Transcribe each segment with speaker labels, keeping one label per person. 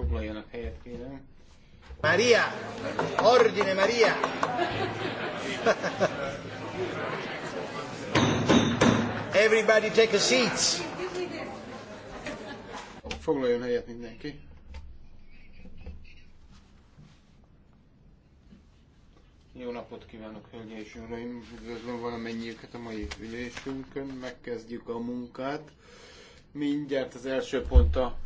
Speaker 1: Foglaljanak helyet, kérem. Maria! Ordine, Maria! Everybody take
Speaker 2: a seat! Foglaljon helyet mindenki. Jó napot kívánok, hölgyeim és uraim! Üdvözlöm valamennyiüket a mai ülésünkön. Megkezdjük a munkát. Mindjárt az első pont a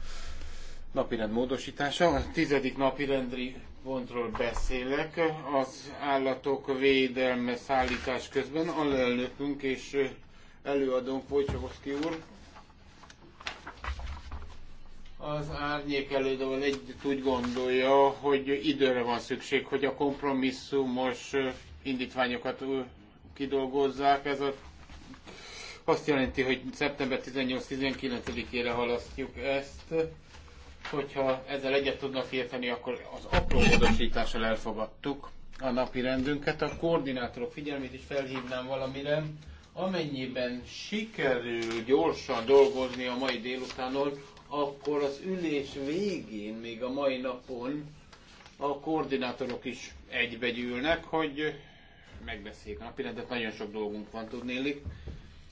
Speaker 2: napirend módosítása. A tizedik napirendi pontról beszélek. Az állatok védelme szállítás közben alelnökünk és előadónk Wojciechowski úr. Az árnyék elődővel együtt úgy gondolja, hogy időre van szükség, hogy a kompromisszumos indítványokat kidolgozzák. Ez a, azt jelenti, hogy szeptember 18-19-ére halasztjuk ezt Hogyha ezzel egyet tudnak érteni, akkor az apró módosítással elfogadtuk a napi rendünket. A koordinátorok figyelmét is felhívnám valamire. Amennyiben sikerül gyorsan dolgozni a mai délutánon, akkor az ülés végén, még a mai napon a koordinátorok is egybegyűlnek, hogy megbeszéljék a napirendet. Nagyon sok dolgunk van tudnélik.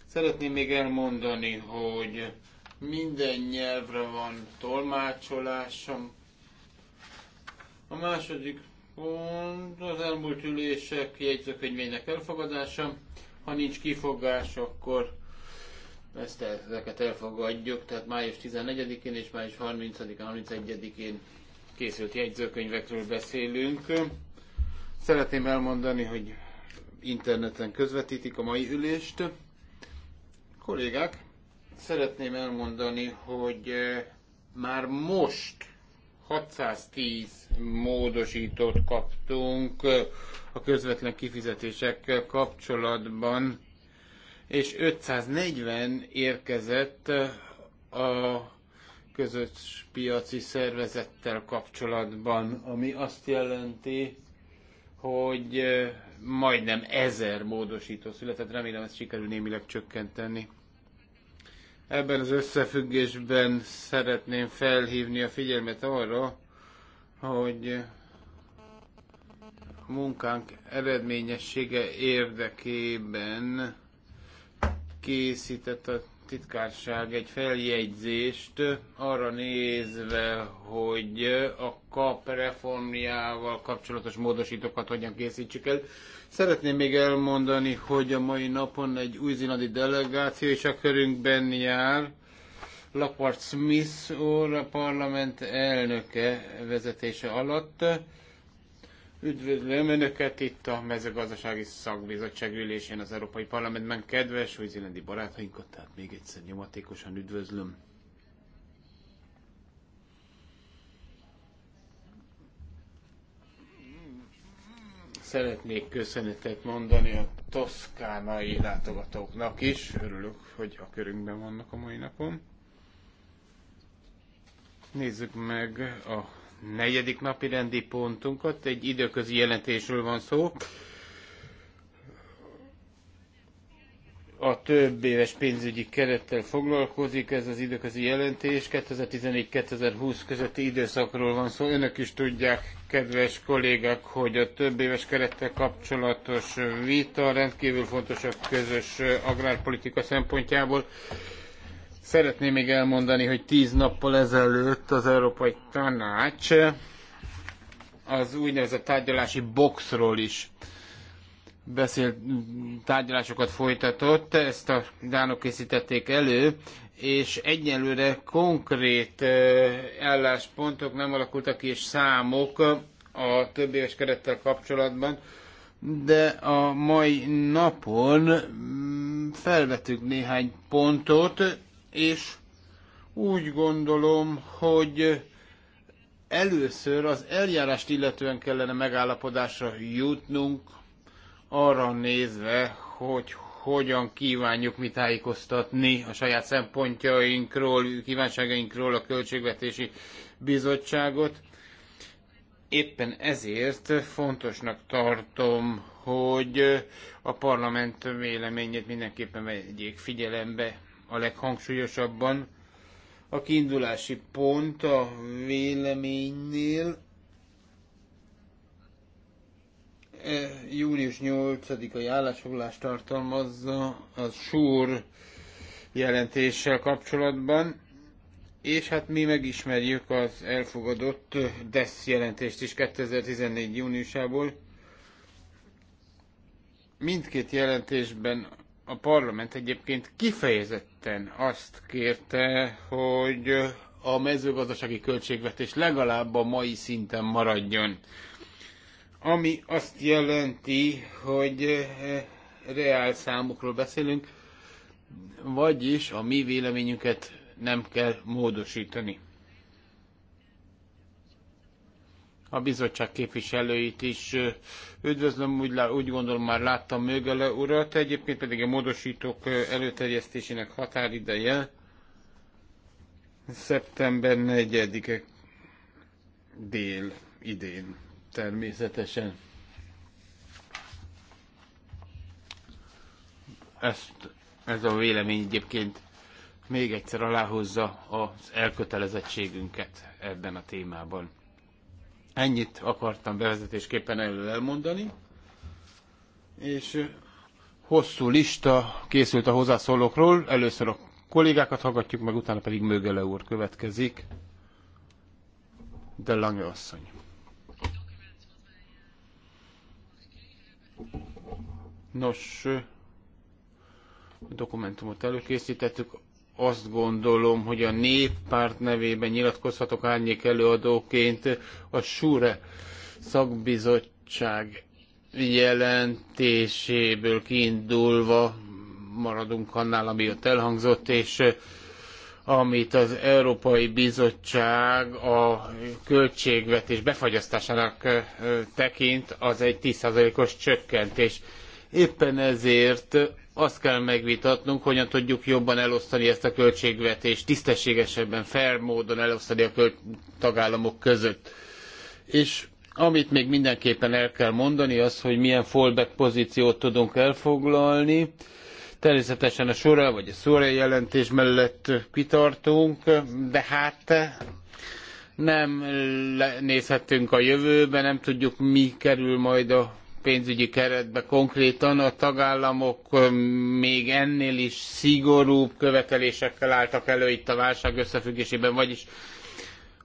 Speaker 2: Szeretném még elmondani, hogy minden nyelvre van tolmácsolásom. A második pont az elmúlt ülések jegyzőkönyvének elfogadása. Ha nincs kifogás, akkor ezt ezeket elfogadjuk, tehát május 14-én és május 30-án, 31-én készült jegyzőkönyvekről beszélünk. Szeretném elmondani, hogy interneten közvetítik a mai ülést. Kollégák, Szeretném elmondani, hogy már most 610 módosítót kaptunk a közvetlen kifizetésekkel kapcsolatban, és 540 érkezett a közös piaci szervezettel kapcsolatban, ami azt jelenti, hogy majdnem ezer módosító született. Remélem ezt sikerül némileg csökkenteni. Ebben az összefüggésben szeretném felhívni a figyelmet arra, hogy munkánk eredményessége érdekében készített a titkárság egy feljegyzést arra nézve, hogy a KAP reformjával kapcsolatos módosítókat hogyan készítsük el. Szeretném még elmondani, hogy a mai napon egy új-zélandi delegáció is a körünkben jár. Lapart Smith úr, a parlament elnöke vezetése alatt. Üdvözlöm Önöket itt a mezőgazdasági szakbizottság ülésén az Európai Parlamentben. Kedves új-zélandi barátainkat, tehát még egyszer nyomatékosan üdvözlöm. szeretnék köszönetet mondani a toszkánai látogatóknak is. Örülök, hogy a körünkben vannak a mai napon. Nézzük meg a negyedik napi rendi pontunkat. Egy időközi jelentésről van szó. a több éves pénzügyi kerettel foglalkozik, ez az időközi jelentés, 2014-2020 közötti időszakról van szó. Önök is tudják, kedves kollégák, hogy a több éves kerettel kapcsolatos vita rendkívül fontos a közös agrárpolitika szempontjából. Szeretném még elmondani, hogy tíz nappal ezelőtt az Európai Tanács az úgynevezett tárgyalási boxról is beszélt, tárgyalásokat folytatott, ezt a dánok készítették elő, és egyelőre konkrét álláspontok nem alakultak ki, és számok a több éves kerettel kapcsolatban, de a mai napon mm, felvetünk néhány pontot, és úgy gondolom, hogy először az eljárást illetően kellene megállapodásra jutnunk, arra nézve, hogy hogyan kívánjuk mi tájékoztatni a saját szempontjainkról, kívánságainkról a Költségvetési Bizottságot. Éppen ezért fontosnak tartom, hogy a parlament véleményét mindenképpen vegyék figyelembe a leghangsúlyosabban. A kiindulási pont a véleménynél E, június 8-ai állásfoglalást tartalmazza az súr jelentéssel kapcsolatban, és hát mi megismerjük az elfogadott DESZ jelentést is 2014. júniusából. Mindkét jelentésben a parlament egyébként kifejezetten azt kérte, hogy a mezőgazdasági költségvetés legalább a mai szinten maradjon ami azt jelenti, hogy eh, reál számokról beszélünk, vagyis a mi véleményünket nem kell módosítani. A bizottság képviselőit is eh, üdvözlöm, úgy, úgy gondolom már láttam Mögele urat, egyébként pedig a módosítók eh, előterjesztésének határideje szeptember 4-e dél idén természetesen. Ezt, ez a vélemény egyébként még egyszer aláhozza az elkötelezettségünket ebben a témában. Ennyit akartam bevezetésképpen előre elmondani, és hosszú lista készült a hozzászólókról. Először a kollégákat hallgatjuk, meg utána pedig Mögele úr következik. De Lange asszony. Nos, a dokumentumot előkészítettük. Azt gondolom, hogy a néppárt nevében nyilatkozhatok árnyék előadóként a SURE szakbizottság jelentéséből kiindulva maradunk annál, ami ott elhangzott, és amit az Európai Bizottság a költségvetés befagyasztásának tekint, az egy 10%-os csökkentés. Éppen ezért azt kell megvitatnunk, hogyan tudjuk jobban elosztani ezt a költségvetést, tisztességesebben, fair módon elosztani a tagállamok között. És amit még mindenképpen el kell mondani, az, hogy milyen fallback pozíciót tudunk elfoglalni, Természetesen a sora vagy a szóra jelentés mellett kitartunk, de hát nem nézhetünk a jövőbe, nem tudjuk mi kerül majd a pénzügyi keretbe konkrétan. A tagállamok még ennél is szigorúbb követelésekkel álltak elő itt a válság összefüggésében, vagyis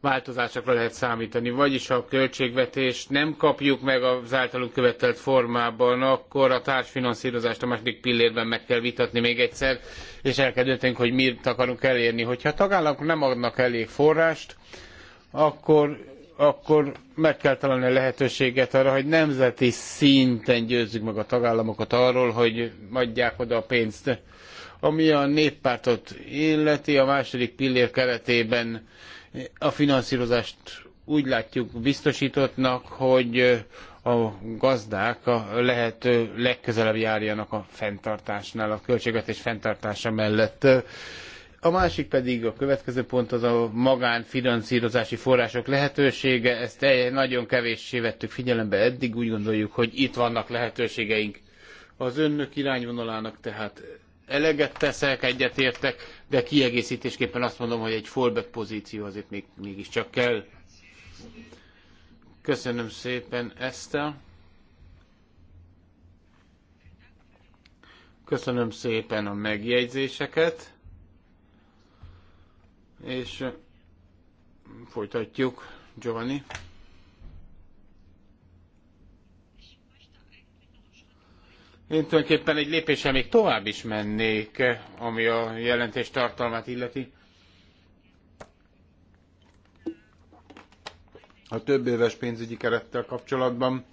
Speaker 2: változásokra lehet számítani. Vagyis ha a költségvetést nem kapjuk meg az általunk követelt formában, akkor a társfinanszírozást a második pillérben meg kell vitatni még egyszer, és el kell döntenünk, hogy mit akarunk elérni. Hogyha a tagállamok nem adnak elég forrást, akkor akkor meg kell találni a lehetőséget arra, hogy nemzeti szinten győzzük meg a tagállamokat arról, hogy adják oda a pénzt. Ami a néppártot illeti, a második pillér keretében a finanszírozást úgy látjuk biztosítottnak, hogy a gazdák a lehető legközelebb járjanak a fenntartásnál, a költségvetés fenntartása mellett. A másik pedig a következő pont az a magánfinanszírozási források lehetősége. Ezt nagyon kevéssé vettük figyelembe eddig, úgy gondoljuk, hogy itt vannak lehetőségeink. Az önök irányvonalának tehát eleget teszek, egyetértek, de kiegészítésképpen azt mondom, hogy egy fallback pozíció azért még, mégiscsak kell. Köszönöm szépen, ezt. Köszönöm szépen a megjegyzéseket, és folytatjuk, Giovanni. Én tulajdonképpen egy lépéssel még tovább is mennék, ami a jelentés tartalmát illeti. A több éves pénzügyi kerettel kapcsolatban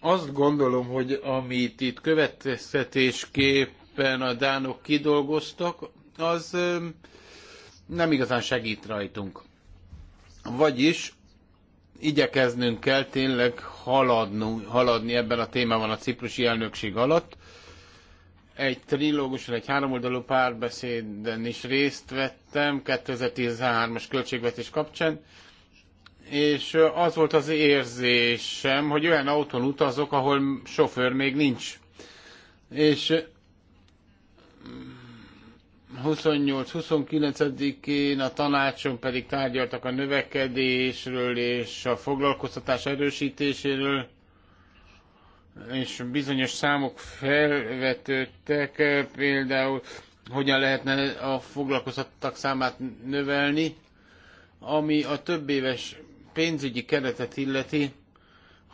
Speaker 2: azt gondolom, hogy amit itt következtetésképpen a dánok kidolgoztak, az nem igazán segít rajtunk. Vagyis igyekeznünk kell tényleg haladnunk, haladni ebben a témában a ciprusi elnökség alatt. Egy trilóguson, egy háromoldalú párbeszéden is részt vettem 2013-as költségvetés kapcsán, és az volt az érzésem, hogy olyan autón utazok, ahol sofőr még nincs. És 28-29-én a tanácson pedig tárgyaltak a növekedésről és a foglalkoztatás erősítéséről, és bizonyos számok felvetődtek, például hogyan lehetne a foglalkoztattak számát növelni, ami a több éves pénzügyi keretet illeti,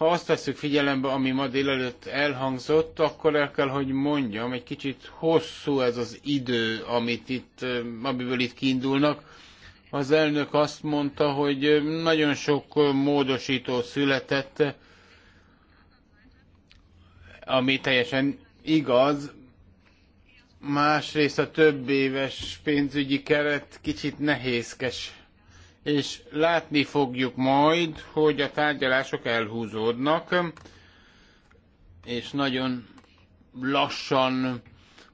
Speaker 2: ha azt veszük figyelembe, ami ma délelőtt elhangzott, akkor el kell, hogy mondjam, egy kicsit hosszú ez az idő, amit itt, amiből itt kiindulnak. Az elnök azt mondta, hogy nagyon sok módosító született, ami teljesen igaz, másrészt a több éves pénzügyi keret kicsit nehézkes és látni fogjuk majd, hogy a tárgyalások elhúzódnak, és nagyon lassan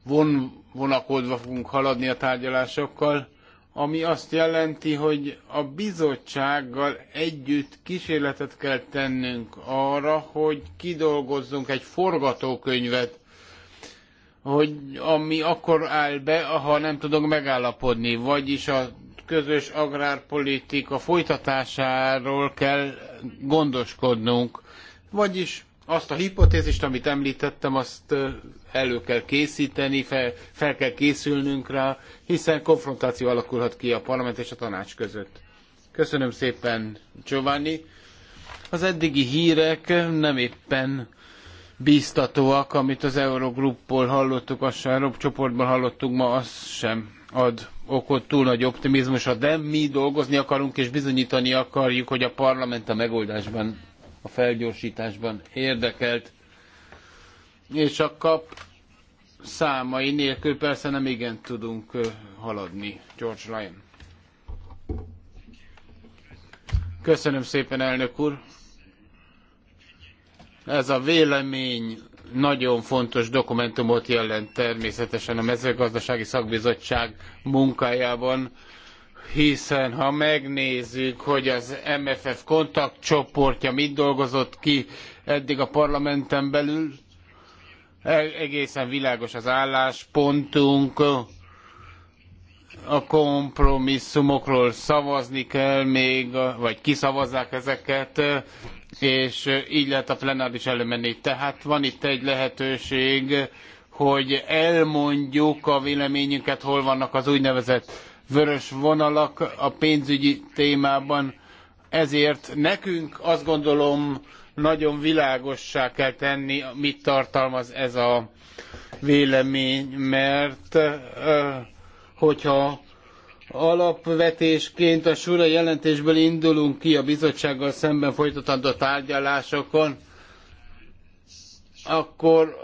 Speaker 2: von, vonakodva fogunk haladni a tárgyalásokkal, ami azt jelenti, hogy a bizottsággal együtt kísérletet kell tennünk arra, hogy kidolgozzunk egy forgatókönyvet, hogy ami akkor áll be, ha nem tudunk megállapodni, vagyis a közös agrárpolitika folytatásáról kell gondoskodnunk. Vagyis azt a hipotézist, amit említettem, azt elő kell készíteni, fel, fel kell készülnünk rá, hiszen konfrontáció alakulhat ki a parlament és a tanács között. Köszönöm szépen, Giovanni. Az eddigi hírek nem éppen biztatóak, amit az Eurogruppból hallottuk, az sem, csoportból hallottuk ma, azt sem ad okot túl nagy optimizmusra, de mi dolgozni akarunk és bizonyítani akarjuk, hogy a parlament a megoldásban, a felgyorsításban érdekelt. És a kap számai nélkül persze nem igen tudunk haladni. George Lyon. Köszönöm szépen, elnök úr. Ez a vélemény nagyon fontos dokumentumot jelent természetesen a mezőgazdasági szakbizottság munkájában, hiszen ha megnézzük, hogy az MFF kontaktcsoportja mit dolgozott ki eddig a parlamenten belül, egészen világos az álláspontunk, a kompromisszumokról szavazni kell még, vagy kiszavazzák ezeket, és így lehet a plenáris előmenni. Tehát van itt egy lehetőség, hogy elmondjuk a véleményünket, hol vannak az úgynevezett vörös vonalak a pénzügyi témában. Ezért nekünk azt gondolom nagyon világossá kell tenni, mit tartalmaz ez a vélemény, mert hogyha alapvetésként a Sura jelentésből indulunk ki a bizottsággal szemben folytatandó tárgyalásokon, akkor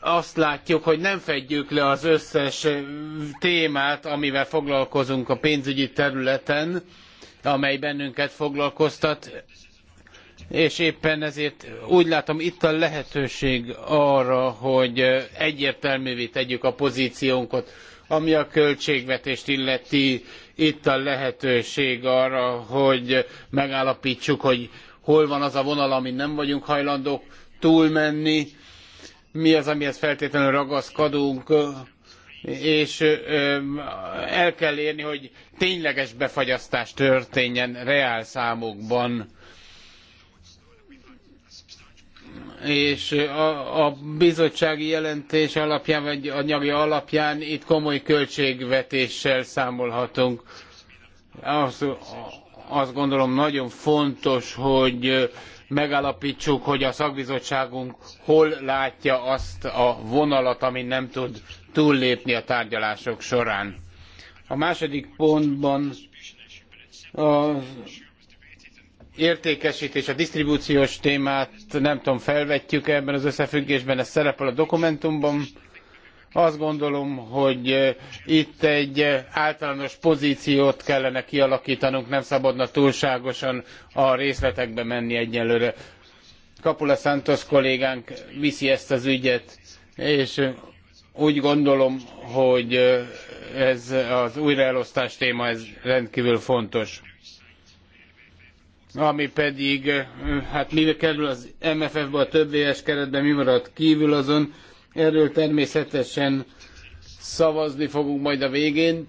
Speaker 2: azt látjuk, hogy nem fedjük le az összes témát, amivel foglalkozunk a pénzügyi területen, amely bennünket foglalkoztat és éppen ezért úgy látom itt a lehetőség arra, hogy egyértelművé tegyük a pozíciónkat, ami a költségvetést illeti, itt a lehetőség arra, hogy megállapítsuk, hogy hol van az a vonal, amin nem vagyunk hajlandók túlmenni, mi az, amihez feltétlenül ragaszkodunk, és el kell érni, hogy tényleges befagyasztás történjen reál számokban és a, a bizottsági jelentés alapján, vagy anyagja alapján itt komoly költségvetéssel számolhatunk. Azt, azt gondolom nagyon fontos, hogy megállapítsuk, hogy a szakbizottságunk hol látja azt a vonalat, amin nem tud túllépni a tárgyalások során. A második pontban az értékestés, a disztribúciós témát nem tudom, felvetjük ebben az összefüggésben, ez szerepel a dokumentumban. Azt gondolom, hogy eh, itt egy eh, általános pozíciót kellene kialaktanunk nem szabadna túlságosan a részletekbe menni egyelőre. capoulas Santos kollégánk viszi ezt az ügyet, és eh, úgy gondolom, hogy ez az újraelosztás téma ez rendkívül fontos ami pedig, eh, hát mi kerül az MFF-be, a többéves keretben, mi maradt kívül azon, erről természetesen szavazni fogunk majd a végén.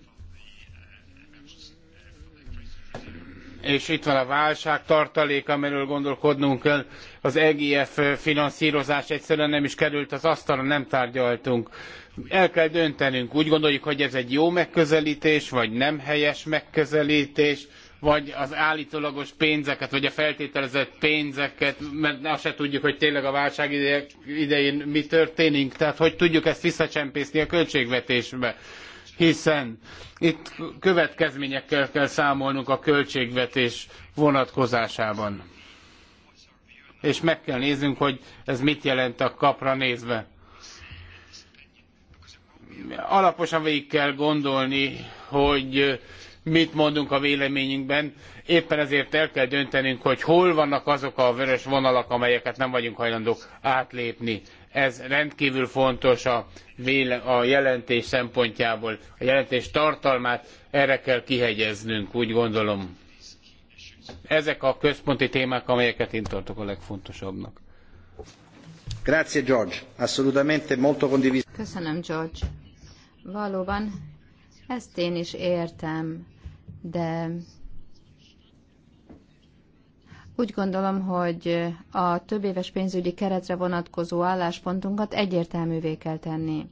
Speaker 2: És itt van a válság tartalék, amiről gondolkodnunk kell. Az EGF finanszírozás egyszerűen nem is került az asztalra, nem tárgyaltunk. El kell döntenünk. Úgy gondoljuk, hogy ez egy jó megközelítés, vagy nem helyes megközelítés vagy az állítólagos pénzeket, vagy a feltételezett pénzeket, mert azt se tudjuk, hogy tényleg a válság idején mi történik, tehát hogy tudjuk ezt visszacsempészni a költségvetésbe hiszen itt következményekkel kell számolnunk a költségvetés vonatkozásában. És meg kell néznünk, hogy ez mit jelent a kapra nézve. Alaposan végig kell gondolni, hogy mit mondunk a véleményünkben. Éppen ezért el kell döntenünk, hogy hol vannak azok a vörös vonalak, amelyeket nem vagyunk hajlandók átlépni. Ez rendkívül fontos a, a jelentés szempontjából. A jelentés tartalmát erre kell kihegyeznünk, úgy gondolom. Ezek a központi témák, amelyeket én tartok a legfontosabbnak.
Speaker 1: Grazie George, assolutamente molto condiviso.
Speaker 3: Köszönöm George. Valóban ezt én is értem de úgy gondolom, hogy a több éves pénzügyi keretre vonatkozó álláspontunkat egyértelművé kell tenni.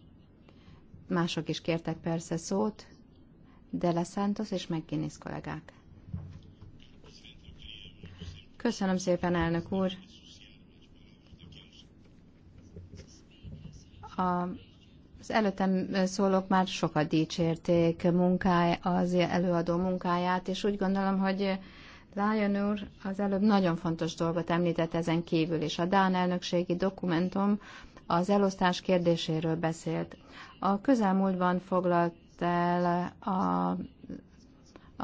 Speaker 3: Mások is kértek persze szót, de Santos és McGuinness kollégák. Köszönöm szépen, elnök úr! A az előttem szólók már sokat dicsérték munkáj, az előadó munkáját, és úgy gondolom, hogy Lion úr az előbb nagyon fontos dolgot említett ezen kívül, is a Dán elnökségi dokumentum az elosztás kérdéséről beszélt. A közelmúltban foglalt el a,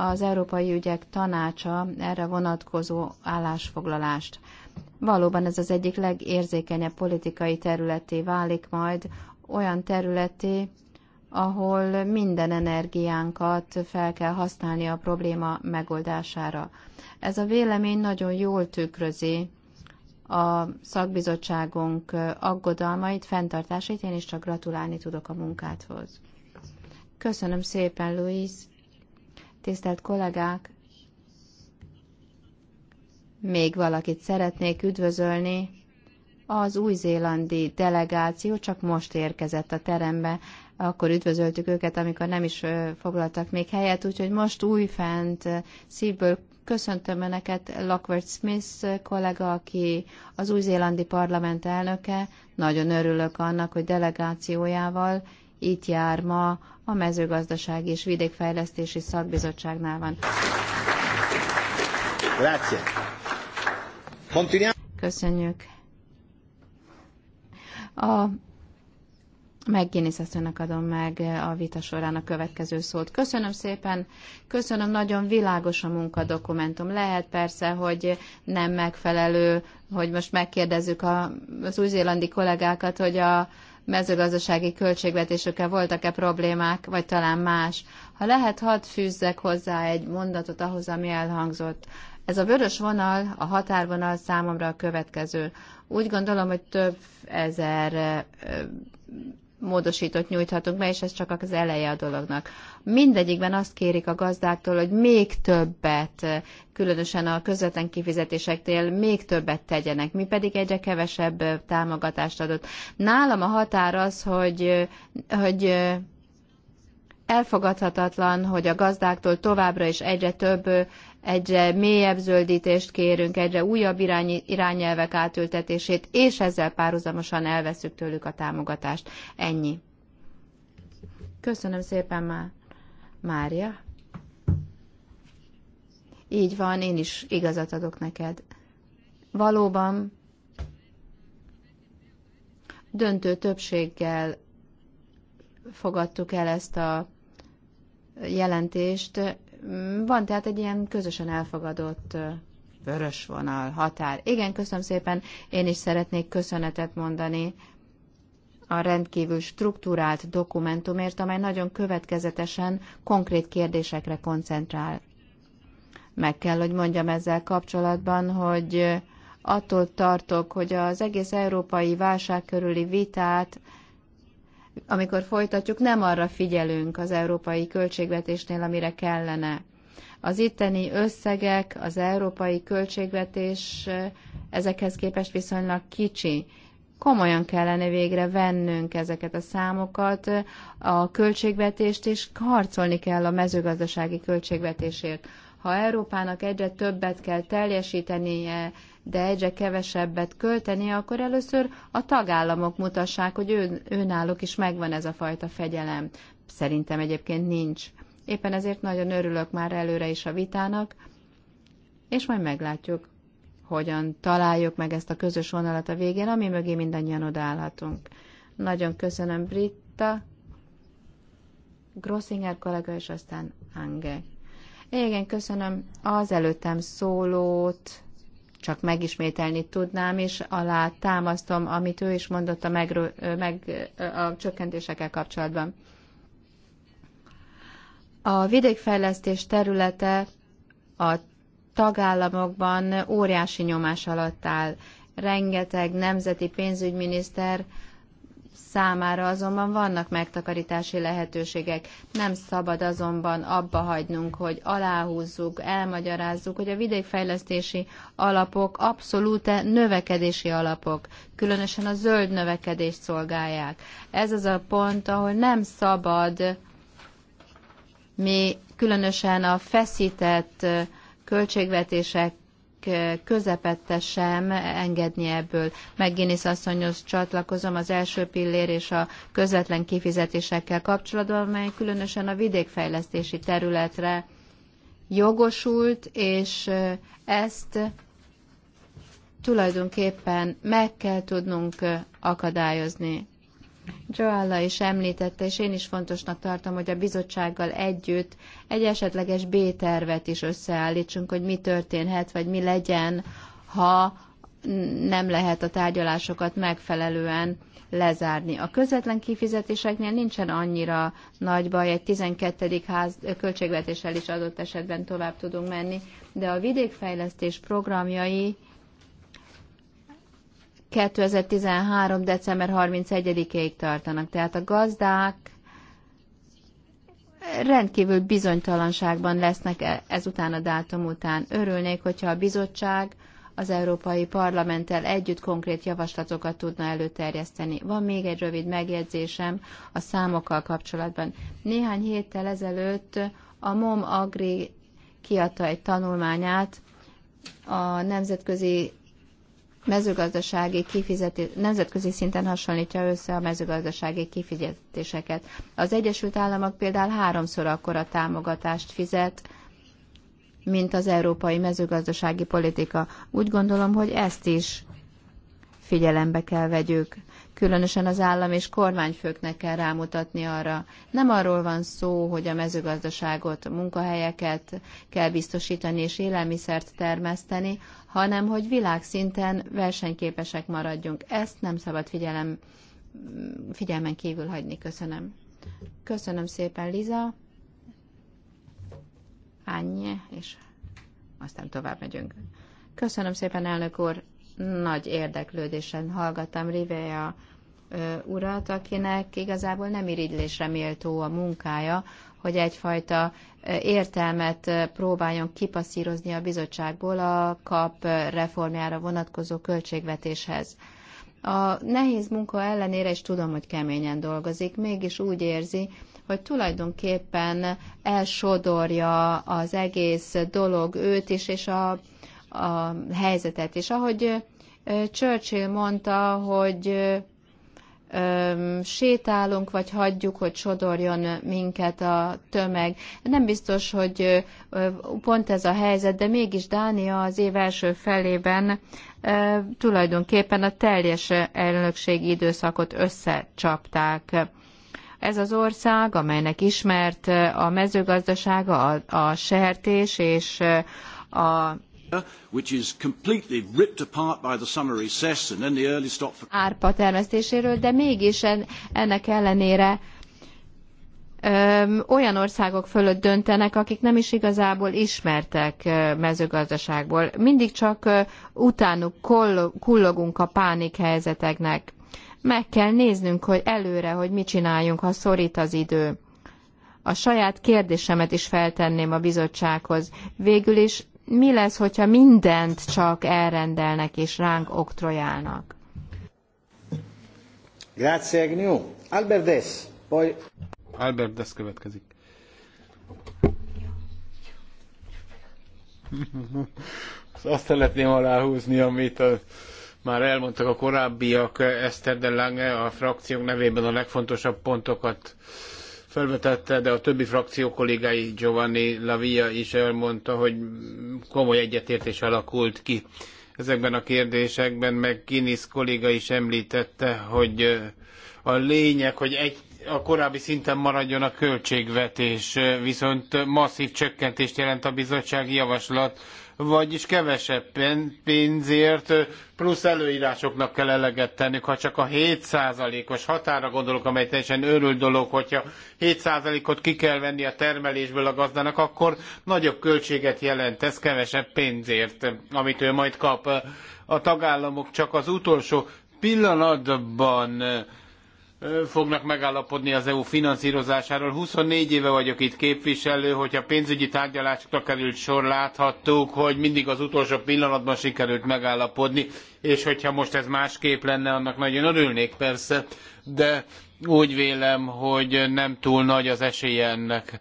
Speaker 3: az Európai Ügyek Tanácsa erre vonatkozó állásfoglalást. Valóban ez az egyik legérzékenyebb politikai területé válik majd olyan területi, ahol minden energiánkat fel kell használni a probléma megoldására. Ez a vélemény nagyon jól tükrözi a szakbizottságunk aggodalmait, fenntartásait, én is csak gratulálni tudok a munkádhoz. Köszönöm szépen, Luis. Tisztelt kollégák! Még valakit szeretnék üdvözölni az új-zélandi delegáció csak most érkezett a terembe, akkor üdvözöltük őket, amikor nem is foglaltak még helyet, úgyhogy most újfent szívből köszöntöm Önöket, Lockwood Smith kollega, aki az új-zélandi parlament elnöke. Nagyon örülök annak, hogy delegációjával itt jár ma a mezőgazdaság és vidékfejlesztési szakbizottságnál van. Grazie. Köszönjük. A Megkénisztőnek adom meg a vita során a következő szót. Köszönöm szépen, köszönöm, nagyon világos a munkadokumentum. Lehet persze, hogy nem megfelelő, hogy most megkérdezzük a, az új-zélandi kollégákat, hogy a mezőgazdasági költségvetésükkel voltak-e problémák, vagy talán más. Ha lehet, hadd fűzzek hozzá egy mondatot ahhoz, ami elhangzott. Ez a vörös vonal, a határvonal számomra a következő. Úgy gondolom, hogy több ezer módosított nyújthatunk be, és ez csak az eleje a dolognak. Mindegyikben azt kérik a gazdáktól, hogy még többet, különösen a közvetlen kifizetéseknél még többet tegyenek, mi pedig egyre kevesebb támogatást adott. Nálam a határ az, hogy, hogy elfogadhatatlan, hogy a gazdáktól továbbra is egyre több egyre mélyebb zöldítést kérünk, egyre újabb irány, irányelvek átültetését, és ezzel párhuzamosan elveszük tőlük a támogatást. Ennyi. Köszönöm szépen, Má- Mária. Így van, én is igazat adok neked. Valóban döntő többséggel fogadtuk el ezt a jelentést, van tehát egy ilyen közösen elfogadott vörös vonal, határ. Igen, köszönöm szépen. Én is szeretnék köszönetet mondani a rendkívül struktúrált dokumentumért, amely nagyon következetesen konkrét kérdésekre koncentrál. Meg kell, hogy mondjam ezzel kapcsolatban, hogy attól tartok, hogy az egész európai válság körüli vitát amikor folytatjuk, nem arra figyelünk az európai költségvetésnél, amire kellene. Az itteni összegek, az európai költségvetés ezekhez képest viszonylag kicsi. Komolyan kellene végre vennünk ezeket a számokat, a költségvetést, és harcolni kell a mezőgazdasági költségvetésért ha Európának egyre többet kell teljesítenie de egyre kevesebbet költeni, akkor először a tagállamok mutassák, hogy ő, őnáluk is megvan ez a fajta fegyelem. Szerintem egyébként nincs. Éppen ezért nagyon örülök már előre is a vitának, és majd meglátjuk, hogyan találjuk meg ezt a közös vonalat a végén, ami mögé mindannyian odaállhatunk. Nagyon köszönöm Britta, Grossinger kollega, és aztán Ange. Igen, köszönöm az előttem szólót, csak megismételni tudnám, és alá támasztom, amit ő is mondott a, megről, meg, a csökkentésekkel kapcsolatban. A vidékfejlesztés területe a tagállamokban óriási nyomás alatt áll. Rengeteg nemzeti pénzügyminiszter számára azonban vannak megtakarítási lehetőségek. Nem szabad azonban abba hagynunk, hogy aláhúzzuk, elmagyarázzuk, hogy a vidékfejlesztési alapok abszolút növekedési alapok, különösen a zöld növekedést szolgálják. Ez az a pont, ahol nem szabad mi különösen a feszített költségvetések közepette sem engedni ebből. Megginis asszonyhoz csatlakozom az első pillér és a közvetlen kifizetésekkel kapcsolatban, amely különösen a vidékfejlesztési területre jogosult, és ezt tulajdonképpen meg kell tudnunk akadályozni. Joella is említette, és én is fontosnak tartom, hogy a bizottsággal együtt egy esetleges B-tervet is összeállítsunk, hogy mi történhet, vagy mi legyen, ha nem lehet a tárgyalásokat megfelelően lezárni. A közvetlen kifizetéseknél nincsen annyira nagy baj, egy 12. ház költségvetéssel is adott esetben tovább tudunk menni, de a vidékfejlesztés programjai 2013. december 31-ig tartanak. Tehát a gazdák rendkívül bizonytalanságban lesznek e- ezután a dátum után. Örülnék, hogyha a bizottság az Európai Parlamenttel együtt konkrét javaslatokat tudna előterjeszteni. Van még egy rövid megjegyzésem a számokkal kapcsolatban. Néhány héttel ezelőtt a MOM Agri kiadta egy tanulmányát a nemzetközi mezőgazdasági kifizetés, nemzetközi szinten hasonlítja össze a mezőgazdasági kifizetéseket. Az Egyesült Államok például háromszor akkora támogatást fizet, mint az európai mezőgazdasági politika. Úgy gondolom, hogy ezt is figyelembe kell vegyük. Különösen az állam és kormányfőknek kell rámutatni arra. Nem arról van szó, hogy a mezőgazdaságot, munkahelyeket kell biztosítani és élelmiszert termeszteni, hanem hogy világszinten versenyképesek maradjunk. Ezt nem szabad figyelem, figyelmen kívül hagyni. Köszönöm. Köszönöm szépen, Liza. Ányi, és aztán tovább megyünk. Köszönöm szépen, elnök úr. Nagy érdeklődésen hallgattam Rivea urat, akinek igazából nem irigylésre méltó a munkája, hogy egyfajta értelmet próbáljon kipaszírozni a bizottságból a kap reformjára vonatkozó költségvetéshez. A nehéz munka ellenére is tudom, hogy keményen dolgozik, mégis úgy érzi, hogy tulajdonképpen elsodorja az egész dolog őt is, és a, a helyzetet is. Ahogy Churchill mondta, hogy sétálunk, vagy hagyjuk, hogy sodorjon minket a tömeg. Nem biztos, hogy pont ez a helyzet, de mégis Dánia az év első felében tulajdonképpen a teljes elnökségi időszakot összecsapták. Ez az ország, amelynek ismert a mezőgazdasága, a, a sertés és a Árpa termesztéséről, de mégis ennek ellenére öm, olyan országok fölött döntenek, akik nem is igazából ismertek mezőgazdaságból. Mindig csak utánuk kullogunk a helyzeteknek. Meg kell néznünk, hogy előre, hogy mit csináljunk, ha szorít az idő a saját kérdésemet is feltenném a bizottsághoz. Végül is mi lesz, hogyha mindent csak elrendelnek és ránk oktrojálnak?
Speaker 1: Grazie, Agnew. Albert Dess, poi... Albert Dess következik.
Speaker 2: Azt szeretném aláhúzni, amit a, már elmondtak a korábbiak, Eszter de Lange a frakciók nevében a legfontosabb pontokat felvetette, de a többi frakció kollégái Giovanni Lavia is elmondta, hogy komoly egyetértés alakult ki ezekben a kérdésekben, meg Guinness kolléga is említette, hogy eh, a lényeg, hogy egy a korábbi szinten maradjon a költségvetés, eh, viszont masszív csökkentést jelent a bizottsági javaslat, vagyis kevesebb pénzért plusz előírásoknak kell eleget tenni, ha csak a 7%-os határa gondolok, amely teljesen őrült dolog, hogyha 7%-ot ki kell venni a termelésből a gazdának, akkor nagyobb költséget jelent ez kevesebb pénzért, amit ő majd kap. A tagállamok csak az utolsó pillanatban fognak megállapodni az EU finanszírozásáról. 24 éve vagyok itt képviselő, hogyha pénzügyi tárgyalásokra került sor, láthattuk, hogy mindig az utolsó pillanatban sikerült megállapodni, és hogyha most ez másképp lenne, annak nagyon örülnék persze, de úgy vélem, hogy nem túl nagy az esélye ennek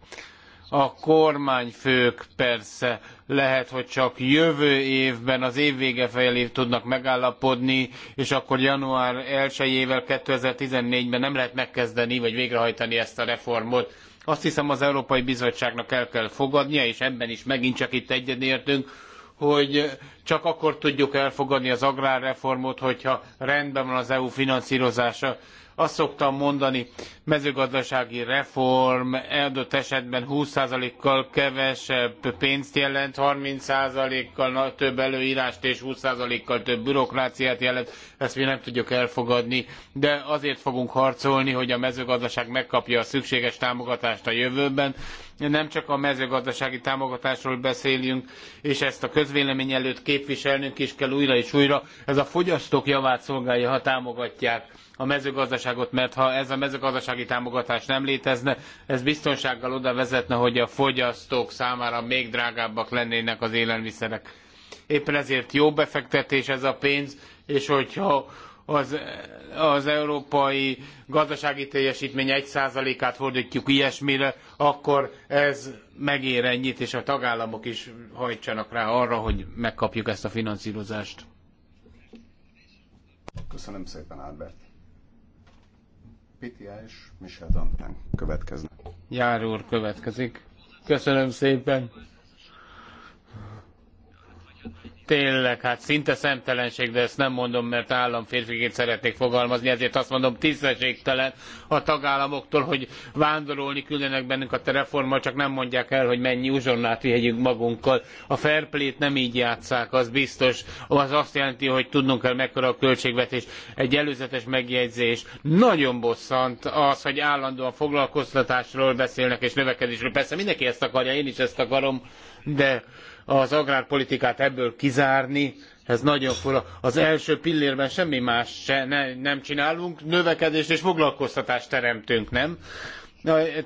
Speaker 2: a kormányfők persze lehet, hogy csak jövő évben, az év vége felé tudnak megállapodni, és akkor január 1-ével 2014-ben nem lehet megkezdeni vagy végrehajtani ezt a reformot. Azt hiszem az Európai Bizottságnak el kell fogadnia, és ebben is megint csak itt egyetértünk, hogy csak akkor tudjuk elfogadni az agrárreformot, hogyha rendben van az EU finanszírozása azt szoktam mondani, mezőgazdasági reform adott esetben 20%-kal kevesebb pénzt jelent, 30%-kal több előrást és 20%-kal több bürokráciát jelent. Ezt mi nem tudjuk elfogadni, de azért fogunk harcolni, hogy a mezőgazdaság megkapja a szükséges támogatást a jövőben nem csak a mezőgazdasági támogatásról beszélünk, és ezt a közvélemény előtt képviselnünk is kell újra és újra. Ez a fogyasztók javát szolgálja, ha támogatják a mezőgazdaságot, mert ha ez a mezőgazdasági támogatás nem létezne, ez biztonsággal oda vezetne, hogy a fogyasztók számára még drágábbak lennének az élelmiszerek. Éppen ezért jó befektetés ez a pénz, és hogyha az, az európai gazdasági teljesítmény 1%-át fordítjuk ilyesmire, akkor ez megér ennyit, és a tagállamok is hajtsanak rá arra, hogy megkapjuk ezt a finanszírozást.
Speaker 4: Köszönöm szépen, Albert. Piti és Michel Dantán
Speaker 2: következnek. Jár úr következik. Köszönöm szépen tényleg, hát szinte szemtelenség, de ezt nem mondom, mert államférfiként szeretnék fogalmazni, ezért azt mondom, tisztességtelen a tagállamoktól, hogy vándorolni küldenek bennünket a reformmal, csak nem mondják el, hogy mennyi uzsonnát vihetünk magunkkal. A fair play-t nem így játszák, az biztos. Az azt jelenti, hogy tudnunk kell mekkora a költségvetés. Egy előzetes megjegyzés. Nagyon bosszant az, hogy állandóan foglalkoztatásról beszélnek és növekedésről. Persze mindenki ezt akarja, én is ezt akarom, de az agrárpolitikát ebből kizárni, ez nagyon fura. Az első pillérben semmi más se, ne, nem csinálunk, növekedést és foglalkoztatást teremtünk, nem?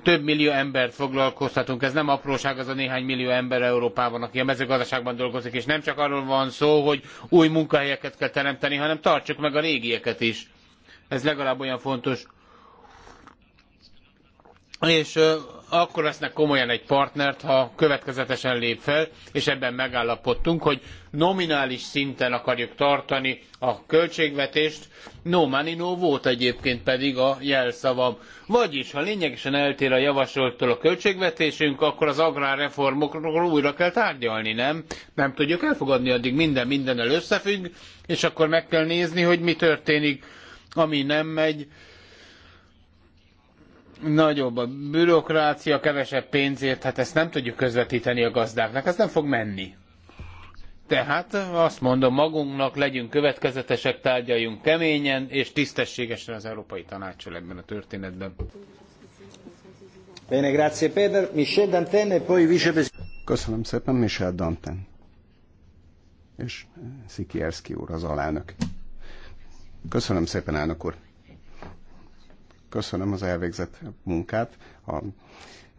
Speaker 2: Több millió embert foglalkoztatunk, ez nem apróság az a néhány millió ember Európában, aki a mezőgazdaságban dolgozik, és nem csak arról van szó, hogy új munkahelyeket kell teremteni, hanem tartsuk meg a régieket is. Ez legalább olyan fontos. És akkor vesznek komolyan egy partnert, ha következetesen lép fel, és ebben megállapodtunk, hogy nominális szinten akarjuk tartani a költségvetést. No money, no volt egyébként pedig a jelszavam. Vagyis, ha lényegesen eltér a javasoltól a költségvetésünk, akkor az agrárreformokról újra kell tárgyalni, nem? Nem tudjuk elfogadni, addig minden mindennel összefügg, és akkor meg kell nézni, hogy mi történik, ami nem megy nagyobb a bürokrácia, kevesebb pénzért, hát ezt nem tudjuk közvetíteni a gazdáknak, ez nem fog menni. Tehát azt mondom magunknak, legyünk következetesek, tárgyaljunk keményen és tisztességesen az Európai Tanácssal ebben a történetben.
Speaker 1: Bene, grazie Péter. Michel Danten, e poi vicepresidente. Köszönöm szépen, Michel Danten.
Speaker 4: És Szikierszki úr az alelnök. Köszönöm szépen, elnök úr köszönöm az elvégzett munkát a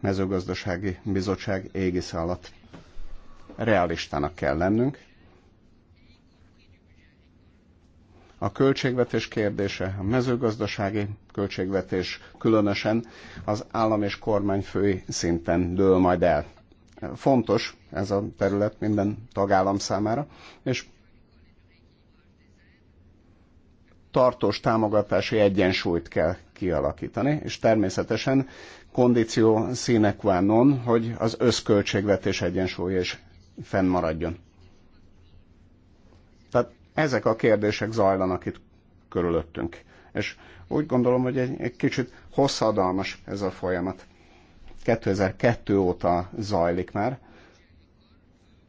Speaker 4: mezőgazdasági bizottság égisze alatt. Realistának kell lennünk. A költségvetés kérdése, a mezőgazdasági költségvetés különösen az állam és kormányfői szinten dől majd el. Fontos ez a terület minden tagállam számára, és tartós támogatási egyensúlyt kell kialakítani, és természetesen kondíció sine qua non, hogy az összköltségvetés egyensúly is fennmaradjon. Tehát ezek a kérdések zajlanak itt körülöttünk. És úgy gondolom, hogy egy, egy kicsit hosszadalmas ez a folyamat. 2002 óta zajlik már,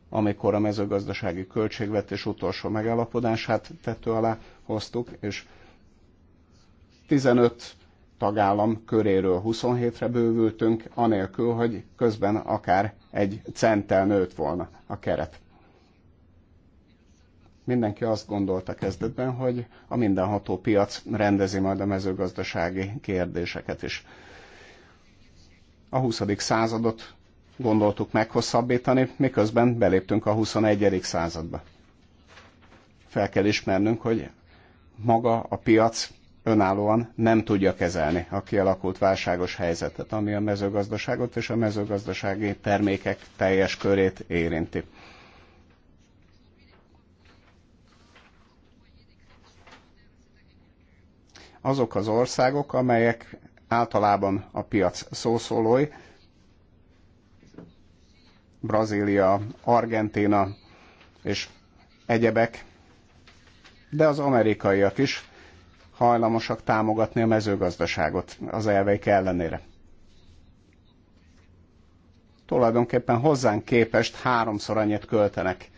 Speaker 4: amikor a mezőgazdasági költségvetés utolsó megállapodását tető alá hoztuk, és 15 tagállam köréről 27-re bővültünk, anélkül, hogy közben akár egy centtel nőtt volna a keret. Mindenki azt gondolta kezdetben, hogy a mindenható piac rendezi majd a mezőgazdasági kérdéseket is. A 20. századot gondoltuk meghosszabbítani, miközben beléptünk a 21. századba. Fel kell ismernünk, hogy maga a piac önállóan nem tudja kezelni a kialakult válságos helyzetet, ami a mezőgazdaságot és a mezőgazdasági termékek teljes körét érinti. Azok az országok, amelyek általában a piac szószólói, Brazília, Argentina és egyebek, de az amerikaiak is hajlamosak támogatni a mezőgazdaságot az elveik ellenére. Tulajdonképpen hozzánk képest háromszor annyit költenek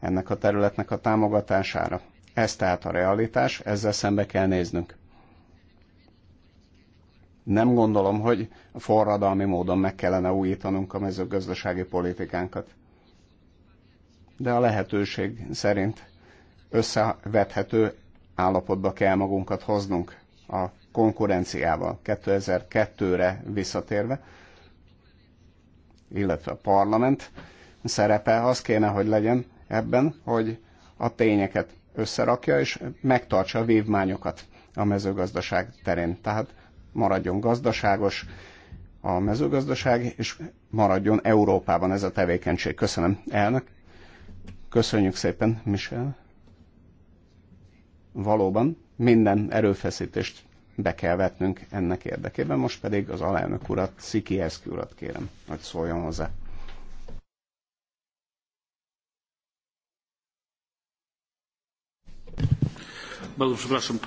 Speaker 4: ennek a területnek a támogatására. Ez tehát a realitás, ezzel szembe kell néznünk nem gondolom, hogy forradalmi módon meg kellene újítanunk a mezőgazdasági politikánkat. De a lehetőség szerint összevethető állapotba kell magunkat hoznunk a konkurenciával 2002-re visszatérve, illetve a parlament szerepe az kéne, hogy legyen ebben, hogy a tényeket összerakja és megtartsa a vívmányokat a mezőgazdaság terén. Tehát maradjon gazdaságos a mezőgazdaság, és maradjon Európában ez a tevékenység. Köszönöm, elnök. Köszönjük szépen, Michel. Valóban minden erőfeszítést be kell vetnünk ennek érdekében. Most pedig az alelnök urat, Szikieszki urat kérem, hogy szóljon hozzá.
Speaker 1: Bardzo przepraszam.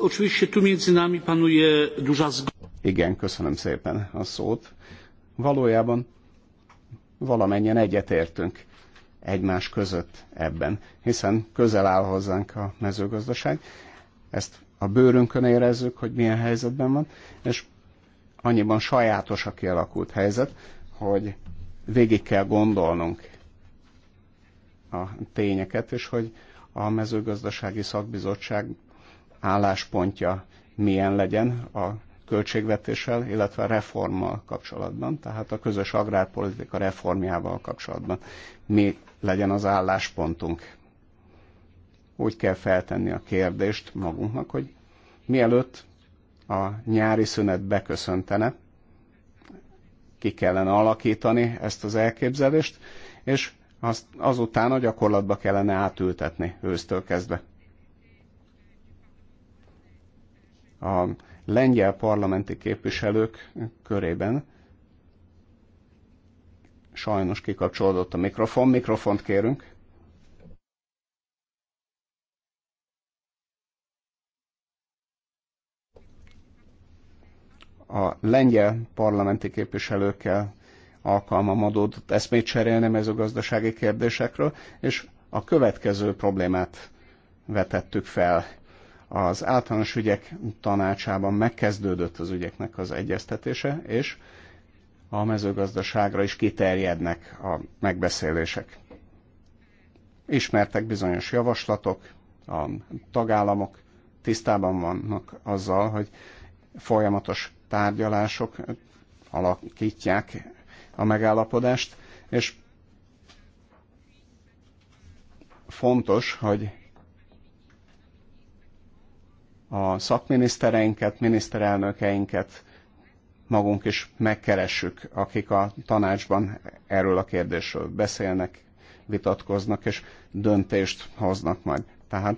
Speaker 1: Oczywiście
Speaker 2: tu między nami panuje duża zgoda.
Speaker 4: Igen, köszönöm szépen a szót. Valójában valamennyien egyetértünk egymás között ebben, hiszen közel áll hozzánk a mezőgazdaság. Ezt a bőrünkön érezzük, hogy milyen helyzetben van, és annyiban sajátos a kialakult helyzet, hogy végig kell gondolnunk a tényeket, és hogy a mezőgazdasági szakbizottság álláspontja milyen legyen a költségvetéssel, illetve a reformmal kapcsolatban, tehát a közös agrárpolitika reformjával kapcsolatban mi legyen az álláspontunk. Úgy kell feltenni a kérdést magunknak, hogy mielőtt a nyári szünet beköszöntene, ki kellene alakítani ezt az elképzelést, és azt azután a gyakorlatba kellene átültetni ősztől kezdve. a lengyel parlamenti képviselők körében sajnos kikapcsolódott a mikrofon. Mikrofont kérünk. A lengyel parlamenti képviselőkkel alkalmam adódott eszmét a gazdasági kérdésekről, és a következő problémát vetettük fel az általános ügyek tanácsában megkezdődött az ügyeknek az egyeztetése, és a mezőgazdaságra is kiterjednek a megbeszélések. Ismertek bizonyos javaslatok, a tagállamok tisztában vannak azzal, hogy folyamatos tárgyalások alakítják a megállapodást, és fontos, hogy a szakminisztereinket, miniszterelnökeinket magunk is megkeressük, akik a tanácsban erről a kérdésről beszélnek, vitatkoznak és döntést hoznak majd. Tehát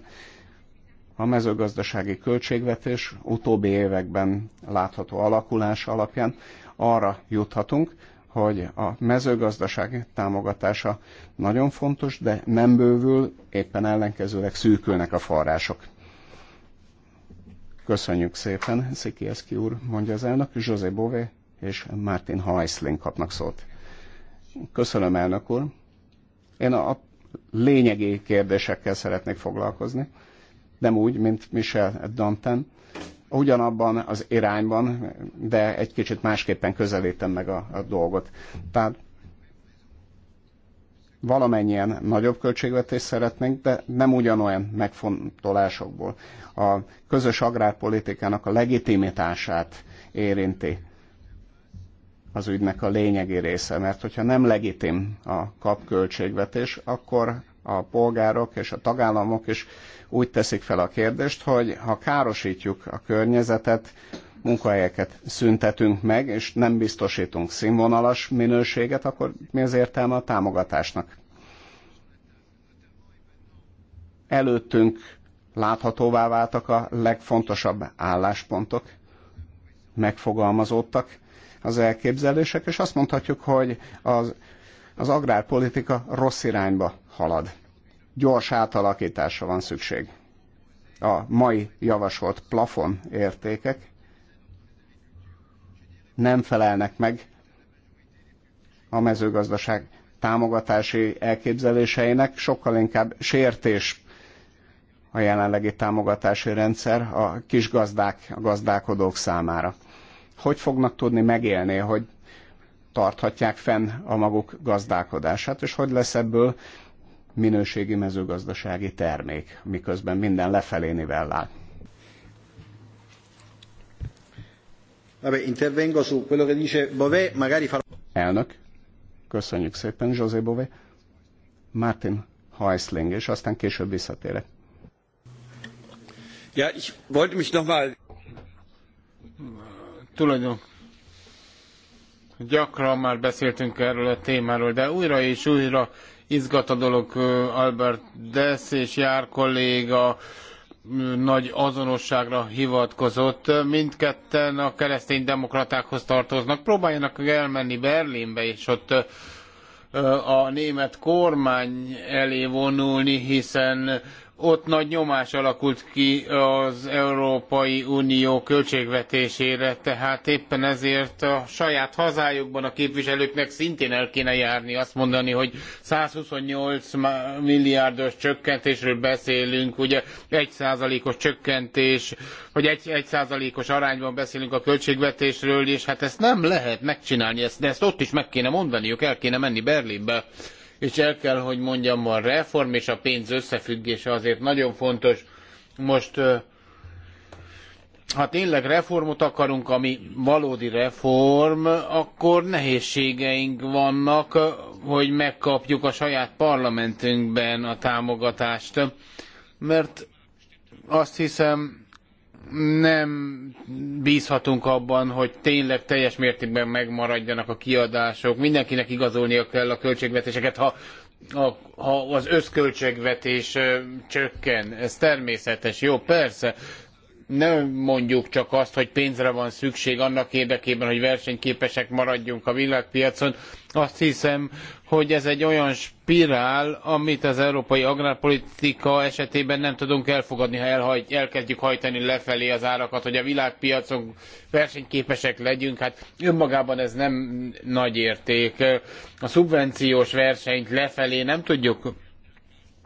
Speaker 4: a mezőgazdasági költségvetés utóbbi években látható alakulás alapján arra juthatunk, hogy a mezőgazdaság támogatása nagyon fontos, de nem bővül, éppen ellenkezőleg szűkülnek a források. Köszönjük szépen, Szikieszki úr, mondja az elnök, José Bové és Martin Heisling kapnak szót. Köszönöm, elnök úr. Én a lényegi kérdésekkel szeretnék foglalkozni, nem úgy, mint Michel Danten, ugyanabban az irányban, de egy kicsit másképpen közelítem meg a, a dolgot. Tehát valamennyien nagyobb költségvetést szeretnénk, de nem ugyanolyan megfontolásokból. A közös agrárpolitikának a legitimitását érinti az ügynek a lényegi része, mert hogyha nem legitim a kapköltségvetés, akkor a polgárok és a tagállamok is úgy teszik fel a kérdést, hogy ha károsítjuk a környezetet, munkahelyeket szüntetünk meg, és nem biztosítunk színvonalas minőséget, akkor mi az értelme a támogatásnak? Előttünk láthatóvá váltak a legfontosabb álláspontok, megfogalmazódtak az elképzelések, és azt mondhatjuk, hogy az, az agrárpolitika rossz irányba halad. Gyors átalakításra van szükség. A mai javasolt plafon értékek nem felelnek meg a mezőgazdaság támogatási elképzeléseinek, sokkal inkább sértés a jelenlegi támogatási rendszer a kis gazdák, a gazdálkodók számára. Hogy fognak tudni megélni, hogy tarthatják fenn a maguk gazdálkodását, és hogy lesz ebből minőségi mezőgazdasági termék, miközben minden lefelé nivellált. Elnök, köszönjük szépen, José Bové. Martin Heisling, és aztán később visszatérek.
Speaker 1: Ja, ich wollte mich nochmal...
Speaker 2: Tulajdon. Gyakran már beszéltünk erről a témáról, de újra és újra izgat a dolog Albert Dess és Jár kolléga nagy azonosságra hivatkozott. Mindketten a keresztény demokratákhoz tartoznak. Próbáljanak elmenni Berlinbe, és ott a német kormány elé vonulni, hiszen ott nagy nyomás alakult ki az Európai Unió költségvetésére, tehát éppen ezért a saját hazájukban a képviselőknek szintén el kéne járni, azt mondani, hogy 128 milliárdos csökkentésről beszélünk, ugye egy százalékos csökkentés, vagy egy 1 százalékos arányban beszélünk a költségvetésről, és hát ezt nem lehet megcsinálni, ezt, de ezt ott is meg kéne mondaniuk, el kéne menni Berlinbe és el kell, hogy mondjam, a reform és a pénz összefüggése azért nagyon fontos. Most ha tényleg reformot akarunk, ami valódi reform, akkor nehézségeink vannak, hogy megkapjuk a saját parlamentünkben a támogatást. Mert azt hiszem, nem bízhatunk abban, hogy tényleg teljes mértékben megmaradjanak a kiadások. Mindenkinek igazolnia kell a költségvetéseket, ha, ha, ha az összköltségvetés csökken. Ez természetes, jó, persze. Nem mondjuk csak azt, hogy pénzre van szükség annak érdekében, hogy versenyképesek maradjunk a világpiacon, azt hiszem, hogy ez egy olyan spirál, amit az európai agrárpolitika esetében nem tudunk elfogadni, ha elkezdjük hajtani lefelé az árakat, hogy a világpiacon versenyképesek legyünk. Hát önmagában ez nem nagy érték. A szubvenciós versenyt lefelé nem tudjuk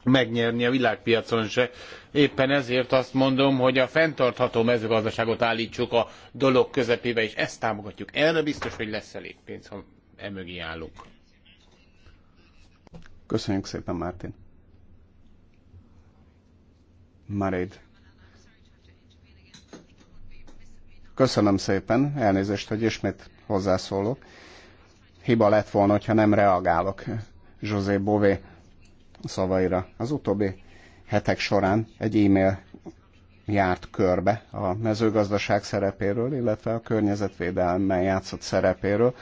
Speaker 2: megnyerni a világpiacon se. Éppen ezért azt mondom, hogy a fenntartható mezőgazdaságot állítsuk a dolog közepébe, és ezt támogatjuk. Erre biztos, hogy lesz elég pénz, ha emögé állok.
Speaker 4: Köszönjük szépen, Mártin. Maréd. Köszönöm szépen, elnézést, hogy ismét hozzászólok. Hiba lett volna, hogyha nem reagálok José Bové szavaira. Az utóbbi hetek során egy e-mail járt körbe a mezőgazdaság szerepéről, illetve a környezetvédelemmel játszott szerepéről,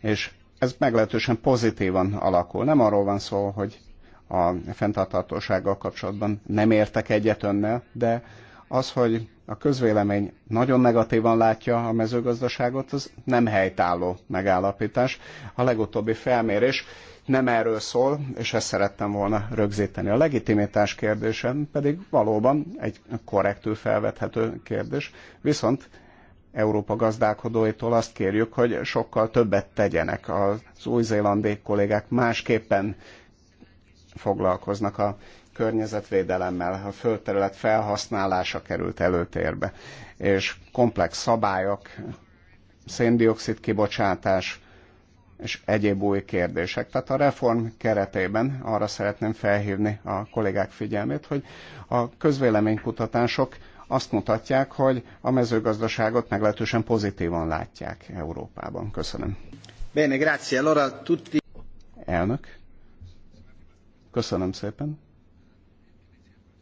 Speaker 4: és ez meglehetősen pozitívan alakul. Nem arról van szó, hogy a fenntartatósággal kapcsolatban nem értek egyet önnel, de az, hogy a közvélemény nagyon negatívan látja a mezőgazdaságot, az nem helytálló megállapítás. A legutóbbi felmérés nem erről szól, és ezt szerettem volna rögzíteni. A legitimitás kérdésem pedig valóban egy korrektül felvethető kérdés, viszont Európa gazdálkodóitól azt kérjük, hogy sokkal többet tegyenek. Az új-zélandi kollégák másképpen foglalkoznak a környezetvédelemmel, a földterület felhasználása került előtérbe, és komplex szabályok, széndiokszid kibocsátás, és egyéb új kérdések. Tehát a reform keretében arra szeretném felhívni a kollégák figyelmét, hogy a közvéleménykutatások azt mutatják, hogy a mezőgazdaságot meglehetősen pozitívan látják Európában. Köszönöm.
Speaker 1: Bene, grazie. Allora tutti...
Speaker 4: Elnök. Köszönöm szépen.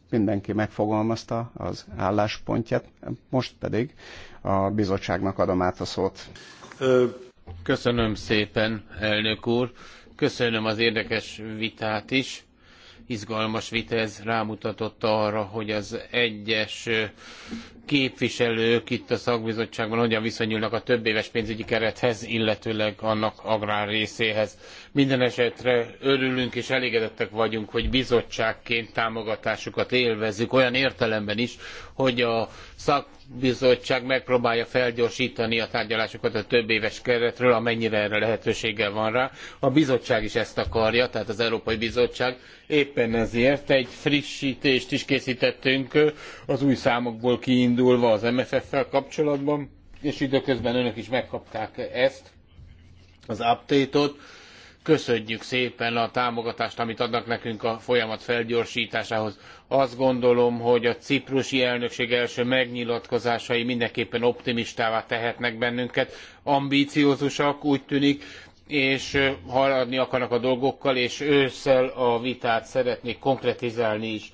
Speaker 4: Mindenki megfogalmazta az álláspontját, most pedig a bizottságnak adom át a szót.
Speaker 2: Köszönöm szépen, elnök úr. Köszönöm az érdekes vitát is izgalmas vita, ez rámutatott arra, hogy az egyes képviselők itt a szakbizottságban hogyan viszonyulnak a többéves pénzügyi kerethez, illetőleg annak agrár részéhez mindenesetre esetre örülünk és elégedettek vagyunk, hogy bizottságként támogatásukat élvezzük, olyan értelemben is, hogy a szakbizottság megpróbálja felgyorsítani a tárgyalásokat a többéves keretről, amennyire erre lehetősége van rá. A bizottság is ezt akarja, tehát az Európai Bizottság. Éppen ezért egy frissítést is készítettünk az új számokból kiindulva az MFF-fel kapcsolatban, és időközben önök is megkapták ezt, az update-ot köszönjük szépen a támogatást, amit adnak nekünk a folyamat felgyorstásához. Azt gondolom, hogy a ciprusi elnökség első megnyilatkozásai mindenképpen optimistává tehetnek bennünket, Ambiciózusak úgy tűnik, és haladni akarnak a dolgokkal, és ősszel a vitát szeretnék konkretizálni is.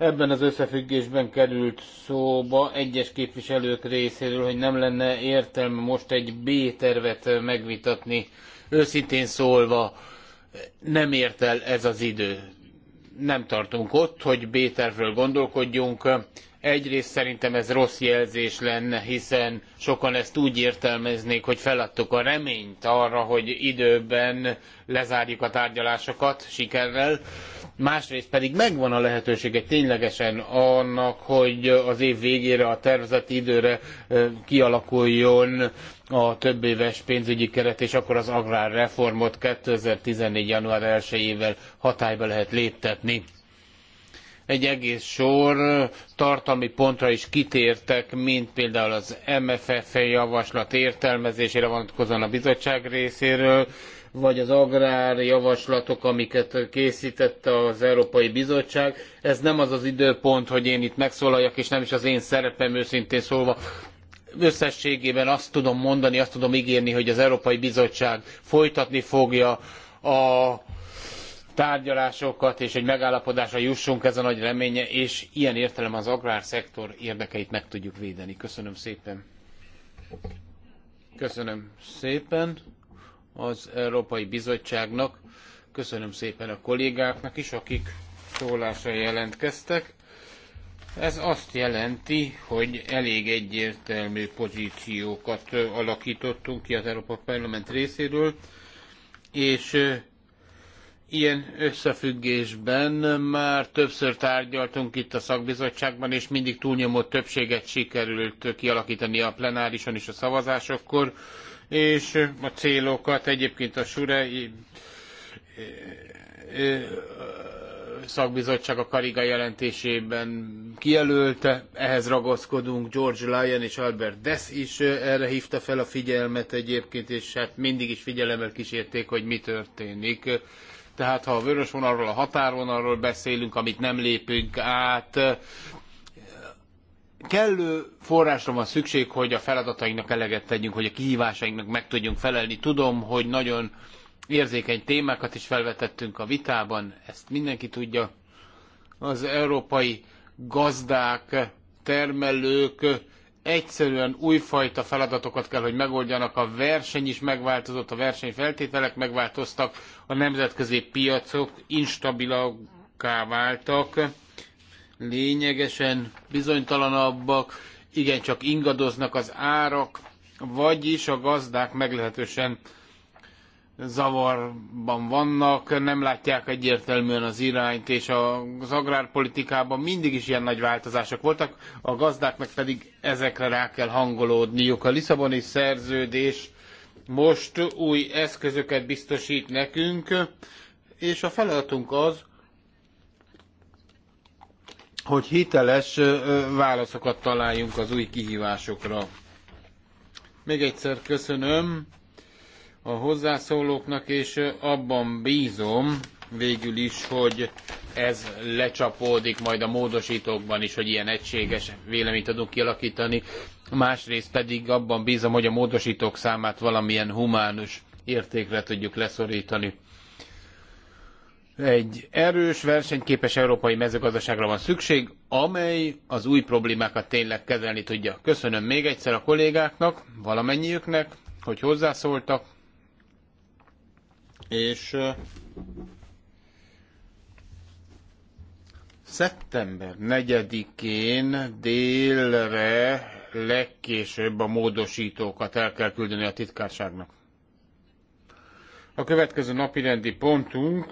Speaker 2: Ebben az összefüggésben került szóba egyes képviselők részéről, hogy nem lenne értelme most egy B-tervet megvitatni. Őszintén szólva, nem ért el ez az idő. Nem tartunk ott, hogy B-tervről gondolkodjunk. Egyrészt szerintem ez rossz jelzés lenne, hiszen sokan ezt úgy értelmeznék, hogy feladtuk a reményt arra, hogy időben lezárjuk a tárgyalásokat sikerrel. Másrészt pedig megvan a lehetősége ténylegesen annak, hogy az év végére, a tervezett időre kialakuljon a többéves pénzügyi keret, és akkor az agrárreformot 2014. január 1-ével hatályba lehet léptetni egy egész sor tartalmi pontra is kitértek, mint például az MFF javaslat értelmezésére vonatkozóan a bizottság részéről, vagy az agrár javaslatok, amiket készített az Európai Bizottság. Ez nem az az időpont, hogy én itt megszólaljak, és nem is az én szerepem őszintén szólva. Összességében azt tudom mondani, azt tudom ígérni, hogy az Európai Bizottság folytatni fogja a tárgyalásokat és egy megállapodásra jussunk, ez a nagy reménye, és ilyen értelemben az agrárszektor érdekeit meg tudjuk védeni. Köszönöm szépen. Köszönöm szépen az Európai Bizottságnak, köszönöm szépen a kollégáknak is, akik szólásra jelentkeztek. Ez azt jelenti, hogy elég egyértelmű pozíciókat alakítottunk ki az Európa Parlament részéről, és Ilyen összefüggésben már többször tárgyaltunk itt a szakbizottságban, és mindig túlnyomó többséget sikerült kialakítani a plenárison és a szavazásokkor, és a célokat egyébként a SURE szakbizottság a Kariga jelentésében kijelölte, ehhez ragaszkodunk, George Lyon és Albert Dess is erre hívta fel a figyelmet egyébként, és hát mindig is figyelemmel kísérték, hogy mi történik tehát ha a vörös vonalról, a határvonalról beszélünk, amit nem lépünk át, kellő forrásra van szükség, hogy a feladatainknak eleget tegyünk, hogy a kihívásainknak meg tudjunk felelni. Tudom, hogy nagyon érzékeny témákat is felvetettünk a vitában, ezt mindenki tudja. Az európai gazdák, termelők egyszerűen újfajta feladatokat kell, hogy megoldjanak. A verseny is megváltozott, a versenyfeltételek megváltoztak, a nemzetközi piacok instabilakká váltak, lényegesen bizonytalanabbak, igencsak ingadoznak az árak, vagyis a gazdák meglehetősen zavarban vannak, nem látják egyértelműen az irányt, és az agrárpolitikában mindig is ilyen nagy változások voltak, a gazdáknak pedig ezekre rá kell hangolódniuk. A Lisszaboni szerződés most új eszközöket biztosít nekünk, és a feladatunk az, hogy hiteles válaszokat találjunk az új kihívásokra. Még egyszer köszönöm a hozzászólóknak, és abban bízom végül is, hogy ez lecsapódik majd a módosítókban is, hogy ilyen egységes véleményt tudunk kialakítani. Másrészt pedig abban bízom, hogy a módosítók számát valamilyen humánus értékre tudjuk leszorítani. Egy erős, versenyképes európai mezőgazdaságra van szükség, amely az új problémákat tényleg kezelni tudja. Köszönöm még egyszer a kollégáknak, valamennyiüknek, hogy hozzászóltak, és szeptember 4-én délre legkésőbb a módosítókat el kell küldeni a titkárságnak. A következő napi rendi pontunk,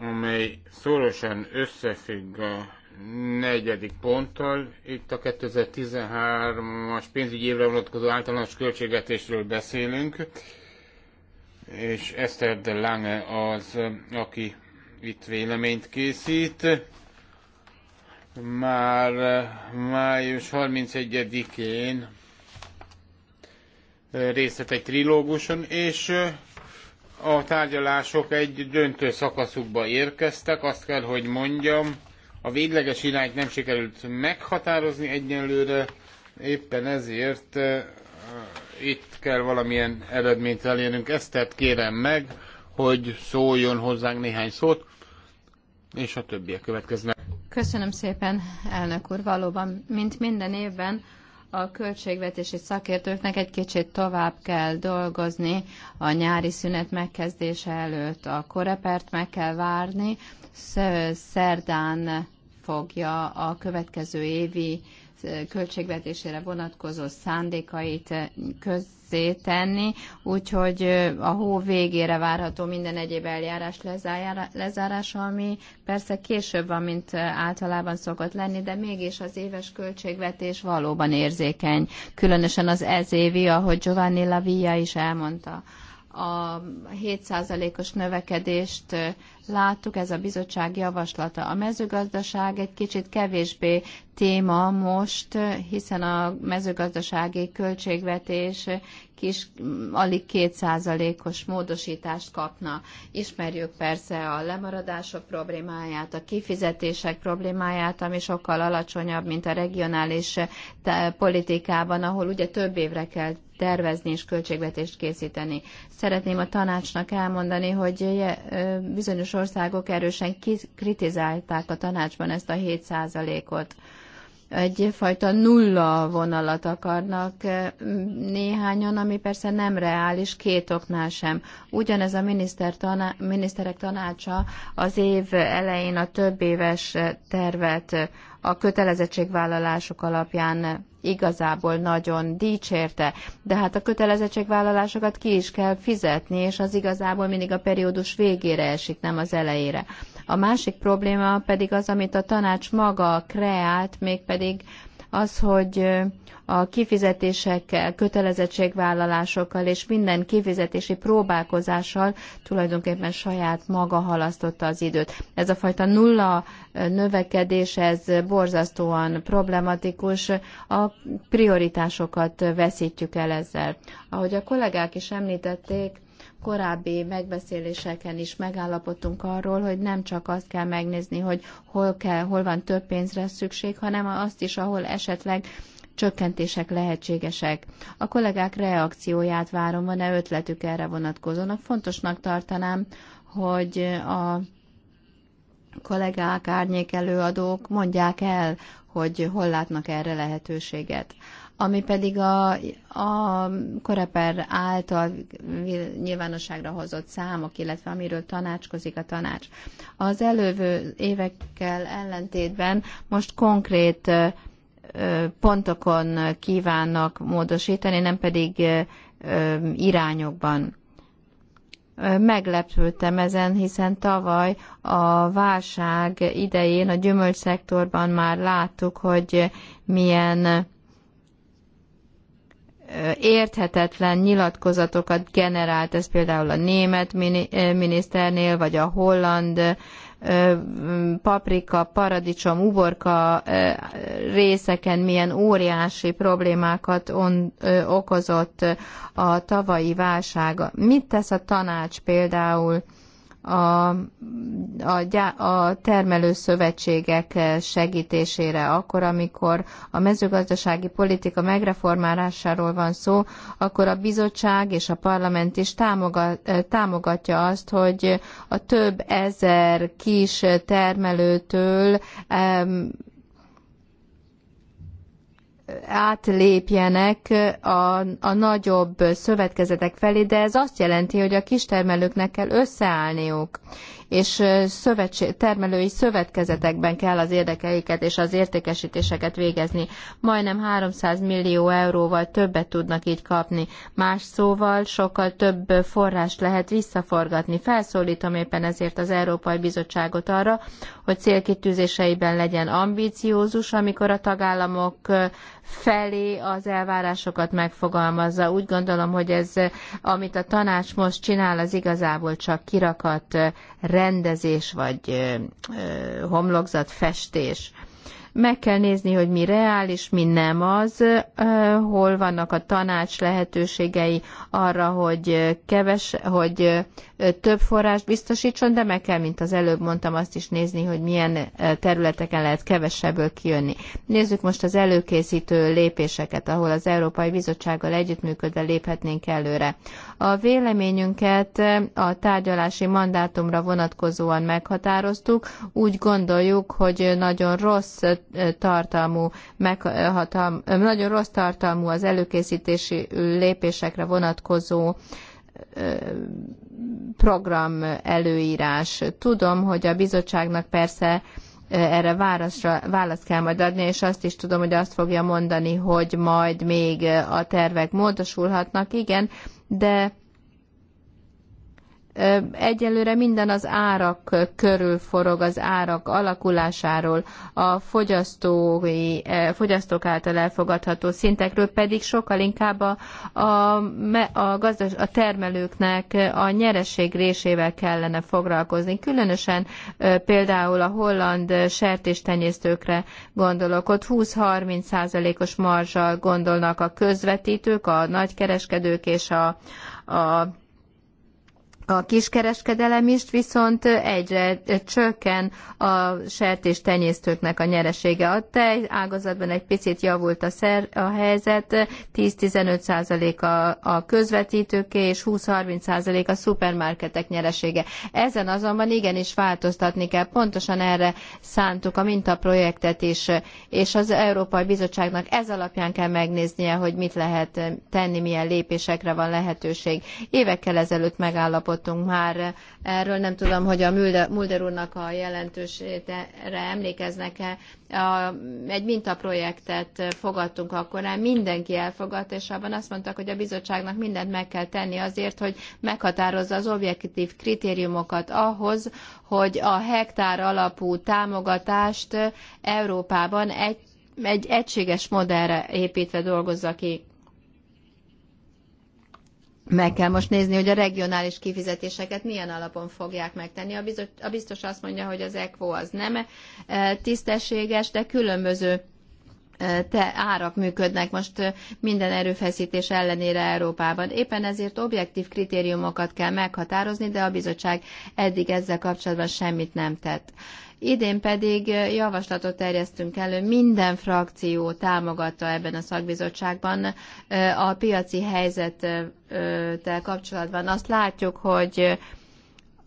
Speaker 2: amely szorosan összefügg a negyedik ponttal, itt a 2013-as pénzügyi évre vonatkozó általános költségvetésről beszélünk és Eszter de Lange az, aki itt véleményt készít. Már eh, május 31-én eh, részt vett egy trilóguson, és eh, a tárgyalások egy döntő szakaszukba érkeztek, azt kell, hogy mondjam, a végleges irányt nem sikerült meghatározni egyenlőre, éppen ezért itt kell valamilyen eredményt elérnünk. Ezt kérem meg, hogy szóljon hozzánk néhány szót, és a többiek következnek.
Speaker 3: Köszönöm szépen, elnök úr. Valóban, mint minden évben, a költségvetési szakértőknek egy kicsit tovább kell dolgozni a nyári szünet megkezdése előtt. A korepert meg kell várni, szerdán fogja a következő évi költségvetésére vonatkozó szándékait közzétenni, úgyhogy a hó végére várható minden egyéb eljárás lezárása, ami persze később van, mint általában szokott lenni, de mégis az éves költségvetés valóban érzékeny, különösen az ez évi, ahogy Giovanni Lavia is elmondta a 7%-os növekedést láttuk, ez a bizottság javaslata. A mezőgazdaság egy kicsit kevésbé téma most, hiszen a mezőgazdasági költségvetés kis, alig 2%-os módosítást kapna. Ismerjük persze a lemaradások problémáját, a kifizetések problémáját, ami sokkal alacsonyabb, mint a regionális politikában, ahol ugye több évre kell tervezni és költségvetést készíteni szeretném a tanácsnak elmondani, hogy bizonyos országok erősen kritizálták a tanácsban ezt a 7%-ot. Egyfajta nulla vonalat akarnak néhányan, ami persze nem reális, két oknál sem. Ugyanez a miniszter taná- miniszterek tanácsa az év elején a több éves tervet a kötelezettségvállalások alapján igazából nagyon dicsérte, de hát a kötelezettségvállalásokat ki is kell fizetni, és az igazából mindig a periódus végére esik, nem az elejére. A másik probléma pedig az, amit a tanács maga kreált, mégpedig az, hogy a kifizetésekkel, kötelezettségvállalásokkal és minden kifizetési próbálkozással tulajdonképpen saját maga halasztotta az időt. Ez a fajta nulla növekedés, ez borzasztóan problematikus, a prioritásokat veszítjük el ezzel. Ahogy a kollégák is említették, korábbi megbeszéléseken is megállapodtunk arról, hogy nem csak azt kell megnézni, hogy hol, kell, hol van több pénzre szükség, hanem azt is, ahol esetleg csökkentések lehetségesek. A kollégák reakcióját várom, van-e ötletük erre vonatkozónak. Fontosnak tartanám, hogy a kollégák, árnyék előadók mondják el, hogy hol látnak erre lehetőséget ami pedig a, a Koreper által nyilvánosságra hozott számok, illetve amiről tanácskozik a tanács. Az elővő évekkel ellentétben most konkrét pontokon kívánnak módosítani, nem pedig irányokban. Meglepődtem ezen, hiszen tavaly a válság idején a gyümölcsszektorban már láttuk, hogy milyen érthetetlen nyilatkozatokat generált, ez például a német miniszternél, vagy a holland paprika, paradicsom, uborka részeken milyen óriási problémákat on, okozott a tavalyi válság. Mit tesz a tanács például a, a, gyá, a termelőszövetségek segítésére akkor, amikor a mezőgazdasági politika megreformálásáról van szó, akkor a bizottság és a parlament is támogat, támogatja azt, hogy a több ezer kis termelőtől átlépjenek a, a nagyobb szövetkezetek felé, de ez azt jelenti, hogy a kistermelőknek kell összeállniuk, és szövetség, termelői szövetkezetekben kell az érdekeiket és az értékesítéseket végezni. Majdnem 300 millió euróval többet tudnak így kapni. Más szóval sokkal több forrást lehet visszaforgatni. Felszólítom éppen ezért az Európai Bizottságot arra, hogy célkitűzéseiben legyen ambíciózus, amikor a tagállamok felé az elvárásokat megfogalmazza. Úgy gondolom, hogy ez, amit a tanács most csinál, az igazából csak kirakat rendezés vagy homlokzatfestés. festés meg kell nézni, hogy mi reális, mi nem az, hol vannak a tanács lehetőségei arra, hogy keves, hogy több forrás biztosítson, de meg kell, mint az előbb mondtam, azt is nézni, hogy milyen területeken lehet kevesebből kijönni. Nézzük most az előkészítő lépéseket, ahol az Európai Bizottsággal együttműködve léphetnénk előre. A véleményünket a tárgyalási mandátumra vonatkozóan meghatároztuk. Úgy gondoljuk, hogy nagyon rossz eh, tartalmú, meghatalm, eh, eh, nagyon rossz tartalmú az előkészítési lépésekre vonatkozó program előírás. Tudom, hogy a bizottságnak persze erre válaszra, választ kell majd adni, és azt is tudom, hogy azt fogja mondani, hogy majd még a tervek módosulhatnak. Igen, de Egyelőre minden az árak körül forog, az árak alakulásáról, a fogyasztói, fogyasztók által elfogadható szintekről, pedig sokkal inkább a, a, a, gazdas, a termelőknek a nyereség résével kellene foglalkozni. Különösen például a holland sertéstenyésztőkre gondolok. Ott 20-30 százalékos marzsal gondolnak a közvetítők, a nagykereskedők és a, a a kiskereskedelem is viszont egyre csökken a sertés tenyésztőknek a nyeresége. A tej ágazatban egy picit javult a, szer, a helyzet, 10-15 százalék a, a közvetítőké és 20-30 százalék a szupermarketek nyeresége. Ezen azonban igenis változtatni kell. Pontosan erre szántuk a mintaprojektet is, és az Európai Bizottságnak ez alapján kell megnéznie, hogy mit lehet tenni, milyen lépésekre van lehetőség. Évekkel ezelőtt megállapodott hallottunk már erről, nem tudom, hogy a Mulder, úrnak a jelentősére emlékeznek-e. A, egy mintaprojektet fogadtunk akkor el, mindenki elfogadta, és abban azt mondtak, hogy a bizottságnak mindent meg kell tenni azért, hogy meghatározza az objektív kritériumokat ahhoz, hogy a hektár alapú támogatást Európában egy, egy egységes modellre építve dolgozza ki meg kell most nézni, hogy a regionális kifizetéseket milyen alapon fogják megtenni. A, biztos azt mondja, hogy az ECVO az nem e, tisztességes, de különböző e, te árak működnek most e, minden erőfeszítés ellenére Európában. Éppen ezért objektív kritériumokat kell meghatározni, de a bizottság eddig ezzel kapcsolatban semmit nem tett. Idén pedig javaslatot terjesztünk elő, minden frakció támogatta ebben a szakbizottságban a piaci helyzettel kapcsolatban. Azt látjuk, hogy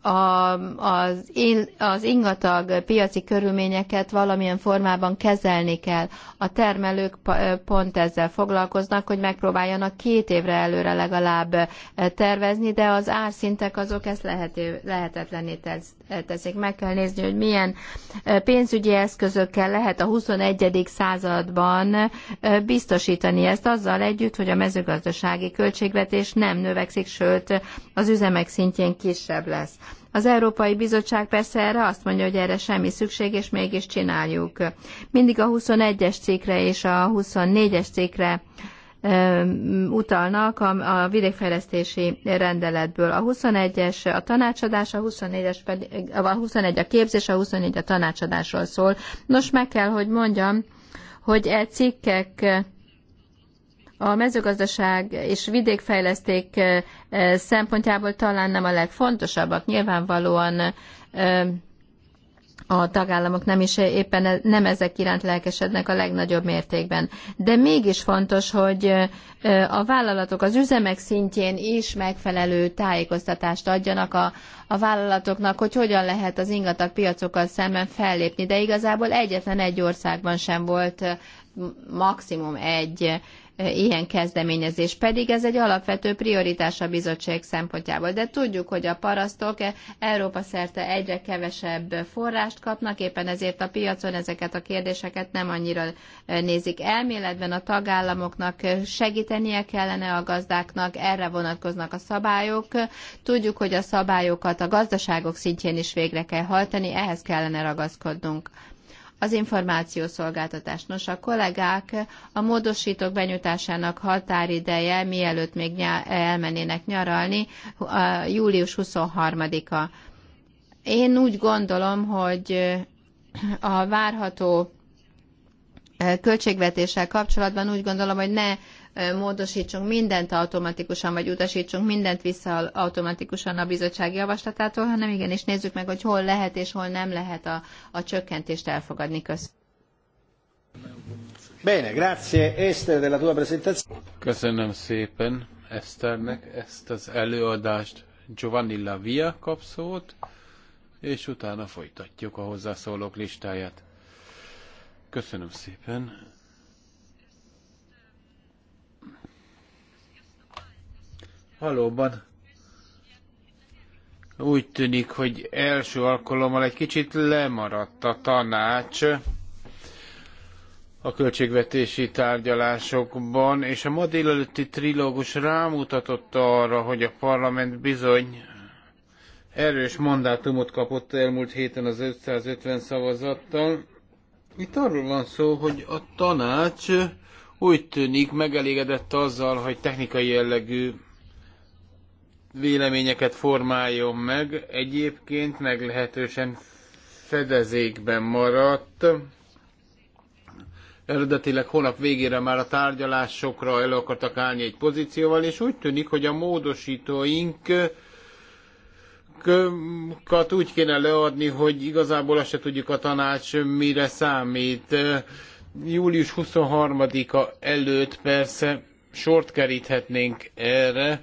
Speaker 3: a, az, az ingatag piaci körülményeket valamilyen formában kezelni kell. A termelők pont ezzel foglalkoznak, hogy megpróbáljanak két évre előre legalább tervezni, de az árszintek azok ezt lehetetlené teszik. Meg kell nézni, hogy milyen pénzügyi eszközökkel lehet a 21. században biztosítani ezt azzal együtt, hogy a mezőgazdasági költségvetés nem növekszik, sőt az üzemek szintjén kisebb lesz. Az Európai Bizottság persze erre azt mondja, hogy erre semmi szükség, és mégis csináljuk. Mindig a 21-es cikkre és a 24-es cikkre utalnak a, a vidékfejlesztési rendeletből. A 21-es a tanácsadás, a 24-es pedig, a 21 a képzés, a 24 a tanácsadásról szól. Nos, meg kell, hogy mondjam, hogy e cikkek a mezőgazdaság és vidékfejleszték szempontjából talán nem a legfontosabbak. Nyilvánvalóan a tagállamok nem is éppen e- nem ezek iránt lelkesednek a legnagyobb mértékben. De mégis fontos, hogy a vállalatok az üzemek szintjén is megfelelő tájékoztatást adjanak a, a vállalatoknak, hogy hogyan lehet az ingatag piacokkal szemben fellépni. De igazából egyetlen egy országban sem volt maximum egy ilyen kezdeményezés. Pedig ez egy alapvető prioritás a bizottság szempontjából. De tudjuk, hogy a parasztok e, Európa szerte egyre kevesebb forrást kapnak, éppen ezért a piacon ezeket a kérdéseket nem annyira nézik. Elméletben a tagállamoknak segítenie kellene a gazdáknak, erre vonatkoznak a szabályok. Tudjuk, hogy a szabályokat a gazdaságok szintjén is végre kell hajtani, ehhez kellene ragaszkodnunk az információszolgáltatás. Nos, a kollégák a módosítók benyújtásának határideje, mielőtt még nyá- elmennének nyaralni, július 23-a. Én úgy gondolom, hogy a várható költségvetéssel kapcsolatban úgy gondolom, hogy ne módosítsunk mindent automatikusan, vagy utasítsunk mindent vissza automatikusan a bizottság javaslatától, hanem igenis nézzük meg, hogy hol lehet és hol nem lehet a, a csökkentést elfogadni. Köszönöm.
Speaker 1: Bene, grazie della tua presentazione. Köszönöm szépen Eszternek ezt az
Speaker 2: előadást. Giovanni Lavia kap szót, és utána folytatjuk a hozzászólók listáját. Köszönöm szépen. Valóban úgy tűnik, hogy első alkalommal egy kicsit lemaradt a tanács a költségvetési tárgyalásokban, és a ma délelőtti trilógus rámutatott arra, hogy a parlament bizony erős mandátumot kapott elmúlt héten az 550 szavazattal. Itt arról van szó, hogy a tanács úgy tűnik megelégedett azzal, hogy technikai jellegű véleményeket formáljon meg. Egyébként meglehetősen fedezékben maradt. Eredetileg holnap végére már a tárgyalásokra el akartak állni egy pozícióval, és úgy tűnik, hogy a módosítóink kat úgy kéne leadni, hogy igazából azt se tudjuk a tanács mire számít. Július 23-a előtt persze sort keríthetnénk erre,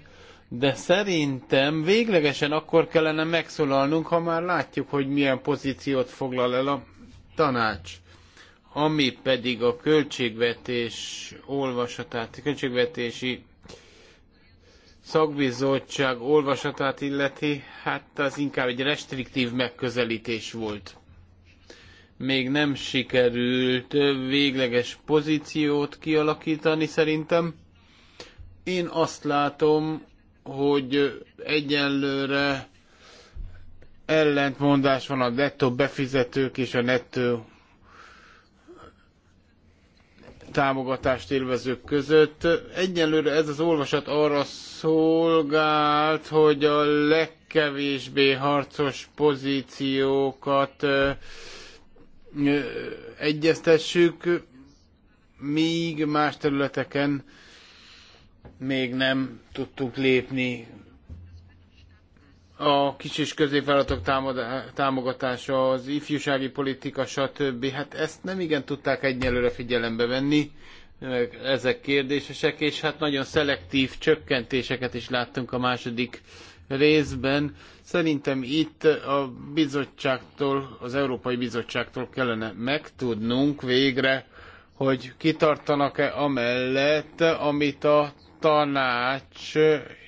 Speaker 2: de szerintem véglegesen akkor kellene megszólalnunk, ha már látjuk, hogy milyen pozíciót foglal el a tanács. Ami pedig a költségvetés olvasatát, a költségvetési szakbizottság olvasatát illeti, hát az inkább egy restriktív megközelítés volt. Még nem sikerült végleges pozíciót kialakítani szerintem. Én azt látom, hogy egyenlőre ellentmondás van a nettó befizetők és a nettó támogatást élvezők között. Egyenlőre ez az olvasat arra szolgált, hogy a legkevésbé harcos pozíciókat egyeztessük, míg más területeken még nem tudtunk lépni. A kis és középvállalatok támogatása, az ifjúsági politika, stb. Hát ezt nem igen tudták egyelőre figyelembe venni, ezek kérdésesek, és hát nagyon szelektív csökkentéseket is láttunk a második részben. Szerintem itt a bizottságtól, az Európai Bizottságtól kellene megtudnunk végre, hogy kitartanak-e amellett, amit a tanács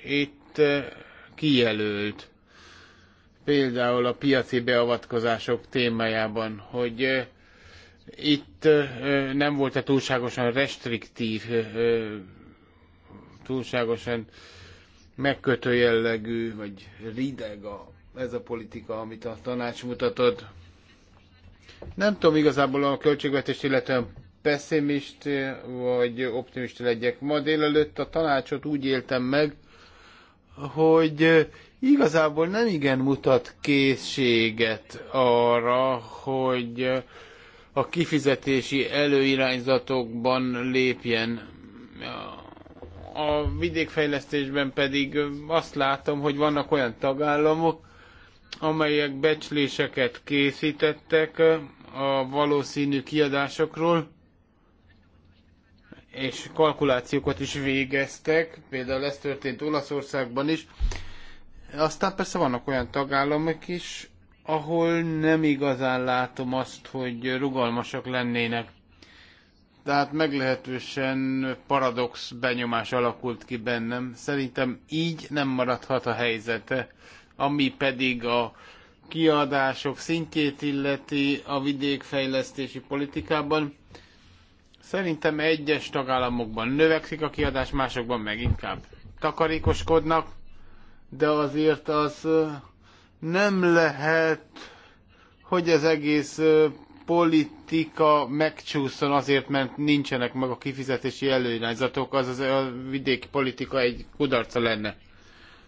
Speaker 2: itt kijelölt, például a piaci beavatkozások témájában, hogy itt nem volt -e túlságosan restriktív, túlságosan megkötő jellegű, vagy rideg a, ez a politika, amit a tanács mutatott. Nem tudom igazából a költségvetést illetve pessimist vagy optimista legyek. Ma délelőtt a tanácsot úgy éltem meg, hogy igazából nem igen mutat készséget arra, hogy a kifizetési előirányzatokban lépjen. A vidékfejlesztésben pedig azt látom, hogy vannak olyan tagállamok, amelyek becsléseket készítettek a valószínű kiadásokról, és kalkulációkat is végeztek, például ez történt Olaszországban is. Aztán persze vannak olyan tagállamok is, ahol nem igazán látom azt, hogy rugalmasak lennének. Tehát meglehetősen paradox benyomás alakult ki bennem. Szerintem így nem maradhat a helyzete. Ami pedig a kiadások szintjét illeti a vidékfejlesztési politikában, Szerintem egyes tagállamokban növekszik a kiadás, másokban meg inkább takarékoskodnak, de azért az nem lehet, hogy az egész politika megcsúszon azért, mert nincsenek meg a kifizetési előirányzatok, az a vidéki politika egy kudarca lenne.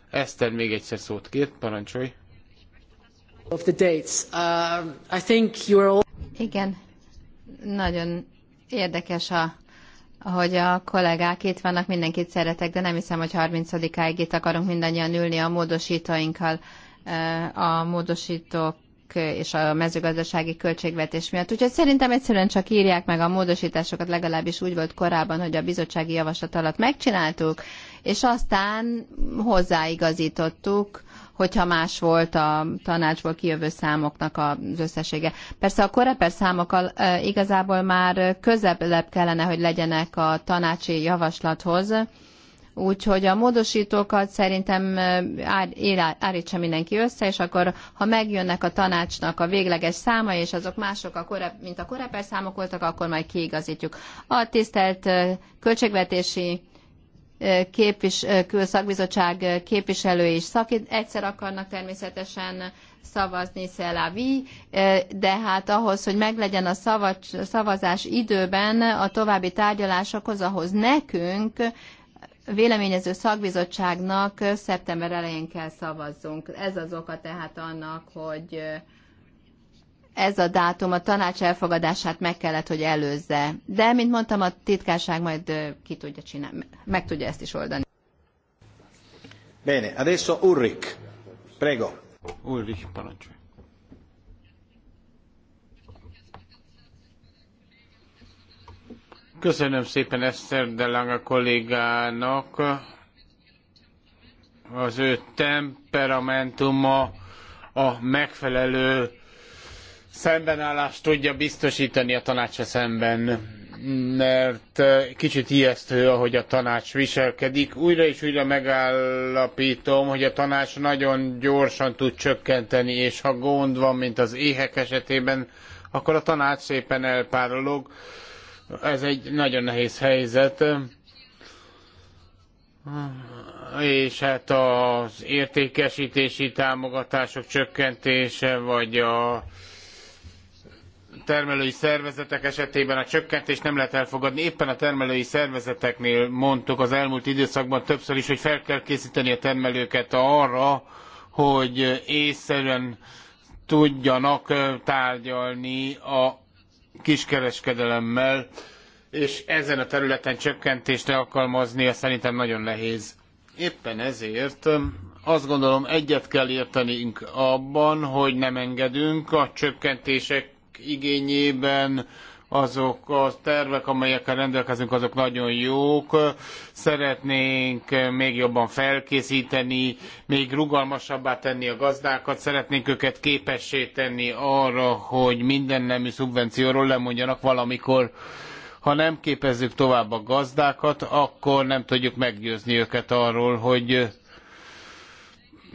Speaker 2: Eszter még egyszer szót kért, parancsolj.
Speaker 3: Of the dates. Uh, I think you're all... Igen, nagyon Érdekes a hogy a kollégák itt vannak, mindenkit szeretek, de nem hiszem, hogy 30-áig itt akarunk mindannyian ülni a módosítóinkkal, a módosítók és a mezőgazdasági költségvetés miatt. Úgyhogy szerintem egyszerűen csak írják meg a módosításokat, legalábbis úgy volt korábban, hogy a bizottsági javaslat alatt megcsináltuk, és aztán hozzáigazítottuk hogyha más volt a tanácsból kijövő számoknak az összessége. Persze a koreper számok igazából már közelebb kellene, hogy legyenek a tanácsi javaslathoz, Úgyhogy a módosítókat szerintem állítsa mindenki össze, és akkor ha megjönnek a tanácsnak a végleges száma, és azok mások, a korep, mint a koreper számok voltak, akkor majd kiigazítjuk. A tisztelt költségvetési képvis, szakbizottság képviselői is szakít, egyszer akarnak természetesen szavazni Szelavi, de hát ahhoz, hogy meglegyen a szavazás időben a további tárgyalásokhoz, ahhoz nekünk véleményező szakbizottságnak szeptember elején kell szavazzunk. Ez az oka tehát annak, hogy ez a dátum a tanács elfogadását meg kellett, hogy előzze. De, mint mondtam, a titkárság majd ki tudja csinálni, meg tudja ezt is oldani.
Speaker 1: Bene, adesso Ulrich. Prego. Ulrich, parancsolj.
Speaker 2: Köszönöm szépen Eszter Delanga kollégának. Az ő temperamentuma a megfelelő szembenállást tudja biztosítani a tanáccsal szemben, mert kicsit ijesztő, ahogy a tanács viselkedik. Újra és újra megállapítom, hogy a tanács nagyon gyorsan tud csökkenteni, és ha gond van, mint az éhek esetében, akkor a tanács szépen elpárolog. Ez egy nagyon nehéz helyzet és hát az értékesítési támogatások csökkentése, vagy a termelői szervezetek esetében a csökkentést nem lehet elfogadni. Éppen a termelői szervezeteknél mondtuk az elmúlt időszakban többször is, hogy fel kell készíteni a termelőket arra, hogy észszerűen tudjanak tárgyalni a kiskereskedelemmel, és ezen a területen csökkentést alkalmazni szerintem nagyon nehéz. Éppen ezért azt gondolom egyet kell értenünk abban, hogy nem engedünk a csökkentések igényében azok a tervek, amelyekkel rendelkezünk, azok nagyon jók. Szeretnénk még jobban felkészíteni, még rugalmasabbá tenni a gazdákat, szeretnénk őket képessé tenni arra, hogy minden nemű szubvencióról lemondjanak valamikor. Ha nem képezzük tovább a gazdákat, akkor nem tudjuk meggyőzni őket arról, hogy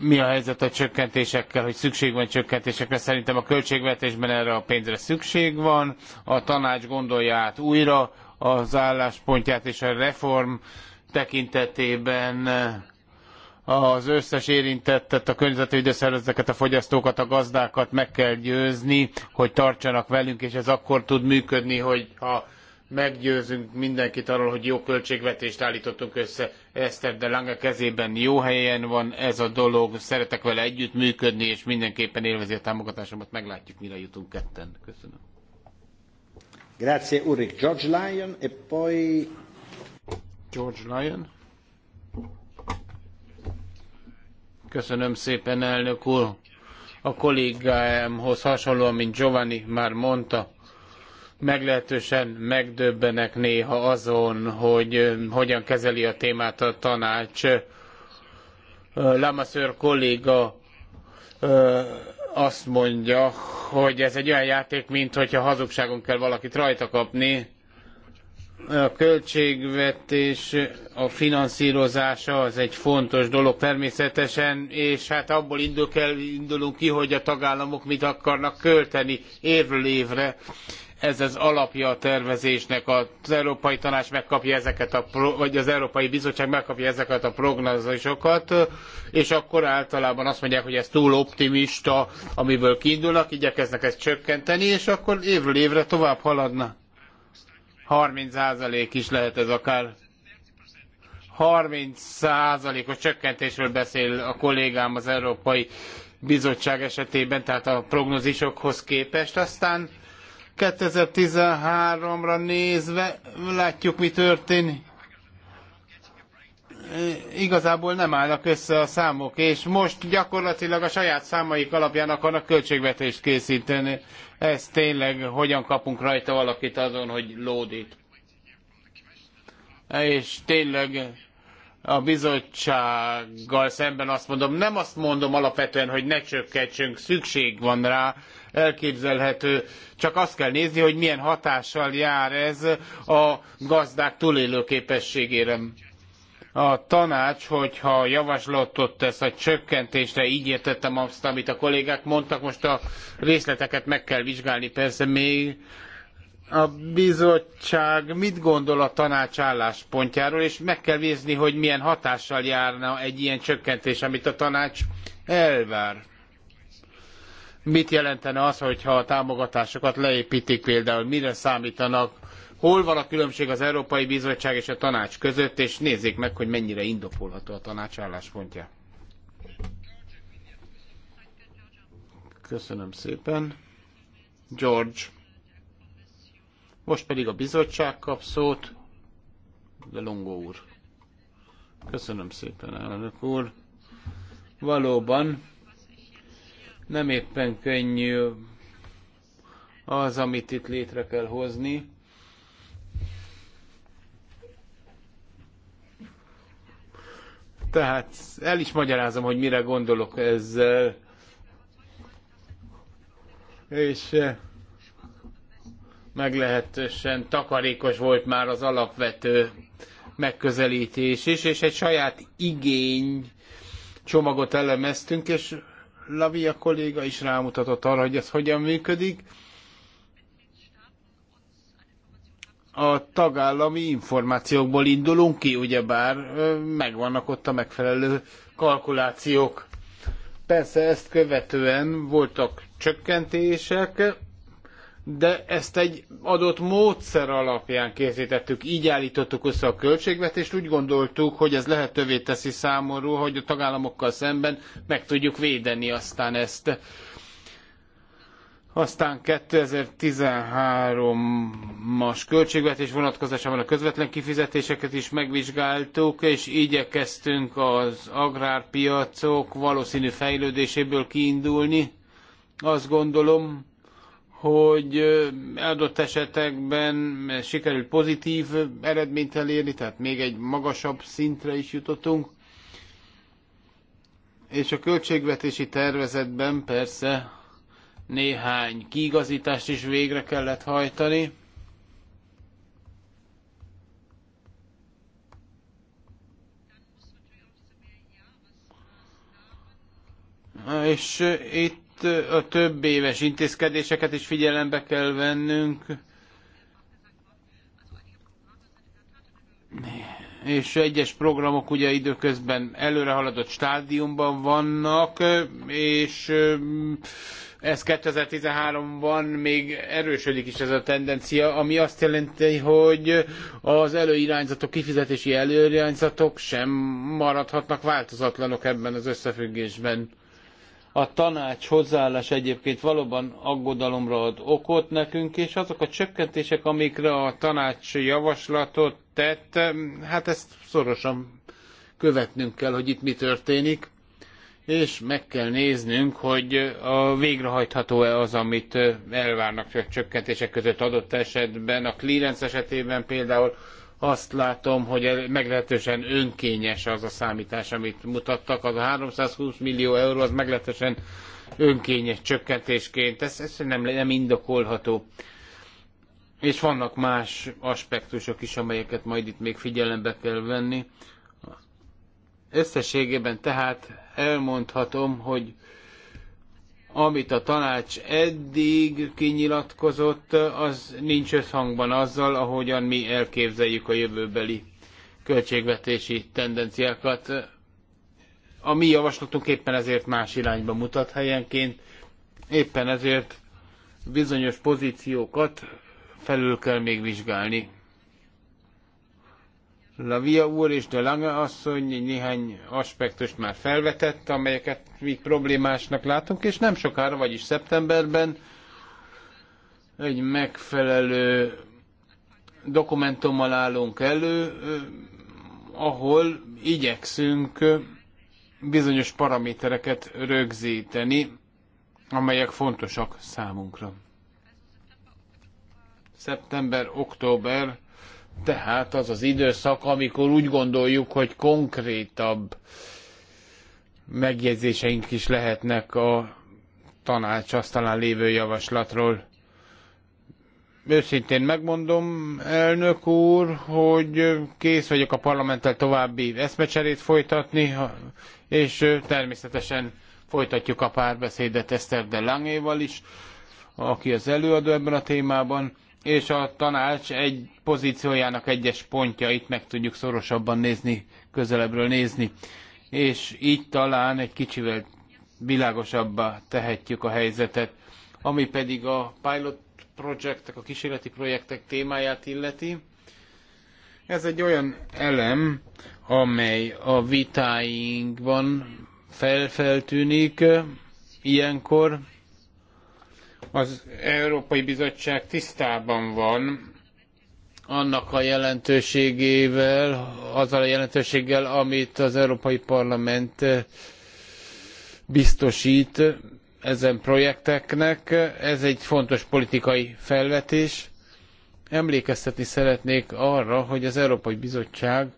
Speaker 2: mi a helyzet a csökkentésekkel, hogy szükség van csökkentésekre. Szerintem a költségvetésben erre a pénzre szükség van. A tanács gondolja át újra az álláspontját és a reform tekintetében az összes érintettet, a környezetvédő szervezeteket, a fogyasztókat, a gazdákat meg kell győzni, hogy tartsanak velünk, és ez akkor tud működni, hogy ha meggyőzünk mindenkit arról, hogy jó költségvetést állítottunk össze. Eszter de Lange kezében jó helyen van ez a dolog, szeretek vele együttműködni, és mindenképpen élvezi a támogatásomat, meglátjuk, mire jutunk
Speaker 1: ketten. Köszönöm. Grazie Ulrich. George Lyon, e poi... George Lyon.
Speaker 2: Köszönöm szépen, elnök úr. A kollégámhoz hasonlóan, mint Giovanni már mondta, meglehetősen megdöbbenek néha azon, hogy hogyan kezeli a témát a tanács. Lamasseur kolléga azt mondja, hogy ez egy olyan játék, mint hogyha hazugságon kell valakit rajta kapni. A költségvetés, a finanszírozása az egy fontos dolog természetesen, és hát abból indul kell, indulunk ki, hogy a tagállamok mit akarnak költeni évről évre ez az alapja a tervezésnek, az Európai Tanács megkapja ezeket a, vagy az Európai Bizottság megkapja ezeket a prognózisokat, és akkor általában azt mondják, hogy ez túl optimista, amiből kiindulnak, igyekeznek ezt csökkenteni, és akkor évről évre tovább haladna. 30% is lehet ez akár. 30%-os csökkentésről beszél a kollégám az Európai Bizottság esetében, tehát a prognózisokhoz képest. Aztán 2013-ra nézve látjuk, mi történik. E, igazából nem állnak össze a számok, és most gyakorlatilag a saját számaik alapján akarnak költségvetést készíteni. Ez tényleg, hogyan kapunk rajta valakit azon, hogy lódít. És tényleg a bizottsággal szemben azt mondom, nem azt mondom alapvetően, hogy ne csökkentsünk, szükség van rá, elképzelhető. Csak azt kell nézni, hogy milyen hatással jár ez a gazdák túlélő képességére a tanács, hogyha javaslatot tesz a csökkentésre, így értettem azt, amit a kollégák mondtak, most a részleteket meg kell vizsgálni persze még. A bizottság mit gondol a tanács álláspontjáról, és meg kell nézni, hogy milyen hatással járna egy ilyen csökkentés, amit a tanács elvár mit jelentene az, hogyha a támogatásokat leépítik például, mire számítanak, hol van a különbség az Európai Bizottság és a tanács között, és nézzék meg, hogy mennyire indokolható a tanács álláspontja. Köszönöm szépen. George. Most pedig a bizottság kap szót. De Longo úr. Köszönöm szépen, elnök úr. Valóban nem éppen könnyű az, amit itt létre kell hozni. Tehát el is magyarázom, hogy mire gondolok ezzel. És eh, meglehetősen takarékos volt már az alapvető megközelítés is, és egy saját igény csomagot elemeztünk, és Lavia kolléga is rámutatott arra, hogy ez hogyan működik. A tagállami információkból indulunk ki, ugyebár megvannak ott a megfelelő kalkulációk. Persze ezt követően voltak csökkentések, de ezt egy adott módszer alapján készítettük, így állítottuk össze a költségvetést, úgy gondoltuk, hogy ez lehetővé teszi számomra, hogy a tagállamokkal szemben meg tudjuk védeni aztán ezt. Aztán 2013-as költségvetés vonatkozásában a közvetlen kifizetéseket is megvizsgáltuk, és igyekeztünk az agrárpiacok valószínű fejlődéséből kiindulni. Azt gondolom, hogy adott esetekben sikerült pozitív eredményt elérni, tehát még egy magasabb szintre is jutottunk. És a költségvetési tervezetben persze néhány kiigazítást is végre kellett hajtani. És itt a több éves intézkedéseket is figyelembe kell vennünk. És egyes programok ugye időközben haladott stádiumban vannak, és ez 2013-ban még erősödik is ez a tendencia, ami azt jelenti, hogy az előirányzatok, kifizetési előirányzatok sem maradhatnak változatlanok ebben az összefüggésben. A tanács hozzáállás egyébként valóban aggodalomra ad okot nekünk, és azok a csökkentések, amikre a tanács javaslatot tett, hát ezt szorosan követnünk kell, hogy itt mi történik, és meg kell néznünk, hogy a végrehajtható-e az, amit elvárnak a csökkentések között adott esetben. A clearance esetében például azt látom, hogy meglehetősen önkényes az a számítás, amit mutattak. Az a 320 millió euró az meglehetősen önkényes csökkentésként. Ez, ez nem, nem indokolható. És vannak más aspektusok is, amelyeket majd itt még figyelembe kell venni. Összességében tehát elmondhatom, hogy amit a tanács eddig kinyilatkozott, az nincs összhangban azzal, ahogyan mi elképzeljük a jövőbeli költségvetési tendenciákat. A mi javaslatunk éppen ezért más irányba mutat helyenként, éppen ezért bizonyos pozíciókat felül kell még vizsgálni. Lavia úr és de Lange asszony néhány aspektust már felvetett, amelyeket mi problémásnak látunk, és nem sokára, vagyis szeptemberben egy megfelelő dokumentummal állunk elő, ahol igyekszünk bizonyos paramétereket rögzíteni, amelyek fontosak számunkra. Szeptember, október tehát az az időszak, amikor úgy gondoljuk, hogy konkrétabb megjegyzéseink is lehetnek a tanács asztalán lévő javaslatról. Őszintén megmondom, elnök úr, hogy kész vagyok a parlamenttel további eszmecserét folytatni, és természetesen folytatjuk a párbeszédet Eszter de Langéval is, aki az előadó ebben a témában és a tanács egy pozíciójának egyes pontjait meg tudjuk szorosabban nézni, közelebbről nézni. És így talán egy kicsivel világosabbá tehetjük a helyzetet. Ami pedig a pilot projektek, a kísérleti projektek témáját illeti, ez egy olyan elem, amely a vitáinkban felfeltűnik ilyenkor, az Európai Bizottság tisztában van annak a jelentőségével, azzal a jelentőséggel, amit az Európai Parlament eh, biztosít ezen projekteknek. Ez egy fontos politikai felvetés. Emlékeztetni szeretnék arra, hogy az Európai Bizottság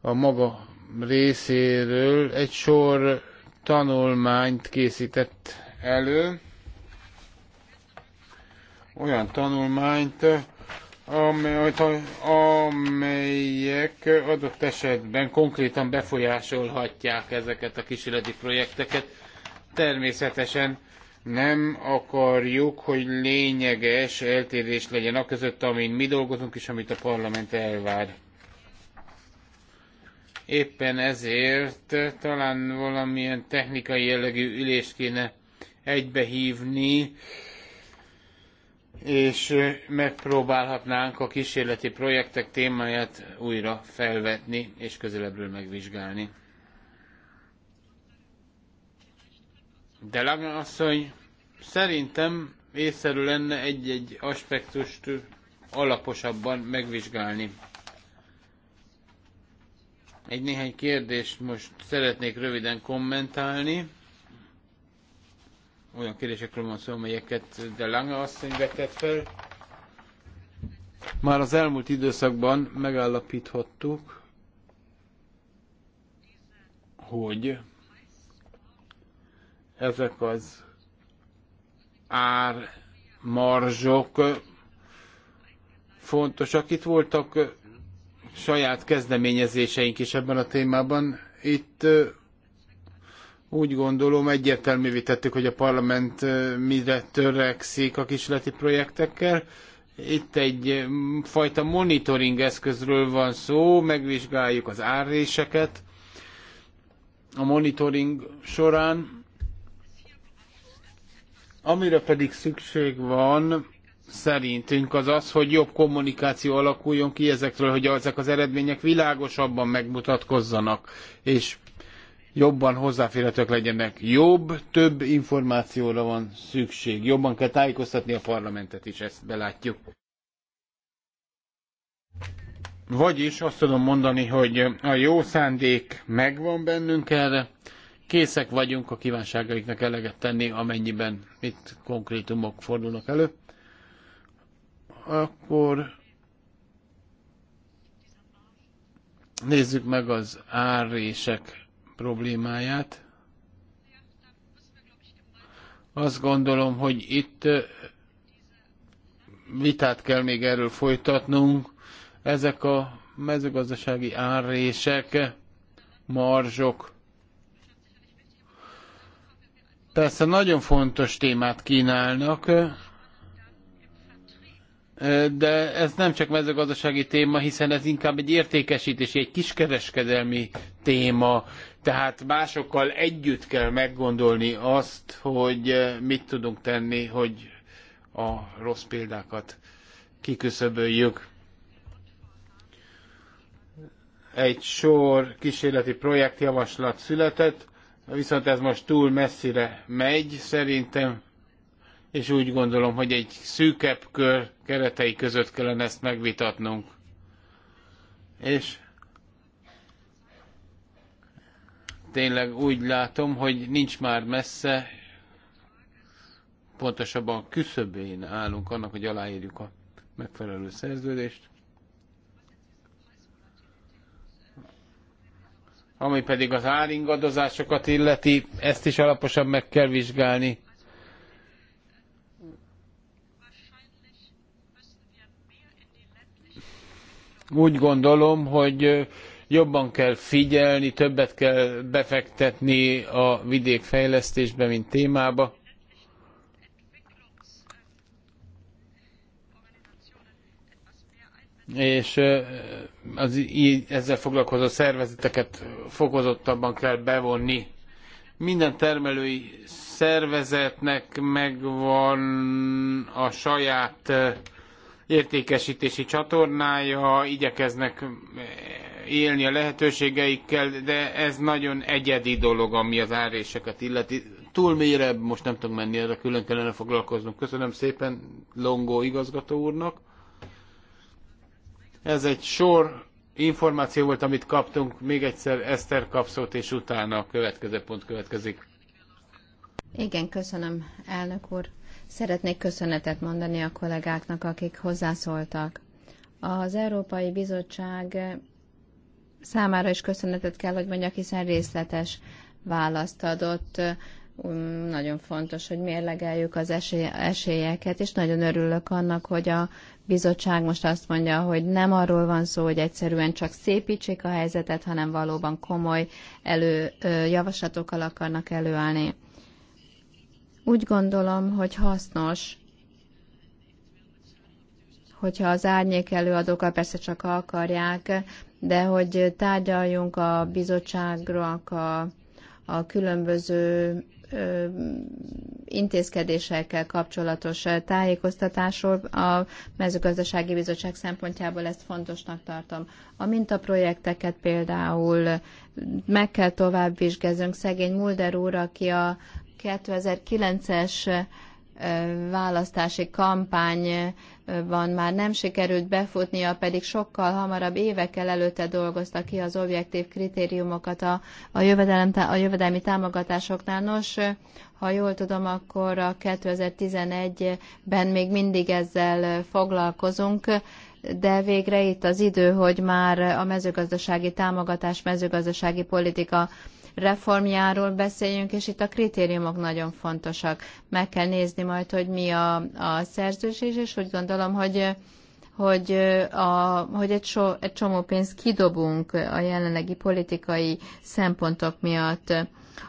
Speaker 2: a maga részéről egy sor tanulmányt készített elő, olyan tanulmányt, amely, amelyek adott esetben konkrétan befolyásolhatják ezeket a kísérleti projekteket. Természetesen nem akarjuk, hogy lényeges eltérés legyen a között, amin mi dolgozunk és amit a parlament elvár. Éppen ezért talán valamilyen technikai jellegű ülést kéne egybehívni, és megpróbálhatnánk a kísérleti projektek témáját újra felvetni és közelebbről megvizsgálni. De Lange asszony, szerintem észszerű lenne egy-egy aspektust alaposabban megvizsgálni. Egy néhány kérdést most szeretnék röviden kommentálni olyan kérdésekről van szó, amelyeket de Lange asszony vetett fel. Már az elmúlt időszakban megállapíthattuk, hogy ezek az ármarzsok fontosak. Itt voltak saját kezdeményezéseink is ebben a témában. Itt úgy gondolom, egyértelművé tettük, hogy a parlament mire törekszik a kisleti projektekkel. Itt egy fajta monitoring eszközről van szó, megvizsgáljuk az árréseket. A monitoring során Amire pedig szükség van, szerintünk az az, hogy jobb kommunikáció alakuljon ki ezekről, hogy ezek az eredmények világosabban megmutatkozzanak, és jobban hozzáférhetők legyenek. Jobb, több információra van szükség. Jobban kell tájékoztatni a parlamentet is, ezt belátjuk. Vagyis azt tudom mondani, hogy a jó szándék megvan bennünk erre, készek vagyunk a kívánságaiknak eleget tenni, amennyiben itt konkrétumok fordulnak elő. Akkor nézzük meg az árések problémáját. Azt gondolom, hogy itt vitát kell még erről folytatnunk. Ezek a mezőgazdasági árrések, marzsok, persze nagyon fontos témát kínálnak, de ez nem csak mezőgazdasági téma, hiszen ez inkább egy értékesítési, egy kiskereskedelmi téma, tehát másokkal együtt kell meggondolni azt, hogy eh, mit tudunk tenni, hogy a rossz példákat kiküszöböljük. Egy sor kísérleti projektjavaslat született, viszont ez most túl messzire megy szerintem, és úgy gondolom, hogy egy szűkebb kör keretei között kellene ezt megvitatnunk. És tényleg úgy látom, hogy nincs már messze, pontosabban küszöbén állunk annak, hogy aláírjuk a megfelelő szerződést. Ami pedig az áringadozásokat illeti, ezt is alaposan meg kell vizsgálni. Úgy gondolom, hogy Jobban kell figyelni, többet kell befektetni a vidék fejlesztésbe mint témába. és az, ezzel foglalkozó szervezeteket fokozottabban kell bevonni. Minden termelői szervezetnek megvan a saját értékesítési csatornája, igyekeznek élni a lehetőségeikkel, de ez nagyon egyedi dolog, ami az áréseket illeti. Túl mélyre most nem tudom menni, erre külön kellene foglalkoznunk. Köszönöm szépen Longó igazgató úrnak. Ez egy sor információ volt, amit kaptunk. Még egyszer Eszter kapszót, és utána a következő pont következik.
Speaker 3: Igen, köszönöm, elnök úr. Szeretnék köszönetet mondani a kollégáknak, akik hozzászóltak. Az Európai Bizottság számára is köszönetet kell, hogy mondjak, hiszen részletes választ adott. Nagyon fontos, hogy mérlegeljük az esélyeket, és nagyon örülök annak, hogy a bizottság most azt mondja, hogy nem arról van szó, hogy egyszerűen csak szépítsék a helyzetet, hanem valóban komoly elő, javaslatokkal akarnak előállni. Úgy gondolom, hogy hasznos hogyha az árnyék előadókkal persze csak akarják, de hogy tárgyaljunk a bizottságnak a, a különböző ö, intézkedésekkel kapcsolatos tájékoztatásról. A mezőgazdasági bizottság szempontjából ezt fontosnak tartom. A mintaprojekteket például meg kell tovább vizsgezünk. Szegény Mulder úr, aki a 2009-es választási kampányban már nem sikerült befutnia, pedig sokkal hamarabb évekkel előtte dolgozta ki az objektív kritériumokat a, a, jövedelem, a jövedelmi támogatásoknál. Nos, ha jól tudom, akkor a 2011-ben még mindig ezzel foglalkozunk de végre itt az idő, hogy már a mezőgazdasági támogatás, mezőgazdasági politika reformjáról beszéljünk, és itt a kritériumok nagyon fontosak. Meg kell nézni majd, hogy mi a, a szerződés, és úgy gondolom, hogy hogy, a, hogy egy, so, egy csomó pénzt kidobunk a jelenlegi politikai szempontok miatt.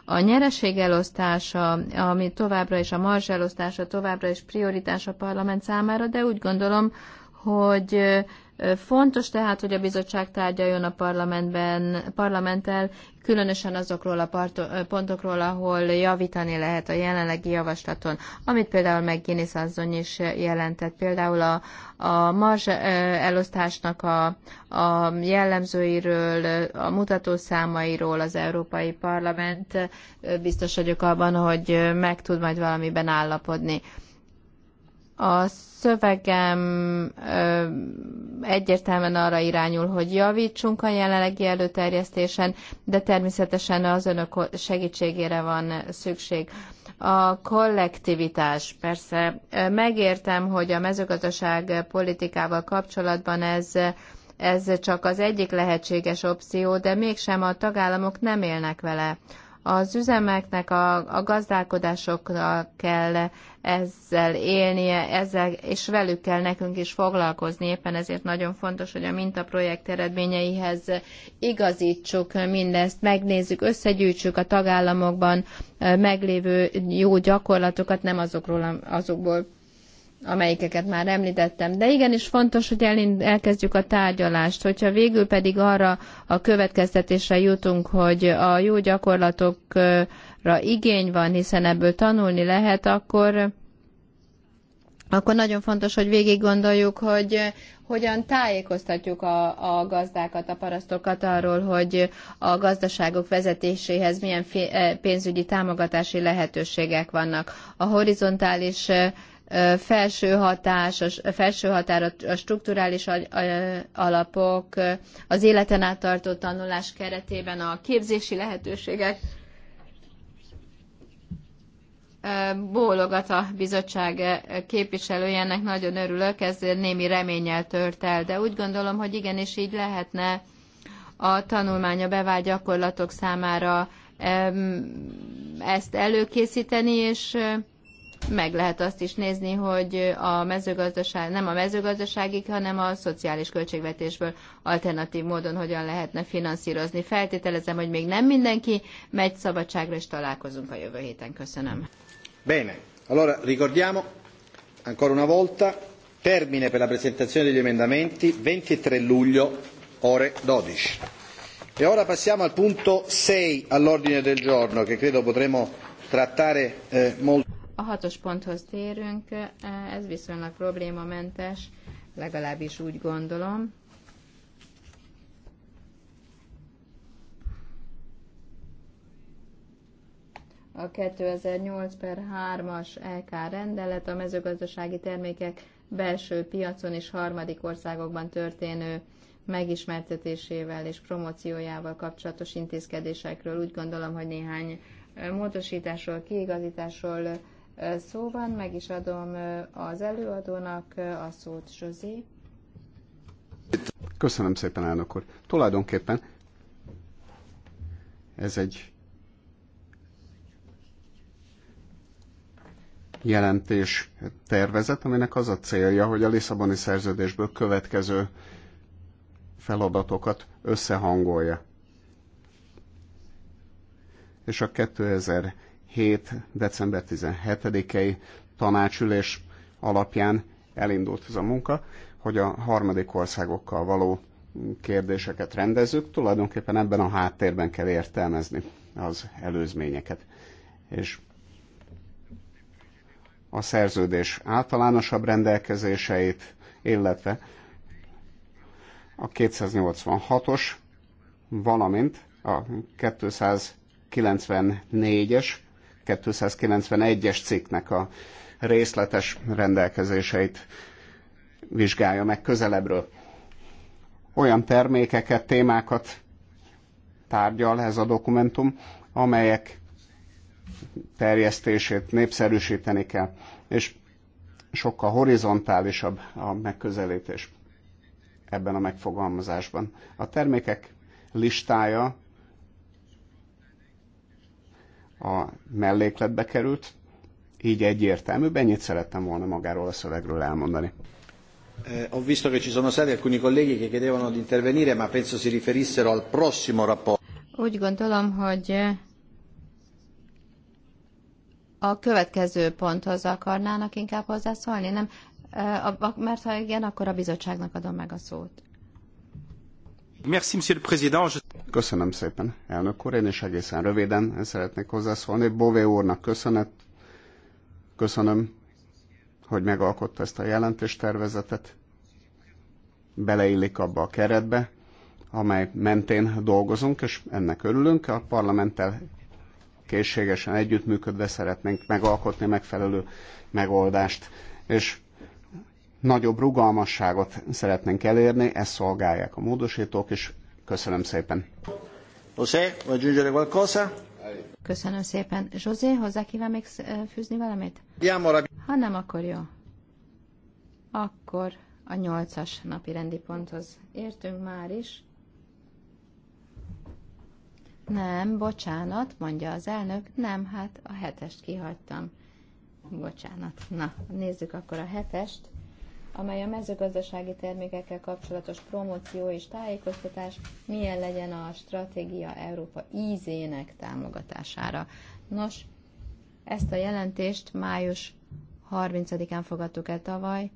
Speaker 3: A nyereség elosztása, ami továbbra is a marzs elosztása, továbbra is prioritás a parlament számára, de úgy gondolom, hogy Fontos tehát, hogy a bizottság tárgyaljon a parlamentben, parlamenttel, különösen azokról a pontokról, ahol javítani lehet a jelenlegi javaslaton, amit például meg Guinness is jelentett, például a, a marzs elosztásnak a, a jellemzőiről, a mutatószámairól az Európai Parlament biztos vagyok abban, hogy meg tud majd valamiben állapodni. A szövegem ö, egyértelműen arra irányul, hogy javítsunk a jelenlegi előterjesztésen, de természetesen az önök segítségére van szükség. A kollektivitás, persze megértem, hogy a mezőgazdaság politikával kapcsolatban ez ez csak az egyik lehetséges opció, de mégsem a tagállamok nem élnek vele. Az üzemeknek, a, a gazdálkodásoknak kell ezzel élnie, ezzel, és velük kell nekünk is foglalkozni. Éppen ezért nagyon fontos, hogy a mintaprojekt eredményeihez igazítsuk mindezt, megnézzük, összegyűjtsük a tagállamokban meglévő jó gyakorlatokat, nem azokról, azokból amelyikeket már említettem. De igenis fontos, hogy elind, elkezdjük a tárgyalást, hogyha végül pedig arra a következtetésre jutunk, hogy a jó gyakorlatokra igény van, hiszen ebből tanulni lehet, akkor akkor nagyon fontos, hogy végig gondoljuk, hogy hogyan tájékoztatjuk a, a gazdákat, a parasztokat arról, hogy a gazdaságok vezetéséhez milyen eh, pénzügyi támogatási lehetőségek vannak. A horizontális eh, felső, hatás, a felső határ a strukturális alapok, az életen át tartó tanulás keretében a képzési lehetőségek. Bólogat a bizottság képviselőjének, nagyon örülök, ez némi reménnyel tört el, de úgy gondolom, hogy igenis így lehetne a tanulmánya bevált gyakorlatok számára ezt előkészíteni, és meg lehet azt is nézni, hogy a mezőgazdaság, nem a mezőgazdasági, hanem a szociális költségvetésből alternatív módon hogyan lehetne finanszírozni. Feltételezem, hogy még nem mindenki megy szabadságra, és találkozunk a jövő héten. Köszönöm.
Speaker 1: Bene, allora ricordiamo ancora una volta termine per la presentazione degli emendamenti 23 luglio ore 12. E ora passiamo al punto 6 all'ordine del giorno che credo potremo trattare eh, molto
Speaker 3: a hatos ponthoz térünk, ez viszonylag problémamentes, legalábbis úgy gondolom. a 2008 per 3-as LK rendelet a mezőgazdasági termékek belső piacon és harmadik országokban történő megismertetésével és promóciójával kapcsolatos intézkedésekről. Úgy gondolom, hogy néhány eh, módosításról, kiigazításról szó van, meg is adom az előadónak a szót, Zsozé.
Speaker 4: Köszönöm szépen, elnök úr. Tulajdonképpen ez egy jelentés tervezet, aminek az a célja, hogy a Lisszaboni szerződésből következő feladatokat összehangolja. És a 2000 7. december 17-i tanácsülés alapján elindult ez a munka, hogy a harmadik országokkal való kérdéseket rendezzük, tulajdonképpen ebben a háttérben kell értelmezni az előzményeket. És a szerződés általánosabb rendelkezéseit, illetve a 286-os, valamint a 294-es 291-es cikknek a részletes rendelkezéseit vizsgálja meg közelebbről. Olyan termékeket, témákat tárgyal ez a dokumentum, amelyek terjesztését népszerűsíteni kell, és sokkal horizontálisabb a megközelítés ebben a megfogalmazásban. A termékek listája a mellékletbe került, így egyértelmű, ennyit szerettem volna magáról a szövegről elmondani.
Speaker 1: Eh, ho visto che ci sono stati alcuni colleghi che chiedevano di intervenire, ma penso si riferissero al prossimo rapporto.
Speaker 3: Úgy gondolom, hogy a következő ponthoz akarnának inkább hozzászólni, nem? Eh, mert ha igen, akkor a bizottságnak adom meg a szót.
Speaker 1: Merci, monsieur le
Speaker 4: président. Je... Köszönöm szépen, elnök úr. Én is egészen röviden szeretnék hozzászólni. Bové úrnak köszönet. Köszönöm, hogy megalkotta ezt a jelentéstervezetet. Beleillik abba a keretbe, amely mentén dolgozunk, és ennek örülünk. A parlamenttel készségesen együttműködve szeretnénk megalkotni megfelelő megoldást, és nagyobb rugalmasságot szeretnénk elérni, ezt szolgálják a módosítók, és Köszönöm
Speaker 1: szépen. José, vagy aggiungere qualcosa?
Speaker 3: Köszönöm szépen. José, hozzá kíván még eh, fűzni valamit? Ha nem, akkor jó. Akkor a nyolcas napi rendi ponthoz értünk már is. Nem, bocsánat, mondja az elnök. Nem, hát a hetest kihagytam. Bocsánat. Na, nézzük akkor a hetest amely a mezőgazdasági termékekkel kapcsolatos promóció és tájékoztatás milyen legyen a stratégia Európa ízének támogatására. Nos, ezt a jelentést május 30-án fogadtuk el tavaly,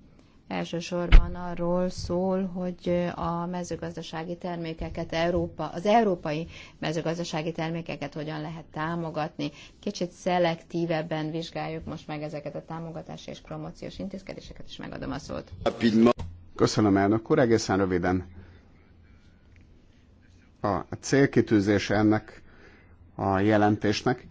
Speaker 3: elsősorban arról szól, hogy a mezőgazdasági termékeket, Európa, az európai mezőgazdasági termékeket hogyan lehet támogatni. Kicsit szelektívebben vizsgáljuk most meg ezeket a támogatási és promóciós intézkedéseket, és megadom a szót.
Speaker 4: Köszönöm, elnök úr, egészen röviden. A célkitűzés ennek a jelentésnek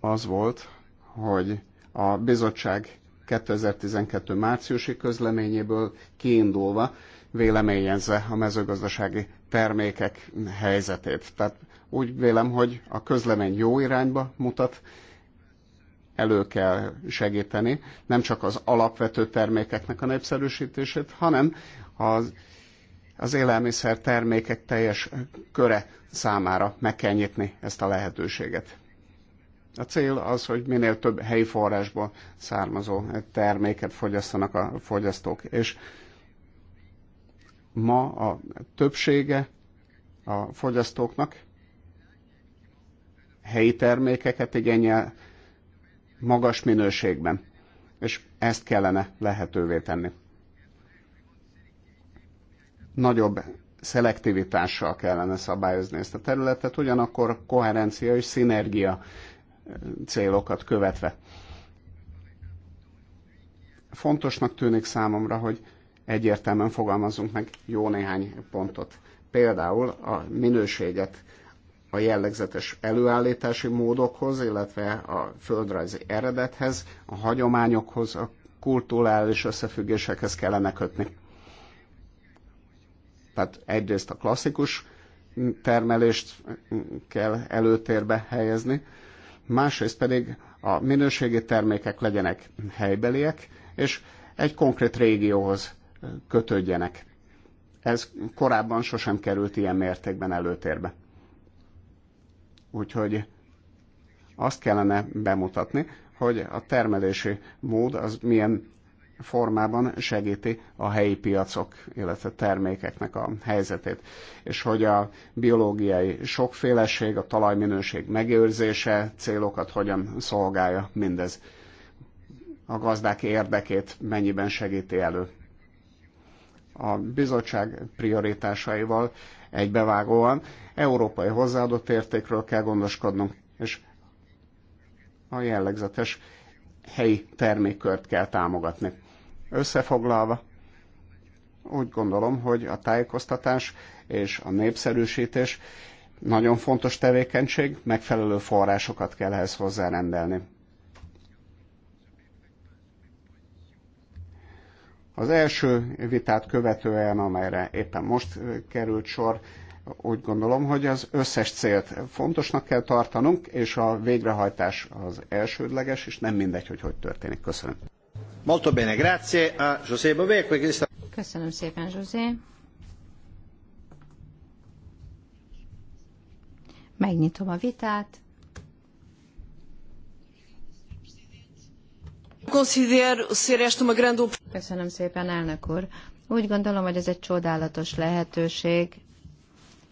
Speaker 4: az volt, hogy a bizottság 2012. márciusi közleményéből kiindulva véleményezze a mezőgazdasági termékek helyzetét. Tehát úgy vélem, hogy a közlemény jó irányba mutat, elő kell segíteni, nem csak az alapvető termékeknek a népszerűsítését, hanem az, az élelmiszer termékek teljes köre számára meg kell nyitni ezt a lehetőséget. A cél az, hogy minél több helyi forrásból származó terméket fogyasszanak a fogyasztók. És ma a többsége a fogyasztóknak helyi termékeket igényel magas minőségben. És ezt kellene lehetővé tenni. Nagyobb szelektivitással kellene szabályozni ezt a területet, ugyanakkor koherencia és szinergia célokat követve. Fontosnak tűnik számomra, hogy egyértelműen fogalmazunk meg jó néhány pontot. Például a minőséget a jellegzetes előállítási módokhoz, illetve a földrajzi eredethez, a hagyományokhoz, a kulturális összefüggésekhez kellene kötni. Tehát egyrészt a klasszikus termelést kell előtérbe helyezni, másrészt pedig a minőségi termékek legyenek helybeliek, és egy konkrét régióhoz kötődjenek. Ez korábban sosem került ilyen mértékben előtérbe. Úgyhogy azt kellene bemutatni, hogy a termelési mód az milyen formában segíti a helyi piacok, illetve termékeknek a helyzetét. És hogy a biológiai sokféleség, a talajminőség megőrzése célokat hogyan szolgálja mindez. A gazdák érdekét mennyiben segíti elő. A bizottság prioritásaival egybevágóan európai hozzáadott értékről kell gondoskodnunk, és a jellegzetes helyi termékkört kell támogatni. Összefoglalva, úgy gondolom, hogy a tájékoztatás és a népszerűsítés nagyon fontos tevékenység, megfelelő forrásokat kell ehhez hozzárendelni. Az első vitát követően, amelyre éppen most került sor, úgy gondolom, hogy az összes célt fontosnak kell tartanunk, és a végrehajtás az elsődleges, és nem mindegy, hogy hogy történik. Köszönöm.
Speaker 1: Molto bene, grazie a José Bové.
Speaker 3: Köszönöm szépen, José. Megnyitom a vitát. Köszönöm szépen, elnök úr. Úgy gondolom, hogy ez egy csodálatos lehetőség.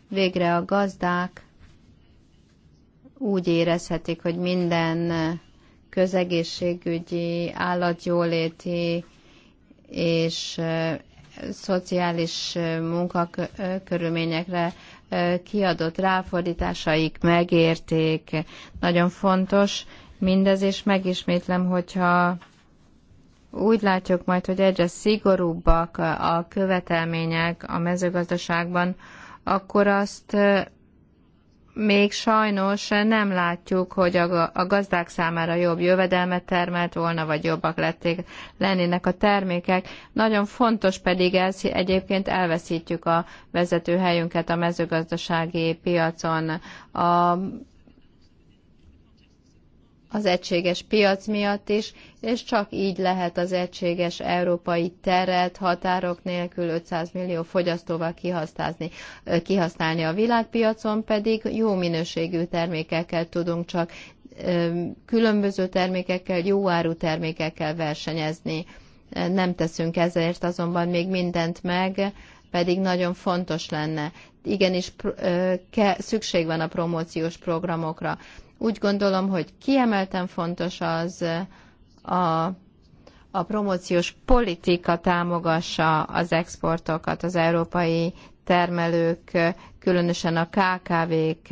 Speaker 3: Végre a gazdák úgy érezhetik, hogy minden közegészségügyi, állatjóléti és szociális munkakörülményekre kiadott ráfordításaik megérték. Nagyon fontos mindez, és megismétlem, hogyha úgy látjuk majd, hogy egyre szigorúbbak a követelmények a mezőgazdaságban, akkor azt még sajnos nem látjuk, hogy a, gazdák számára jobb jövedelmet termelt volna, vagy jobbak lették, lennének a termékek. Nagyon fontos pedig ez, egyébként elveszítjük a vezető helyünket a mezőgazdasági piacon. A az egységes piac miatt is, és csak így lehet az egységes európai teret határok nélkül 500 millió fogyasztóval kihasználni. kihasználni a világpiacon pedig jó minőségű termékekkel tudunk csak különböző termékekkel, jó áru termékekkel versenyezni. Nem teszünk ezért azonban még mindent meg, pedig nagyon fontos lenne. Igenis, szükség van a promóciós programokra. Úgy gondolom, hogy kiemelten fontos az a a promóciós politika támogassa az exportokat, az európai termelők, különösen a KKV-k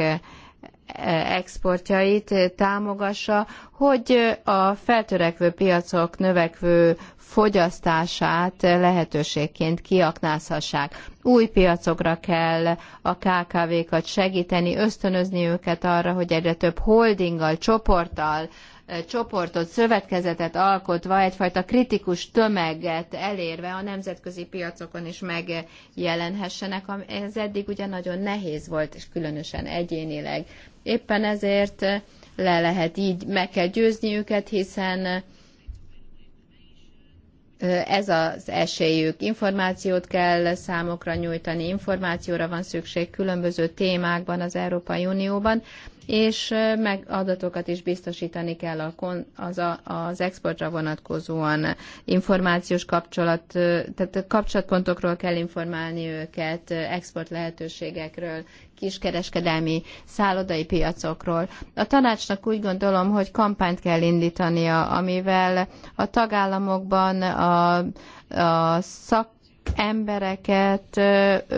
Speaker 3: exportjait támogassa, hogy a feltörekvő piacok növekvő fogyasztását lehetőségként kiaknázhassák. Új piacokra kell a KKV-kat segíteni, ösztönözni őket arra, hogy egyre több holdinggal, csoporttal, eh, csoportot, szövetkezetet alkotva egyfajta kritikus tömeget elérve a nemzetközi piacokon is megjelenhessenek. Ez eddig ugye nagyon nehéz volt, és különösen egyénileg Éppen ezért le lehet így, meg kell győzni őket, hiszen ez az esélyük. Információt kell számokra nyújtani, információra van szükség különböző témákban az Európai Unióban, és meg adatokat is biztosítani kell a kon, az, a, az exportra vonatkozóan információs kapcsolat, tehát kapcsolatpontokról kell informálni őket, export lehetőségekről, kiskereskedelmi szállodai piacokról. A tanácsnak úgy gondolom, hogy kampányt kell indítania, amivel a tagállamokban a, a szak embereket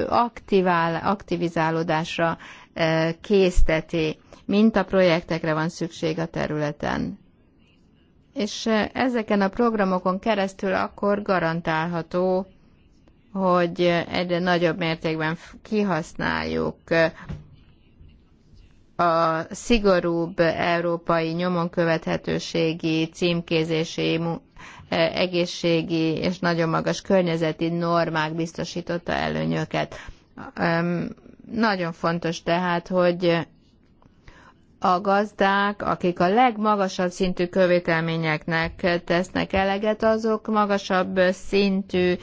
Speaker 3: aktivál, aktivizálódásra készteti mintaprojektekre van szükség a területen. És eh, ezeken a programokon keresztül akkor garantálható, hogy egyre nagyobb mértékben kihasználjuk eh, a szigorúbb európai nyomon követhetőségi, címkézési, eh, egészségi és nagyon magas környezeti normák biztosította előnyöket. Nagyon fontos tehát, hogy a gazdák, akik a legmagasabb szintű követelményeknek tesznek eleget, azok magasabb szintű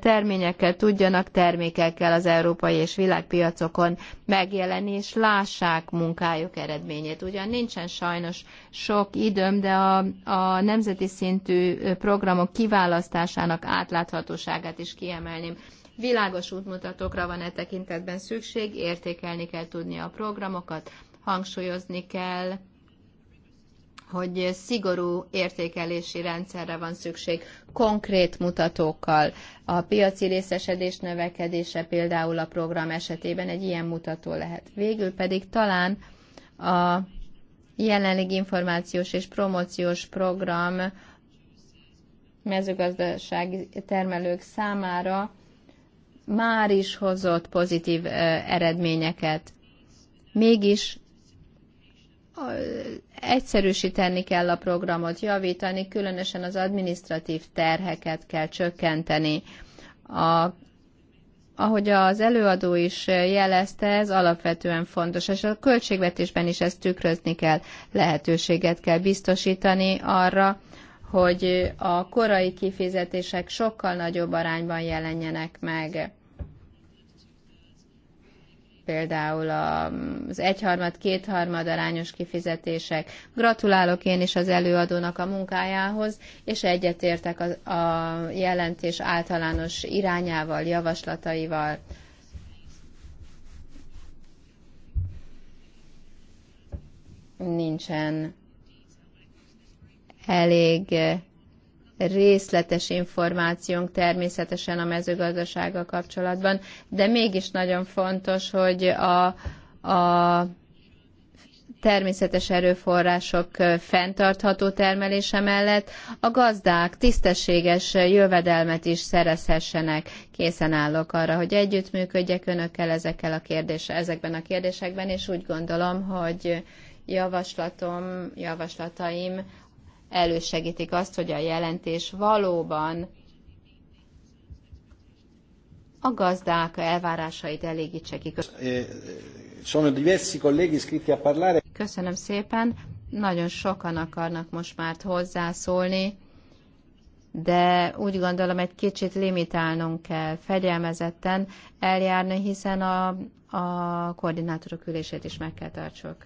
Speaker 3: terményekkel tudjanak termékekkel az európai és világpiacokon megjelenni, és lássák munkájuk eredményét. Ugyan nincsen sajnos sok időm, de a, a nemzeti szintű programok kiválasztásának átláthatóságát is kiemelném. Világos útmutatókra van e tekintetben szükség, értékelni kell tudni a programokat, hangsúlyozni kell, hogy szigorú értékelési rendszerre van szükség, konkrét mutatókkal. A piaci részesedés növekedése például a program esetében egy ilyen mutató lehet. Végül pedig talán a jelenleg információs és promóciós program mezőgazdasági termelők számára már is hozott pozitív eredményeket. Mégis egyszerűsíteni kell a programot, javítani, különösen az administratív terheket kell csökkenteni. A, ahogy az előadó is jelezte, ez alapvetően fontos, és a költségvetésben is ezt tükrözni kell, lehetőséget kell biztosítani arra, hogy a korai kifizetések sokkal nagyobb arányban jelenjenek meg például az egyharmad, kétharmad arányos kifizetések. Gratulálok én is az előadónak a munkájához, és egyetértek a, a jelentés általános irányával, javaslataival. Nincsen elég részletes információnk természetesen a mezőgazdasággal kapcsolatban, de mégis nagyon fontos, hogy a, a természetes erőforrások fenntartható termelése mellett a gazdák tisztességes jövedelmet is szerezhessenek. Készen állok arra, hogy együttműködjek önökkel ezekkel a kérdés, ezekben a kérdésekben, és úgy gondolom, hogy javaslatom, javaslataim elősegítik azt, hogy a jelentés valóban a gazdák elvárásait elégítse ki. Köszönöm szépen. Nagyon sokan akarnak most már hozzászólni, de úgy gondolom egy kicsit limitálnunk kell, fegyelmezetten eljárni, hiszen a, a koordinátorok ülését is meg kell tartsuk.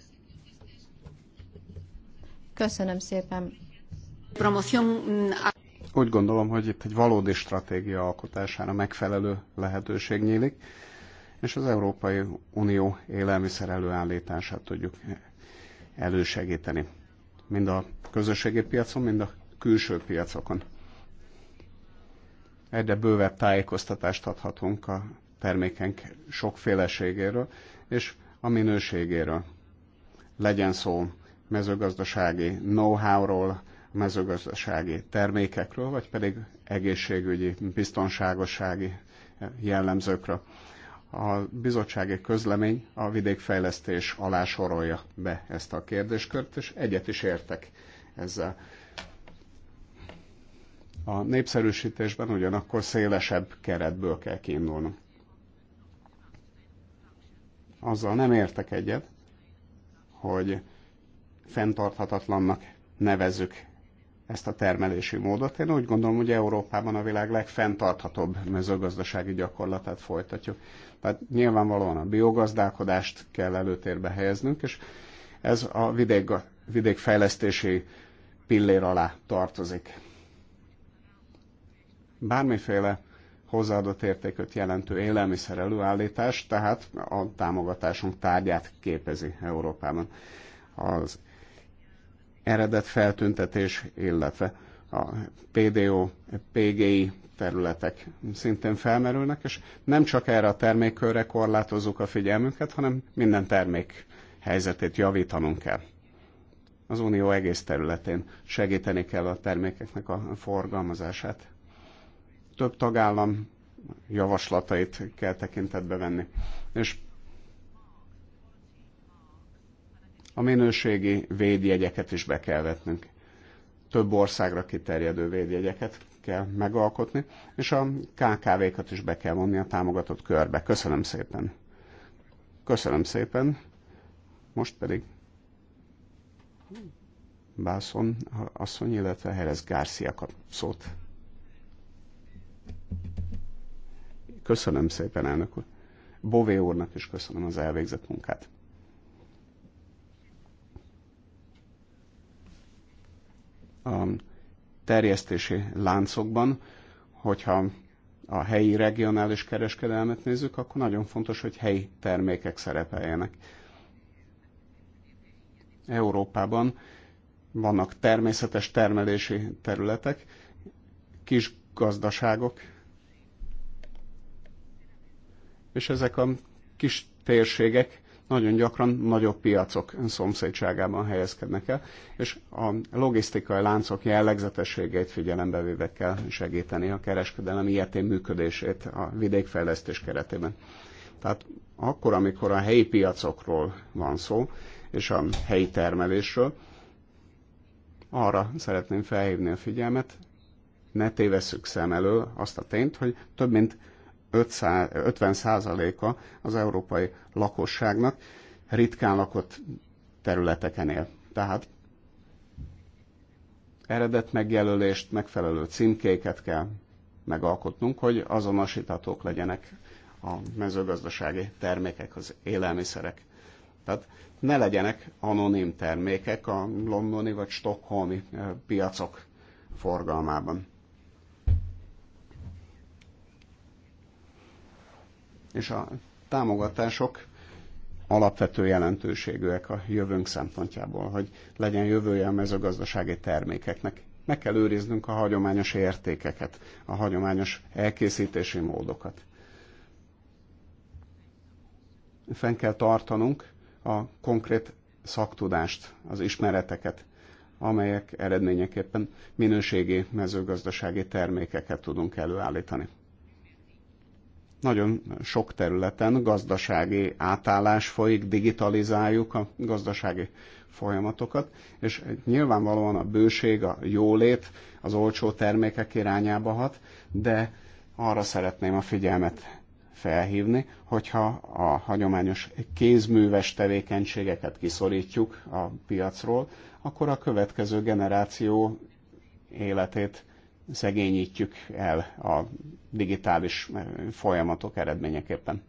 Speaker 3: Köszönöm szépen. Mm,
Speaker 4: Úgy gondolom, hogy itt egy valódi stratégia alkotására megfelelő lehetőség nyílik, és az Európai Unió élelmiszer előállítását tudjuk elősegíteni. Mind a közösségi piacon, mind a külső piacokon. Egyre bővebb tájékoztatást adhatunk a termékenk sokféleségéről és a minőségéről. Legyen szó mezőgazdasági know-how-ról, mezőgazdasági termékekről, vagy pedig egészségügyi, biztonságosági jellemzőkről. A bizottsági közlemény a vidékfejlesztés alá sorolja be ezt a kérdéskört, és egyet is értek ezzel. A népszerűsítésben ugyanakkor szélesebb keretből kell kiindulnom. Azzal nem értek egyet, hogy fenntarthatatlannak nevezük ezt a termelési módot. Én úgy gondolom, hogy Európában a világ legfenntarthatóbb mezőgazdasági gyakorlatát folytatjuk. Tehát nyilvánvalóan a biogazdálkodást kell előtérbe helyeznünk, és ez a vidék, vidékfejlesztési pillér alá tartozik. Bármiféle hozzáadott értéköt jelentő élelmiszer előállítás, tehát a támogatásunk tárgyát képezi Európában. Az eredet feltüntetés, illetve a PDO, PGI területek szintén felmerülnek, és nem csak erre a termékkörre korlátozzuk a figyelmünket, hanem minden termék helyzetét javítanunk kell. Az Unió egész területén segíteni kell a termékeknek a forgalmazását. Több tagállam javaslatait kell tekintetbe venni. És a minőségi védjegyeket is be kell vetnünk. Több országra kiterjedő védjegyeket kell megalkotni, és a KKV-kat is be kell vonni a támogatott körbe. Köszönöm szépen. Köszönöm szépen. Most pedig Bászon asszony, illetve Herez Garcia kap szót. Köszönöm szépen, elnök úr. Bové úrnak is köszönöm az elvégzett munkát. a terjesztési láncokban, hogyha a helyi regionális kereskedelmet nézzük, akkor nagyon fontos, hogy helyi termékek szerepeljenek. Európában vannak természetes termelési területek, kis gazdaságok, és ezek a kis térségek nagyon gyakran nagyobb piacok szomszédságában helyezkednek el, és a logisztikai láncok jellegzetességeit figyelembe véve kell segíteni a kereskedelem ilyetén működését a vidékfejlesztés keretében. Tehát akkor, amikor a helyi piacokról van szó, és a helyi termelésről, arra szeretném felhívni a figyelmet, ne tévesszük szem elől azt a tényt, hogy több mint 50%-a az európai lakosságnak ritkán lakott területeken él. Tehát eredet megjelölést, megfelelő címkéket kell megalkotnunk, hogy azonosíthatók legyenek a mezőgazdasági termékek, az élelmiszerek. Tehát ne legyenek anonim termékek a londoni vagy stockholmi eh, piacok forgalmában. és a támogatások alapvető jelentőségűek a jövőnk szempontjából, hogy legyen jövője a mezőgazdasági termékeknek. Meg kell őriznünk a hagyományos értékeket, a hagyományos elkészítési módokat. Fenn kell tartanunk a konkrét szaktudást, az ismereteket, amelyek eredményeképpen minőségi mezőgazdasági termékeket tudunk előállítani nagyon sok területen gazdasági átállás folyik, digitalizáljuk a gazdasági folyamatokat, és nyilvánvalóan a bőség, a jólét az olcsó termékek irányába hat, de arra szeretném a figyelmet felhívni, hogyha a hagyományos kézműves tevékenységeket kiszorítjuk a piacról, akkor a következő generáció életét szegényítjük el a digitális eh, folyamatok eredményeképpen.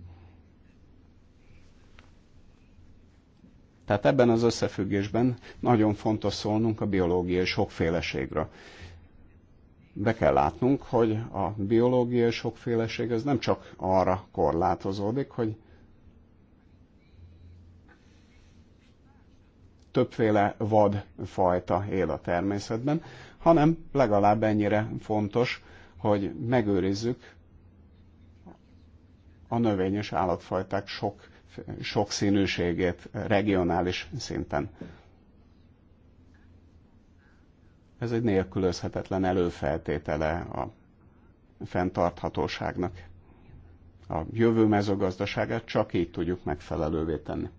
Speaker 4: Tehát ebben az összefüggésben nagyon fontos szólnunk a biológiai sokféleségről. Be kell látnunk, hogy a biológiai sokféleség az nem csak arra korlátozódik, hogy többféle vadfajta él a természetben, hanem legalább ennyire fontos, hogy megőrizzük a növényes állatfajták sok, sok színűségét regionális szinten. Ez egy nélkülözhetetlen előfeltétele a fenntarthatóságnak. A jövő mezőgazdaságát csak így tudjuk megfelelővé tenni.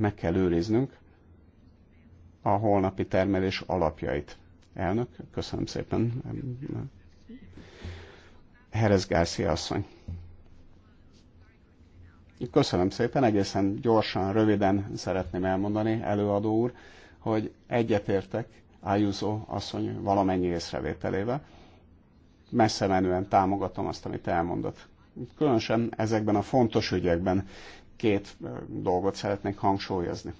Speaker 4: meg kell őriznünk a holnapi termelés alapjait. Elnök, köszönöm szépen. Herez Garcia asszony. Köszönöm szépen, egészen gyorsan, röviden szeretném elmondani, előadó úr, hogy egyetértek Ayuso asszony valamennyi észrevételével. Messze menően támogatom azt, amit elmondott. Különösen ezekben a fontos ügyekben két dolgot szeretnék hangsúlyozni.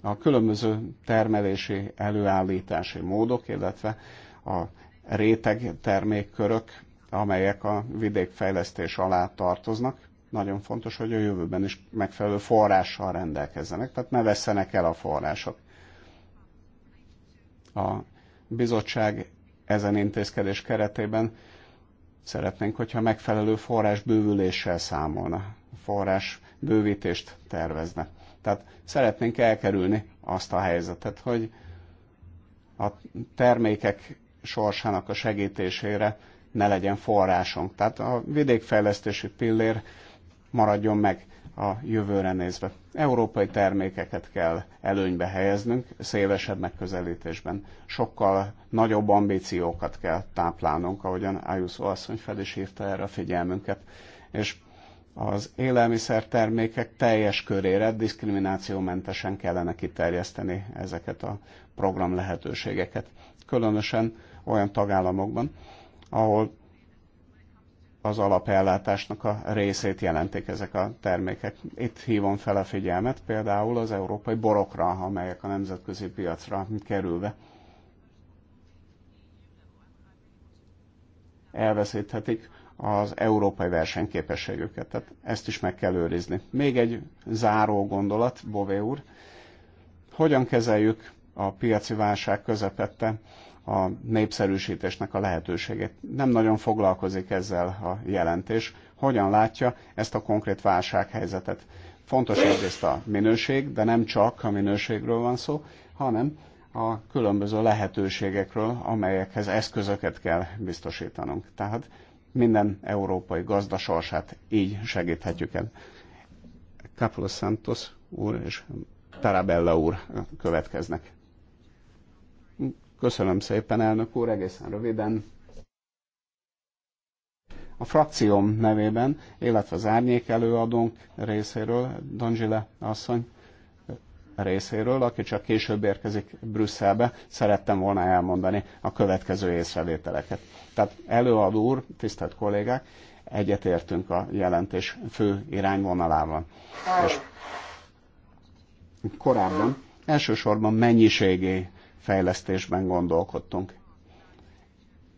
Speaker 4: A különböző termelési előállítási módok, illetve a réteg termékkörök, amelyek a vidékfejlesztés alá tartoznak, nagyon fontos, hogy a jövőben is megfelelő forrással rendelkezzenek, tehát ne vesszenek el a források. A bizottság ezen intézkedés keretében szeretnénk, hogyha megfelelő forrás bővüléssel számolna forrás bővítést tervezne. Tehát szeretnénk elkerülni azt a helyzetet, hogy a termékek sorsának a segítésére ne legyen forrásunk. Tehát a vidékfejlesztési pillér maradjon meg a jövőre nézve. Európai termékeket kell előnybe helyeznünk, szélesebb megközelítésben. Sokkal nagyobb ambíciókat kell táplálnunk, ahogyan Ayuso asszony fel is hívta erre a figyelmünket. És az élelmiszertermékek teljes körére diszkriminációmentesen kellene kiterjeszteni ezeket a program lehetőségeket. Különösen olyan tagállamokban, ahol az alapellátásnak a részét jelentik ezek a termékek. Itt hívom fel a figyelmet például az európai borokra, amelyek a nemzetközi piacra kerülve elveszíthetik az európai versenyképességüket. Tehát ezt is meg kell őrizni. Még egy záró gondolat, Bové úr. Hogyan kezeljük a piaci válság közepette a népszerűsítésnek a lehetőségét? Nem nagyon foglalkozik ezzel a jelentés. Hogyan látja ezt a konkrét válsághelyzetet? Fontos egyrészt a minőség, de nem csak a minőségről van szó, hanem a különböző lehetőségekről, amelyekhez eszközöket kell biztosítanunk. Tehát minden európai gazda sorsát így segíthetjük el. Capolos Santos úr és Tarabella úr következnek. Köszönöm szépen, elnök úr, egészen röviden. A frakcióm nevében, illetve az árnyék előadónk részéről, Donzsile asszony, részéről, aki csak később érkezik Brüsszelbe, szerettem volna elmondani a következő észrevételeket. Tehát előadó úr, tisztelt kollégák, egyetértünk a jelentés fő irányvonalával. És korábban elsősorban mennyiségi fejlesztésben gondolkodtunk.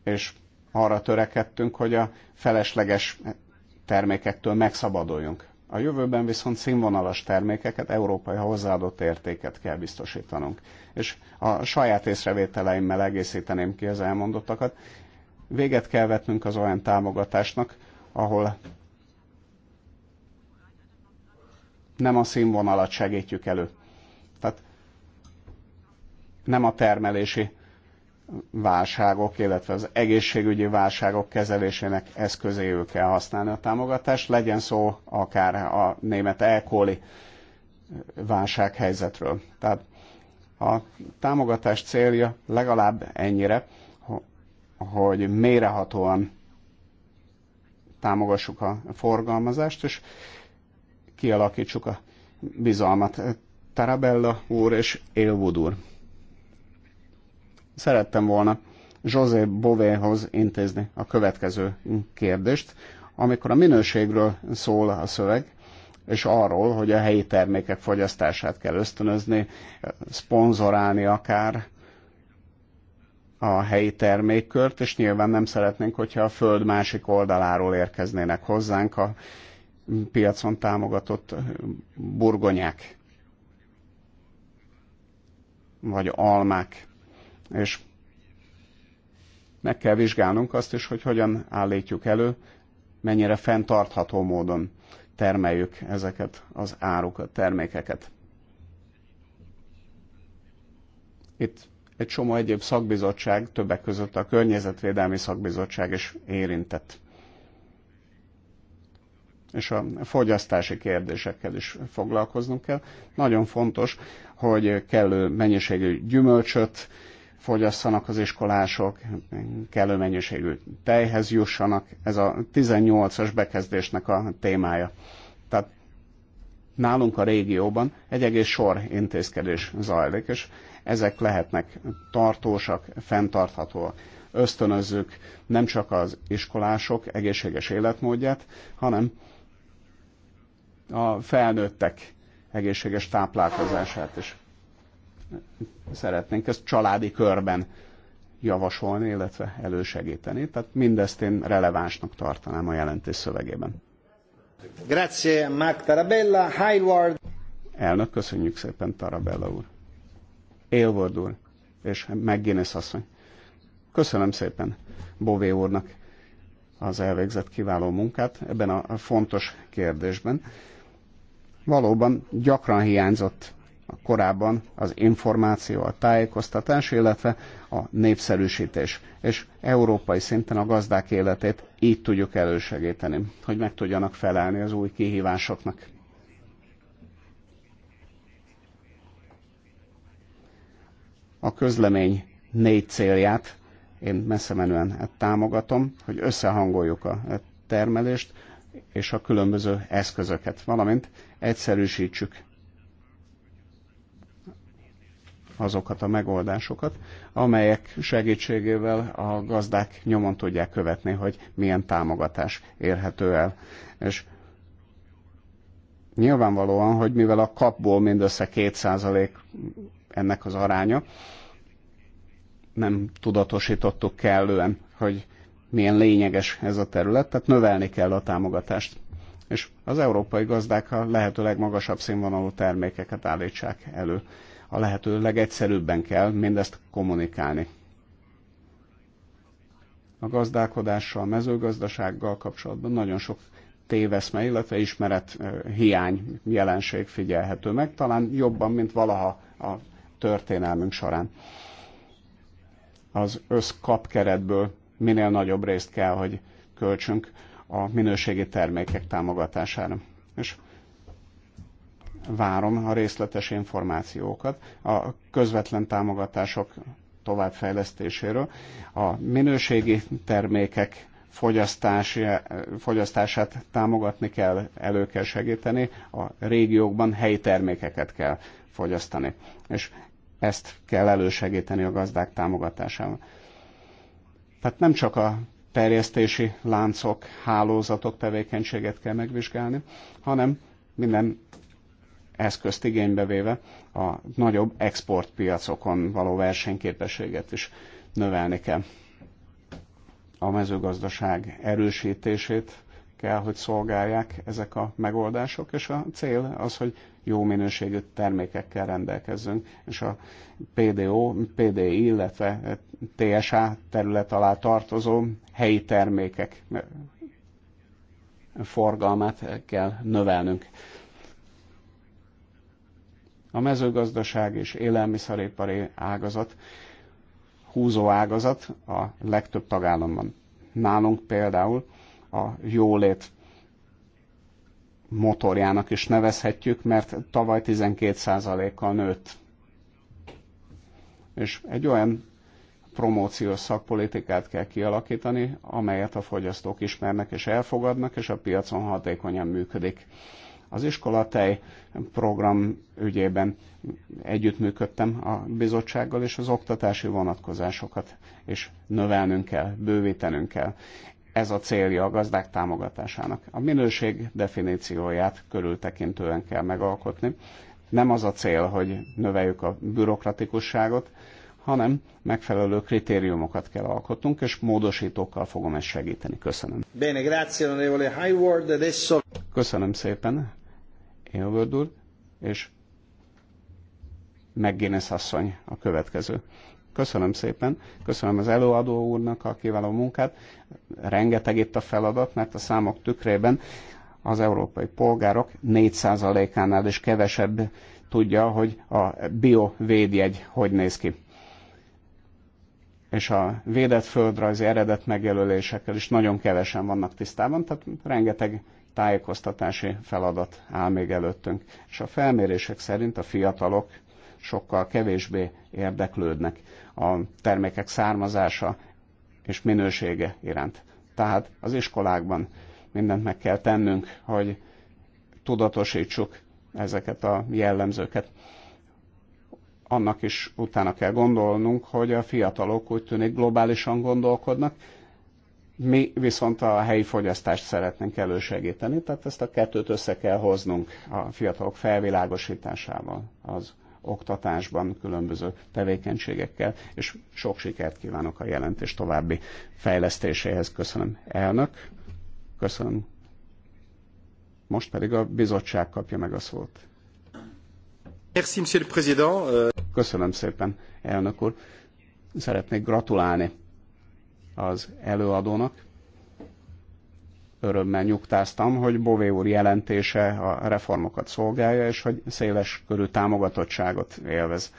Speaker 4: És arra törekedtünk, hogy a felesleges termékektől megszabaduljunk. A jövőben viszont színvonalas termékeket, európai hozzáadott értéket kell biztosítanunk. És a saját észrevételeimmel egészíteném ki az elmondottakat. Véget kell vetnünk az olyan támogatásnak, ahol nem a színvonalat segítjük elő. Tehát nem a termelési válságok, illetve az egészségügyi válságok kezelésének eszközéül kell használni a támogatást, legyen szó akár a német elkóli válsághelyzetről. Tehát a támogatás célja legalább ennyire, hogy mérehatóan támogassuk a forgalmazást, és kialakítsuk a bizalmat. Tarabella úr és Élvud úr szerettem volna José Bovéhoz intézni a következő kérdést. Amikor a minőségről szól a szöveg, és arról, hogy a helyi termékek fogyasztását kell ösztönözni, szponzorálni akár a helyi termékkört, és nyilván nem szeretnénk, hogyha a föld másik oldaláról érkeznének hozzánk a piacon támogatott burgonyák, vagy almák és meg kell vizsgálnunk azt is, hogy hogyan állítjuk elő, mennyire fenntartható módon termeljük ezeket az árukat, termékeket. Itt egy csomó egyéb szakbizottság, többek között a Környezetvédelmi Szakbizottság is érintett. És a fogyasztási kérdésekkel is foglalkoznunk kell. Nagyon fontos, hogy kellő mennyiségű gyümölcsöt, fogyasszanak az iskolások, kellő mennyiségű tejhez jussanak. Ez a 18-as bekezdésnek a témája. Tehát nálunk a régióban egy egész sor intézkedés zajlik, és ezek lehetnek tartósak, fenntarthatóak. Ösztönözzük nem csak az iskolások egészséges életmódját, hanem a felnőttek egészséges táplálkozását is szeretnénk ezt családi körben javasolni, illetve elősegíteni. Tehát mindezt én relevánsnak tartanám a jelentés szövegében.
Speaker 1: Grazie, Mark Tarabella, Hayward.
Speaker 4: Elnök, köszönjük szépen, Tarabella úr. Élvord úr, és McGuinness asszony. Köszönöm szépen Bové úrnak az elvégzett kiváló munkát ebben a fontos kérdésben. Valóban gyakran hiányzott korábban az információ, a tájékoztatás, illetve a népszerűsítés. És európai szinten a gazdák életét így tudjuk elősegíteni, hogy meg tudjanak felelni az új kihívásoknak. A közlemény négy célját én messze menően támogatom, hogy összehangoljuk a termelést és a különböző eszközöket, valamint egyszerűsítsük azokat a megoldásokat, amelyek segítségével a gazdák nyomon tudják követni, hogy milyen támogatás érhető el. És nyilvánvalóan, hogy mivel a kapból mindössze 2% ennek az aránya, nem tudatosítottuk kellően, hogy milyen lényeges ez a terület, tehát növelni kell a támogatást. És az európai gazdák a lehető legmagasabb színvonalú termékeket állítsák elő a lehető legegyszerűbben kell mindezt kommunikálni. A gazdálkodással, a mezőgazdasággal kapcsolatban nagyon sok téveszme, illetve ismeret hiány jelenség figyelhető meg, talán jobban, mint valaha a történelmünk során. Az összkapkeretből minél nagyobb részt kell, hogy költsünk a minőségi termékek támogatására. És várom a részletes információkat a közvetlen támogatások továbbfejlesztéséről, a minőségi termékek fogyasztását támogatni kell, elő kell segíteni, a régiókban helyi termékeket kell fogyasztani, és ezt kell elősegíteni a gazdák támogatásával. Tehát nem csak a terjesztési láncok, hálózatok tevékenységet kell megvizsgálni, hanem minden eszközt igénybe véve a nagyobb exportpiacokon való versenyképességet is növelni kell. A mezőgazdaság erősítését kell, hogy szolgálják ezek a megoldások, és a cél az, hogy jó minőségű termékekkel rendelkezzünk, és a PDO, PDI, illetve TSA terület alá tartozó helyi termékek forgalmát kell növelnünk. A mezőgazdaság és élelmiszeripari ágazat, húzó ágazat a legtöbb tagállamban. Nálunk például a jólét motorjának is nevezhetjük, mert tavaly 12%-kal nőtt. És egy olyan promóciós szakpolitikát kell kialakítani, amelyet a fogyasztók ismernek és elfogadnak, és a piacon hatékonyan működik. Az iskolatej program ügyében együttműködtem a bizottsággal, és az oktatási vonatkozásokat is növelnünk kell, bővítenünk kell. Ez a célja a gazdák támogatásának. A minőség definícióját körültekintően kell megalkotni. Nem az a cél, hogy növeljük a bürokratikusságot, hanem megfelelő kritériumokat kell alkotnunk, és módosítókkal fogom ezt segíteni. Köszönöm.
Speaker 1: Bene, grazie, onorevole Hayward. Adesso... Köszönöm
Speaker 4: szépen. Hilbert úr, és McGuinness asszony a következő. Köszönöm szépen, köszönöm az előadó úrnak a kiváló munkát. Rengeteg itt a feladat, mert a számok tükrében az európai polgárok 4%-ánál is kevesebb tudja, hogy a biovédjegy hogy néz ki. És a védett földrajzi eredet megjelölésekkel is nagyon kevesen vannak tisztában, tehát rengeteg tájékoztatási feladat áll még előttünk. És a felmérések szerint a fiatalok sokkal kevésbé érdeklődnek a termékek származása és minősége iránt. Tehát az iskolákban mindent meg kell tennünk, hogy tudatosítsuk ezeket a jellemzőket. Annak is utána kell gondolnunk, hogy a fiatalok úgy tűnik globálisan gondolkodnak, mi viszont a helyi fogyasztást szeretnénk elősegíteni, tehát ezt a kettőt össze kell hoznunk a fiatalok felvilágosításával, az oktatásban, különböző tevékenységekkel, és sok sikert kívánok a jelentés további fejlesztéséhez. Köszönöm elnök, köszönöm. Most pedig a bizottság kapja meg a szót. Köszönöm szépen, elnök úr. Szeretnék gratulálni az előadónak. Örömmel nyugtáztam, hogy Bové úr jelentése a reformokat szolgálja, és hogy széles körű támogatottságot élvez.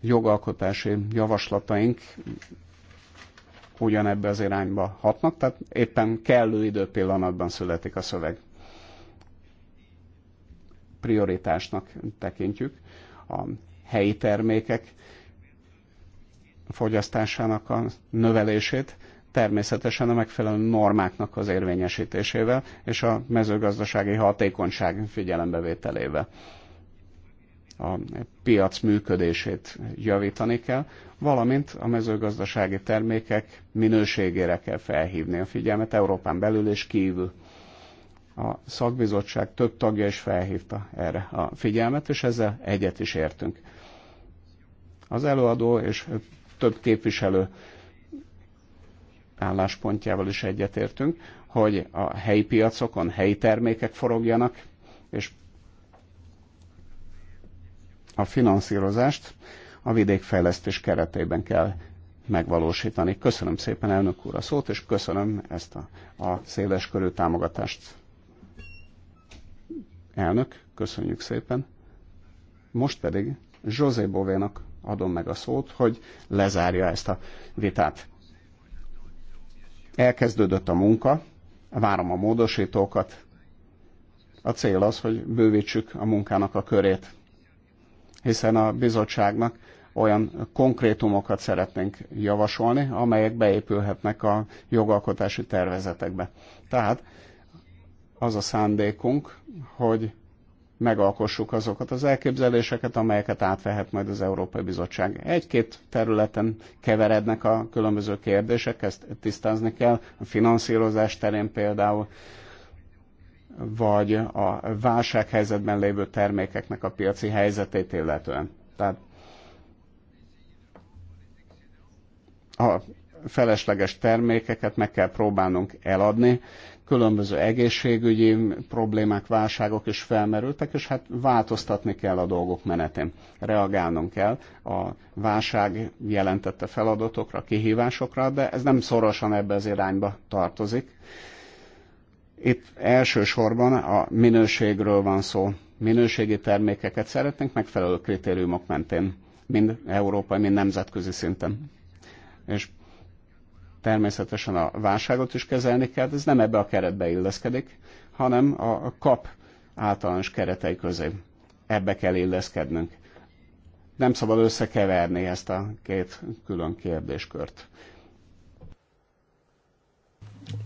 Speaker 4: Jogalkotási javaslataink ugyanebbe az irányba hatnak, tehát éppen kellő időpillanatban születik a szöveg. Prioritásnak tekintjük a helyi termékek fogyasztásának a növelését, természetesen a megfelelő normáknak az érvényesítésével és a mezőgazdasági hatékonyság figyelembevételével. A piac működését javítani kell, valamint a mezőgazdasági termékek minőségére kell felhívni a figyelmet Európán belül és kívül. A szakbizottság több tagja is felhívta erre a figyelmet, és ezzel egyet is értünk. Az előadó és több képviselő álláspontjával is egyetértünk, hogy a helyi piacokon helyi termékek forogjanak, és a finanszírozást a vidékfejlesztés keretében kell megvalósítani. Köszönöm szépen elnök úr a szót, és köszönöm ezt a, a széles körű támogatást. Elnök, köszönjük szépen. Most pedig José Bovénak adom meg a szót, hogy lezárja ezt a vitát. Elkezdődött a munka, várom a módosítókat. A cél az, hogy bővítsük a munkának a körét, hiszen a bizottságnak olyan konkrétumokat szeretnénk javasolni, amelyek beépülhetnek a jogalkotási tervezetekbe. Tehát az a szándékunk, hogy megalkossuk azokat az elképzeléseket, amelyeket átvehet majd az Európai Bizottság. Egy-két területen keverednek a különböző kérdések, ezt tisztázni kell, a finanszírozás terén például, vagy a válsághelyzetben lévő termékeknek a piaci helyzetét illetően. Tehát a felesleges termékeket meg kell próbálnunk eladni, különböző egészségügyi problémák, válságok is felmerültek, és hát változtatni kell a dolgok menetén. Reagálnunk kell a válság jelentette feladatokra, kihívásokra, de ez nem szorosan ebbe az irányba tartozik. Itt elsősorban a minőségről van szó. Minőségi termékeket szeretnénk megfelelő kritériumok mentén, mind európai, mind nemzetközi szinten. És természetesen a válságot is kezelni kell, ez nem ebbe a keretbe illeszkedik, hanem a kap általános keretei közé. Ebbe kell illeszkednünk. Nem szabad összekeverni
Speaker 1: ezt a két külön kérdéskört.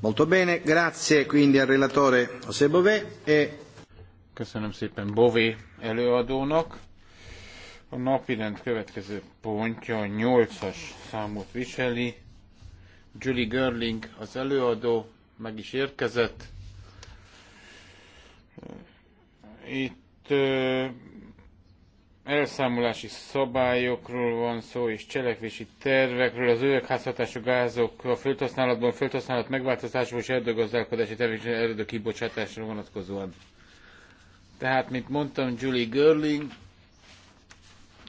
Speaker 1: Molto bene, grazie quindi al relatore José Bové. E...
Speaker 2: Köszönöm szépen Bové előadónak. A napirend következő pontja 8-as számot viseli Julie Görling az előadó, meg is érkezett. Itt ö, elszámolási szabályokról van szó, és cselekvési tervekről, az üvegházhatású gázok a földhasználatban, a földhasználat megváltozásról és erdőgazdálkodási tevékenység erdő kibocsátásra vonatkozóan. Tehát, mint mondtam, Julie Görling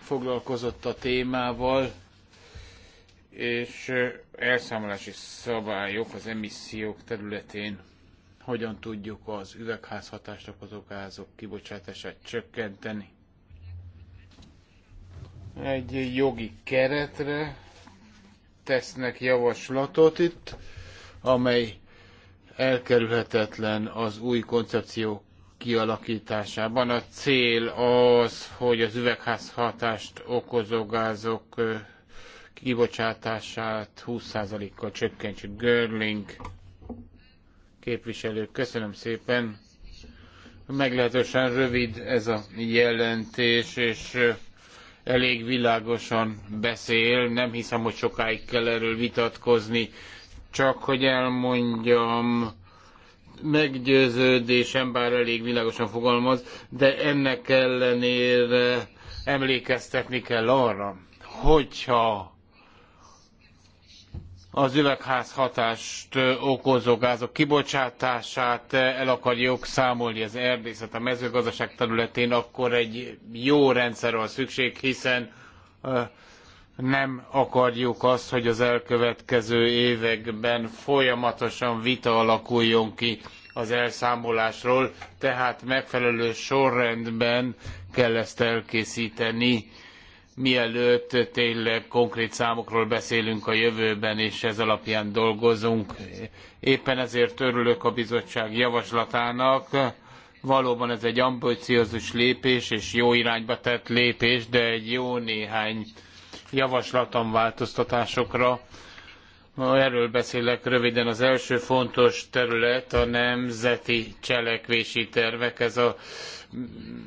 Speaker 2: foglalkozott a témával, és elszámolási szabályok az emissziók területén hogyan tudjuk az üvegházhatást okozó gázok kibocsátását csökkenteni. Egy jogi keretre tesznek javaslatot itt, amely elkerülhetetlen az új koncepció kialakításában. A cél az, hogy az üvegházhatást okozó gázok kibocsátását 20%-kal csökkentsük. Görling képviselő, köszönöm szépen. Meglehetősen rövid ez a jelentés, és elég világosan beszél. Nem hiszem, hogy sokáig kell erről vitatkozni. Csak hogy elmondjam, meggyőződésem, bár elég világosan fogalmaz, de ennek ellenére emlékeztetni kell arra, hogyha az üvegházhatást okozó gázok kibocsátását el akarjuk számolni az erdészet a mezőgazdaság területén, akkor egy jó rendszerre van szükség, hiszen nem akarjuk azt, hogy az elkövetkező években folyamatosan vita alakuljon ki az elszámolásról, tehát megfelelő sorrendben kell ezt elkészíteni mielőtt tényleg konkrét számokról beszélünk a jövőben, és ez alapján dolgozunk. Éppen ezért örülök a bizottság javaslatának. Valóban ez egy ambiciózus lépés, és jó irányba tett lépés, de egy jó néhány javaslatom változtatásokra. Erről beszélek röviden. Az első fontos terület a nemzeti cselekvési tervek. Ez a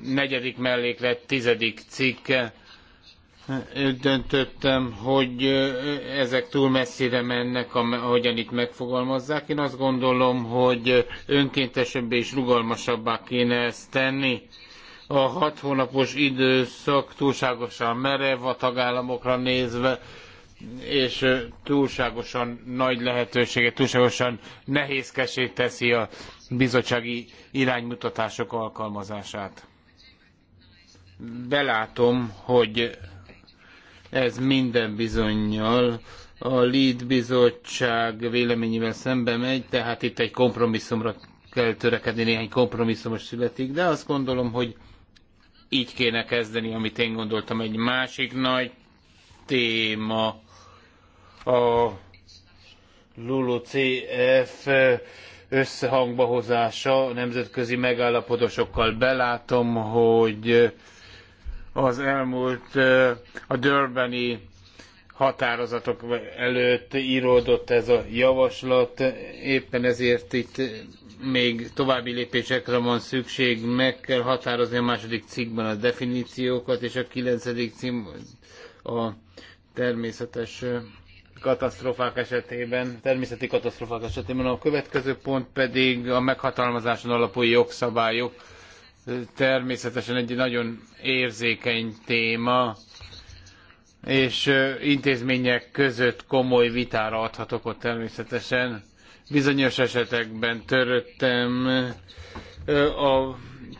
Speaker 2: negyedik melléklet tizedik cikke úgy döntöttem, hogy ezek túl messzire mennek, ahogyan itt megfogalmazzák. Én azt gondolom, hogy önkéntesebbé és rugalmasabbá kéne ezt tenni. A hat hónapos időszak túlságosan merev a tagállamokra nézve, és túlságosan nagy lehetőséget, túlságosan nehézkesét teszi a bizottsági iránymutatások alkalmazását. Belátom, hogy ez minden bizonyal a LEAD bizottság véleményével szembe megy, tehát itt egy kompromisszumra kell törekedni, néhány kompromisszumos születik, de azt gondolom, hogy így kéne kezdeni, amit én gondoltam. Egy másik nagy téma a LULUCF összehangba hozása nemzetközi megállapodásokkal. Belátom, hogy az elmúlt a Durbani határozatok előtt íródott ez a javaslat, éppen ezért itt még további lépésekre van szükség, meg kell határozni a második cikkben a definíciókat, és a kilencedik cím a természetes katasztrófák esetében, természeti katasztrófák esetében. A következő pont pedig a meghatalmazáson alapú jogszabályok természetesen egy nagyon érzékeny téma, és intézmények között komoly vitára adhat okot természetesen. Bizonyos esetekben töröttem a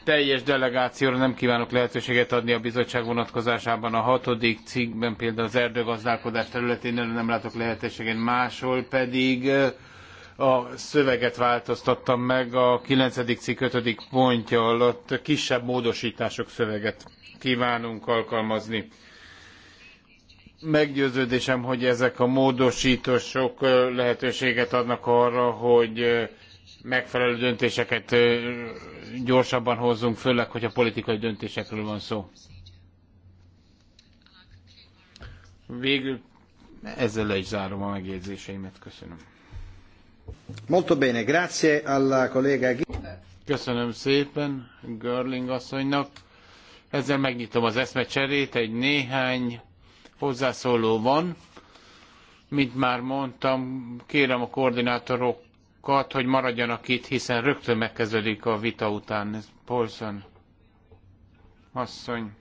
Speaker 2: teljes delegációra nem kívánok lehetőséget adni a bizottság vonatkozásában. A hatodik cikkben például az erdőgazdálkodás területén nem látok lehetőséget, máshol pedig a szöveget változtattam meg a 9. cikk 5. pontja alatt kisebb módosítások szöveget kívánunk alkalmazni. Meggyőződésem, hogy ezek a módosítások lehetőséget adnak arra, hogy megfelelő döntéseket gyorsabban hozzunk, főleg, a politikai döntésekről van szó. Végül ezzel le is zárom a megjegyzéseimet. Köszönöm. Köszönöm szépen Görling asszonynak. Ezzel megnyitom az eszmecserét, egy néhány hozzászóló van. Mint már mondtam, kérem a koordinátorokat, hogy maradjanak itt, hiszen rögtön megkezdődik a vita után. paulsen asszony.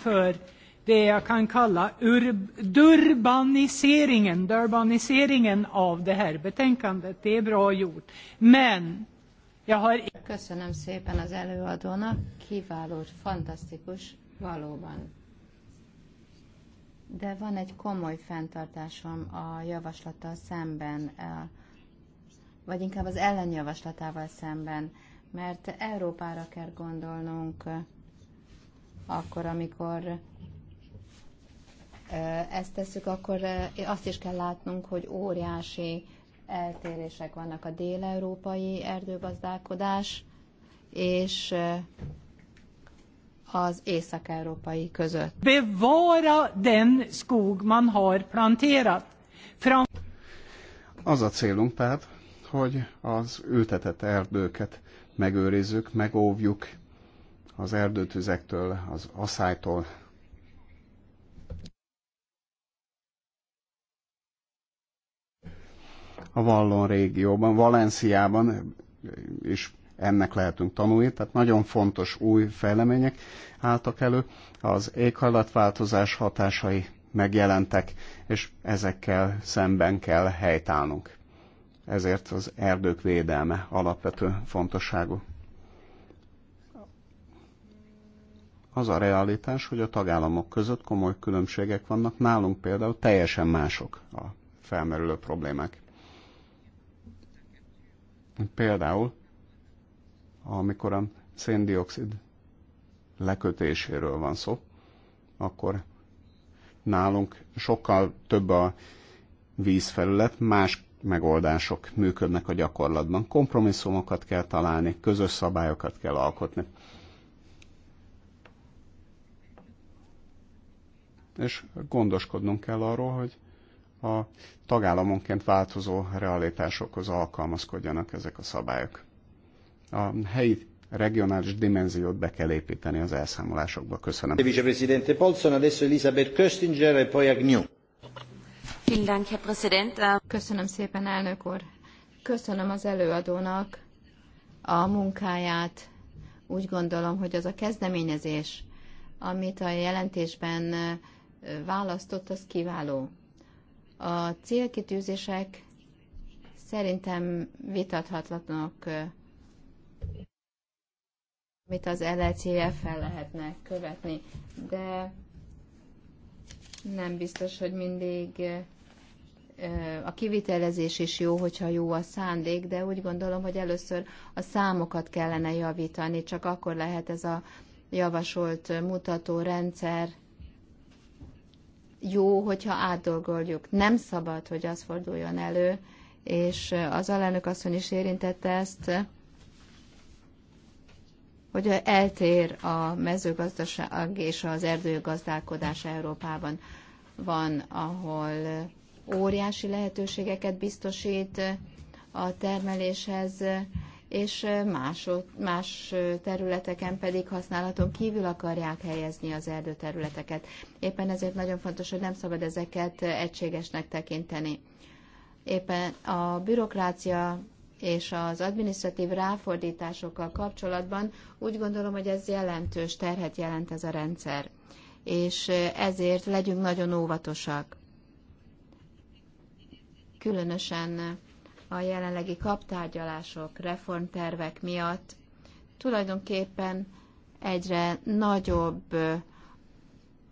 Speaker 2: Föld det jag kan kalla ur,
Speaker 3: durbaniseringen, durbaniseringen av det här betänkandet. Det är bra gjort. Men jag har... Köszönöm szépen az előadónak, kiváló, fantasztikus, valóban. De van egy komoly fenntartásom a javaslattal szemben, vagy inkább az ellenjavaslatával szemben, mert Európára kell gondolnunk akkor, amikor ezt tesszük, akkor azt is kell látnunk, hogy óriási eltérések vannak a dél-európai erdőgazdálkodás és az észak-európai között. Bevara den skog man har planterat. Fram
Speaker 4: az a célunk tehát, hogy az ültetett erdőket megőrizzük, megóvjuk az erdőtüzektől, az aszálytól, a Vallon régióban, Valenciában is ennek lehetünk tanulni, tehát nagyon fontos új fejlemények álltak elő, az éghajlatváltozás hatásai megjelentek, és ezekkel szemben kell helytállnunk. Ezért az erdők védelme alapvető fontosságú. Az a realitás, hogy a tagállamok között komoly különbségek vannak, nálunk például teljesen mások a felmerülő problémák. Például, amikor a széndiokszid lekötéséről van szó, akkor nálunk sokkal több a vízfelület, más megoldások működnek a gyakorlatban. Kompromisszumokat kell találni, közös szabályokat kell alkotni. És gondoskodnunk kell arról, hogy a tagállamonként változó realitásokhoz alkalmazkodjanak ezek a szabályok. A helyi regionális dimenziót
Speaker 1: be kell építeni az elszámolásokba. Köszönöm. Vicepresidente Polson, adesso Elisabeth Köstinger, e poi Agnew.
Speaker 3: Köszönöm szépen, elnök úr. Köszönöm az előadónak a munkáját. Úgy gondolom, hogy az a kezdeményezés, amit a jelentésben választott, az kiváló. A célkitűzések szerintem vitathatatlanok, mit az LCF fel lehetne követni, de nem biztos, hogy mindig a kivitelezés is jó, hogyha jó a szándék, de úgy gondolom, hogy először a számokat kellene javítani, csak akkor lehet ez a javasolt mutató rendszer jó, hogyha átdolgoljuk. Nem szabad, hogy az forduljon elő, és eh, az alelnök asszony is érintette ezt, hogy eltér a mezőgazdaság és az erdőgazdálkodás Európában. Van, ahol eh, óriási lehetőségeket biztosít eh, a termeléshez, és más, más területeken pedig használaton kívül akarják helyezni az erdőterületeket. Éppen ezért nagyon fontos, hogy nem szabad ezeket egységesnek tekinteni. Éppen a bürokrácia és az adminisztratív ráfordításokkal kapcsolatban úgy gondolom, hogy ez jelentős terhet jelent ez a rendszer, és ezért legyünk nagyon óvatosak. Különösen a jelenlegi kaptárgyalások, reformtervek miatt tulajdonképpen egyre nagyobb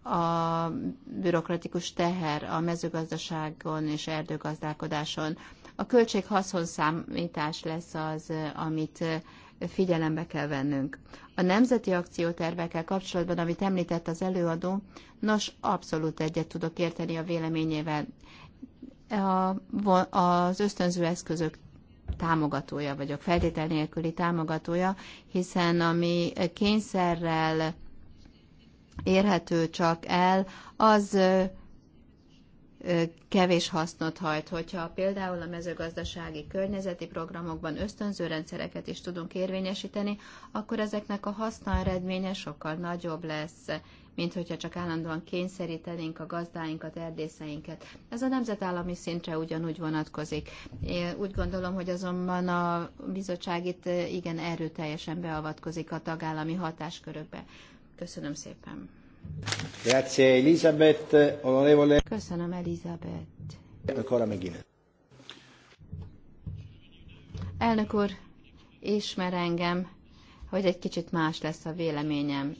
Speaker 3: a bürokratikus teher a mezőgazdaságon és erdőgazdálkodáson. A költség számítás lesz az, amit figyelembe kell vennünk. A nemzeti akciótervekkel kapcsolatban, amit említett az előadó, nos, abszolút egyet tudok érteni a véleményével a, az ösztönző eszközök támogatója vagyok, feltétel nélküli támogatója, hiszen ami kényszerrel érhető csak el, az kevés hasznot hajt. Hogyha például a mezőgazdasági környezeti programokban ösztönző rendszereket is tudunk érvényesíteni, akkor ezeknek a haszna eredménye sokkal nagyobb lesz, mint hogyha csak állandóan kényszerítenénk a gazdáinkat, erdészeinket. Ez a nemzetállami szintre ugyanúgy vonatkozik. Én úgy gondolom, hogy azonban a bizottság itt eh, igen erőteljesen beavatkozik a tagállami hatáskörökbe. Köszönöm szépen.
Speaker 1: Grazie Elisabeth. onorevole.
Speaker 3: Köszönöm Elizabeth.
Speaker 1: Ancora megint.
Speaker 3: Elnök úr, ismer engem, hogy egy kicsit más lesz a véleményem.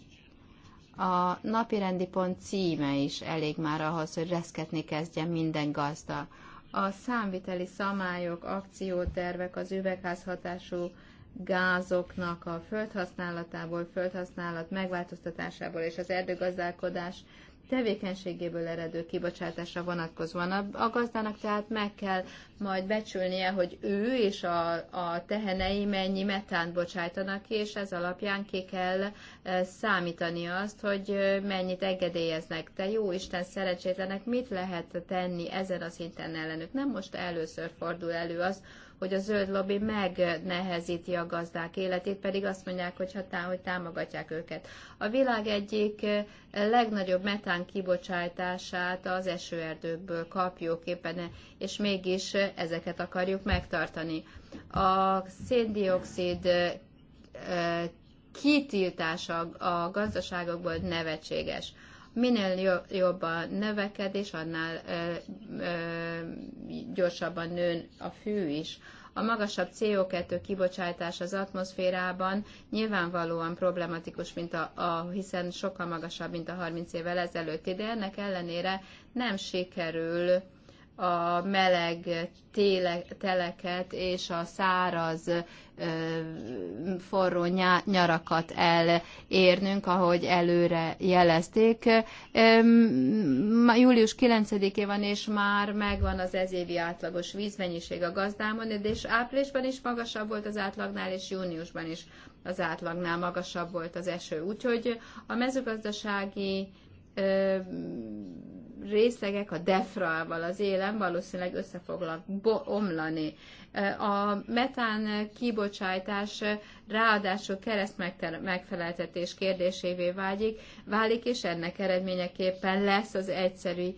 Speaker 3: A napirendi pont címe is elég már ahhoz, hogy reszketni kezdjen minden gazda. A számviteli szamályok, akciótervek, az üvegházhatású gázoknak a földhasználatából, földhasználat megváltoztatásából és az erdőgazdálkodás tevékenységéből eredő kibocsátásra vonatkozóan. A, gazdának tehát meg kell majd becsülnie, hogy ő és a, a tehenei mennyi metán bocsájtanak ki, és ez alapján ki kell e, számítani azt, hogy e, mennyit engedélyeznek. De jó Isten szerencsétlenek, mit lehet tenni ezen a szinten ellenük? Nem most először fordul elő az, hogy a zöld lobby megnehezíti a gazdák életét, pedig azt mondják, hogy, hatá, hogy támogatják őket. A világ egyik eh, legnagyobb metán kibocsátását az esőerdőkből kapjuk éppen, és mégis eh, ezeket akarjuk megtartani. A széndiokszid eh, kitiltása a gazdaságokból nevetséges Minél jobb a növekedés, annál gyorsabban nő a fű is. A magasabb CO2 kibocsátás az atmoszférában nyilvánvalóan problematikus, mint a, a, hiszen sokkal magasabb, mint a 30 évvel ezelőtt. De ennek ellenére nem sikerül a meleg téle, teleket és a száraz forró nyarakat elérnünk, ahogy előre jelezték. Július 9-é van, és már megvan az ezévi átlagos vízmennyiség a gazdámon, és áprilisban is magasabb volt az átlagnál, és júniusban is az átlagnál magasabb volt az eső. Úgyhogy a mezőgazdasági részlegek a defrával az élen valószínűleg össze fognak omlani. A metán kibocsátás ráadásul kereszt megfeleltetés kérdésévé vágyik, válik, és ennek eredményeképpen lesz az egyszerű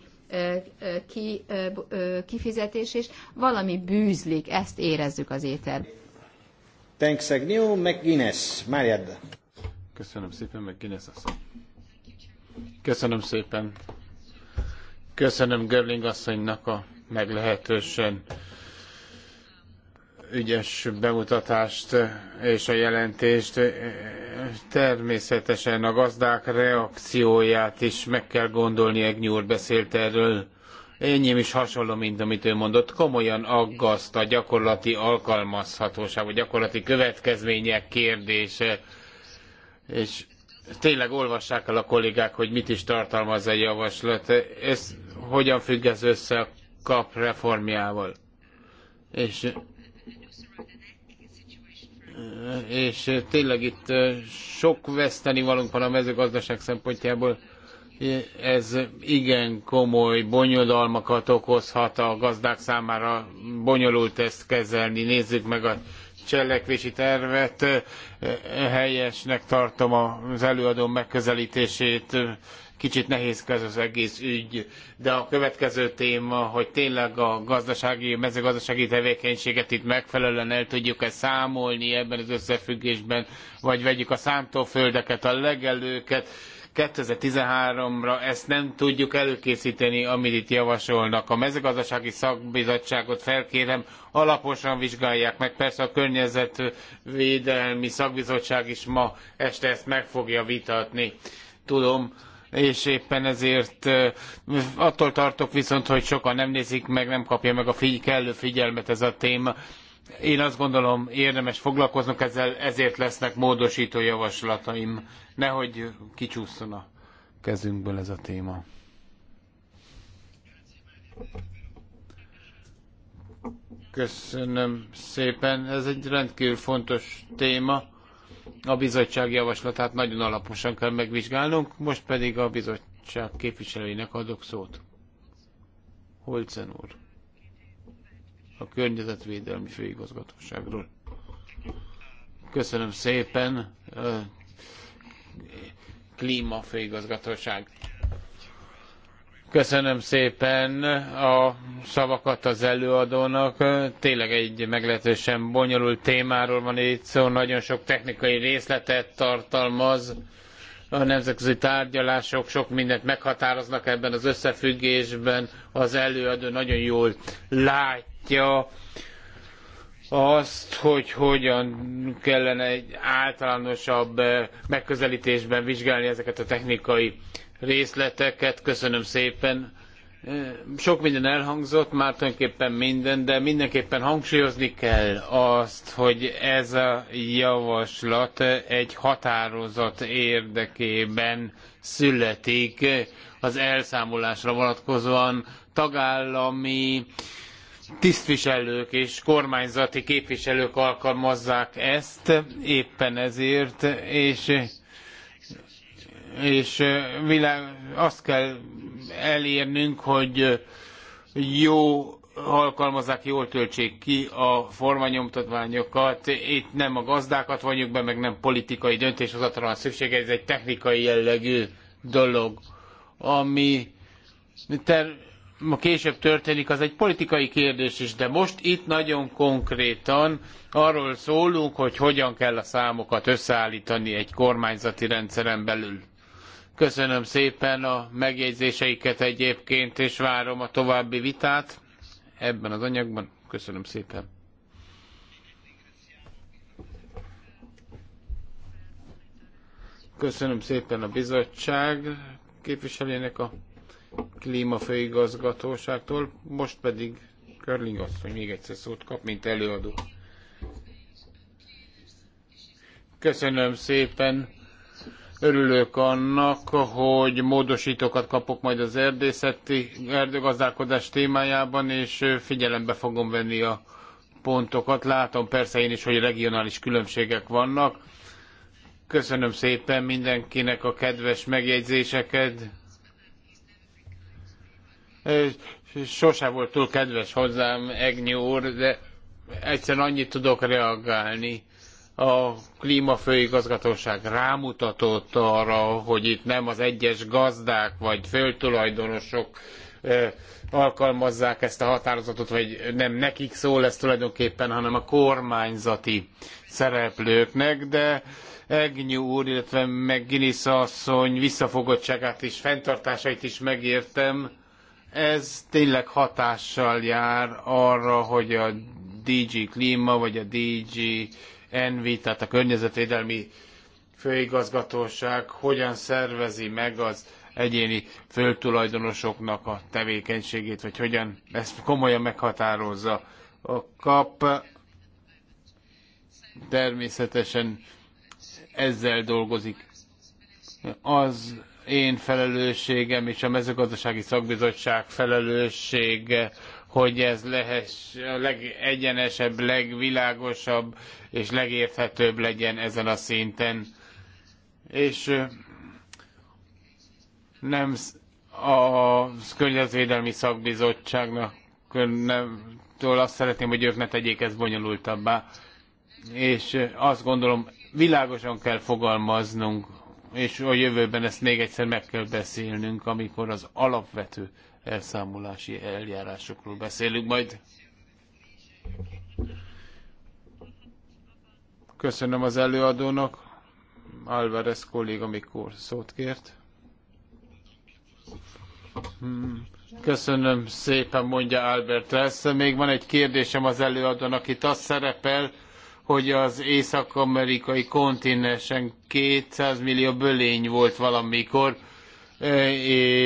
Speaker 3: ki, kifizetés, és valami bűzlik, ezt érezzük az étel.
Speaker 1: Thanks, Agnew, meg Mariad. Köszönöm
Speaker 2: szépen, meg asszony. Köszönöm szépen, Köszönöm Görling asszonynak a meglehetősen ügyes bemutatást és a jelentést. Természetesen a gazdák reakcióját is meg kell gondolni, egy úr beszélt erről. Enyém is hasonló, mint amit ő mondott. Komolyan aggaszt a gyakorlati alkalmazhatóság, vagy gyakorlati következmények kérdése. És tényleg olvassák el a kollégák, hogy mit is tartalmaz a javaslat. Ez hogyan függ ez össze a kap reformjával. És, és tényleg itt sok valunk van a mezőgazdaság szempontjából. Ez igen komoly bonyodalmakat okozhat a gazdák számára, bonyolult ezt kezelni. Nézzük meg a cselekvési tervet. Helyesnek tartom az előadó megközelítését Kicsit nehézkes az egész ügy, de a következő téma, hogy tényleg a gazdasági, mezőgazdasági tevékenységet itt megfelelően el tudjuk-e számolni ebben az összefüggésben, vagy vegyük a szántóföldeket a legelőket, 2013-ra ezt nem tudjuk előkészíteni, amit itt javasolnak. A mezőgazdasági szakbizottságot felkérem, alaposan vizsgálják meg. Persze a környezetvédelmi szakbizottság is ma este ezt meg fogja vitatni. Tudom, és éppen ezért attól tartok viszont, hogy sokan nem nézik meg, nem kapja meg a figy- kellő figyelmet ez a téma. Én azt gondolom, érdemes foglalkoznunk ezzel, ezért lesznek módosító javaslataim. Nehogy kicsúszson a kezünkből ez a téma. Köszönöm szépen. Ez egy rendkívül fontos téma a bizottság javaslatát nagyon alaposan kell megvizsgálnunk, most pedig a bizottság képviselőinek adok szót. Holcen úr, a Környezetvédelmi Főigazgatóságról. Köszönöm szépen, Klíma Főigazgatóság. Köszönöm szépen a szavakat az előadónak. Tényleg egy meglehetősen bonyolult témáról van itt szó, nagyon sok technikai részletet tartalmaz. A nemzetközi tárgyalások sok mindent meghatároznak ebben az összefüggésben. Az előadó nagyon jól látja azt, hogy hogyan kellene egy általánosabb megközelítésben vizsgálni ezeket a technikai részleteket. Köszönöm szépen. Sok minden elhangzott, már tulajdonképpen minden, de mindenképpen hangsúlyozni kell azt, hogy ez a javaslat egy határozat érdekében születik az elszámolásra vonatkozóan tagállami tisztviselők és kormányzati képviselők alkalmazzák ezt éppen ezért, és és világ, azt kell elérnünk, hogy jó alkalmazzák, jól töltsék ki a formanyomtatványokat. Itt nem a gazdákat vonjuk be, meg nem politikai döntéshozatra van szükség, ez egy technikai jellegű dolog, ami ter- később történik, az egy politikai kérdés is, de most itt nagyon konkrétan arról szólunk, hogy hogyan kell a számokat összeállítani egy kormányzati rendszeren belül Köszönöm szépen a megjegyzéseiket egyébként, és várom a további vitát ebben az anyagban. Köszönöm szépen. Köszönöm szépen a bizottság képviselőjének a klímafőigazgatóságtól. Most pedig Körling hogy még egyszer szót kap, mint előadó. Köszönöm szépen. Örülök annak, hogy módosítókat kapok majd az erdészeti erdőgazdálkodás témájában, és figyelembe fogom venni a pontokat. Látom persze én is, hogy regionális különbségek vannak. Köszönöm szépen mindenkinek a kedves megjegyzéseket. Sose volt túl kedves hozzám, Egnyúr, de egyszerűen annyit tudok reagálni a klímafőigazgatóság rámutatott arra, hogy itt nem az egyes gazdák vagy földtulajdonosok alkalmazzák ezt a határozatot, vagy nem nekik szól ez tulajdonképpen, hanem a kormányzati szereplőknek, de Egnyú úr, illetve McGuinness asszony visszafogottságát és fenntartásait is megértem. Ez tényleg hatással jár arra, hogy a DG Klíma vagy a DG ENVI, tehát a Környezetvédelmi Főigazgatóság hogyan szervezi meg az egyéni földtulajdonosoknak a tevékenységét, vagy hogyan ezt komolyan meghatározza a kap. Természetesen ezzel dolgozik. Az én felelősségem és a mezőgazdasági szakbizottság felelőssége hogy ez lehess a legegyenesebb, legvilágosabb és legérthetőbb legyen ezen a szinten. És nem a környezetvédelmi szakbizottságnak nem, tól azt szeretném, hogy ők ne tegyék ezt bonyolultabbá. És azt gondolom, világosan kell fogalmaznunk, és a jövőben ezt még egyszer meg kell beszélnünk, amikor az alapvető elszámolási eljárásokról beszélünk majd. Köszönöm az előadónak. Alvarez kolléga amikor szót kért. Köszönöm szépen, mondja Albert lesz. Még van egy kérdésem az előadónak. Itt azt szerepel, hogy az észak-amerikai kontinensen 200 millió bölény volt valamikor E,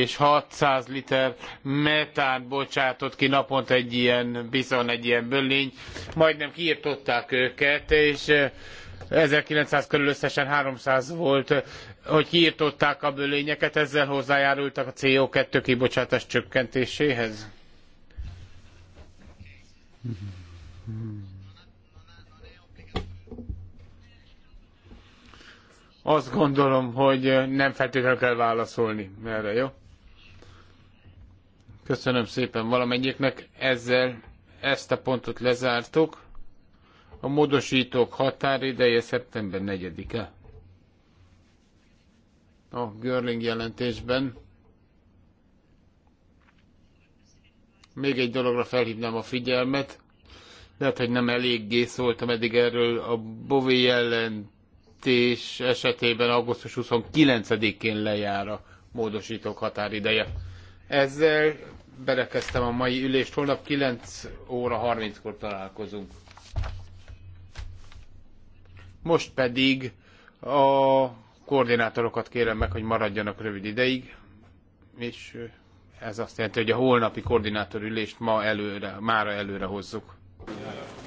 Speaker 2: és 600 liter metán bocsátott ki naponta egy ilyen bizony egy ilyen böllény. Majdnem kiirtották őket, és 1900 e, körül összesen 300 volt, hogy kiirtották a bölényeket, ezzel hozzájárultak a CO2 kibocsátás csökkentéséhez. Mm-hmm. azt gondolom, hogy eh, nem feltétlenül kell válaszolni erre, jó? Köszönöm szépen valamennyieknek. Ezzel ezt a pontot lezártuk. A módosítók határideje szeptember 4-e. A Görling jelentésben. Még egy dologra felhívnám a figyelmet. Lehet, hogy nem eléggé szóltam eddig erről. A Bovi jelent jelentés esetében augusztus 29-én lejár a módosítók határideje. Ezzel berekeztem a mai ülést, holnap 9 óra 30-kor találkozunk. Most pedig a koordinátorokat kérem meg, hogy maradjanak rövid ideig, és ez azt jelenti, hogy a holnapi koordinátor ülést ma előre, mára előre hozzuk.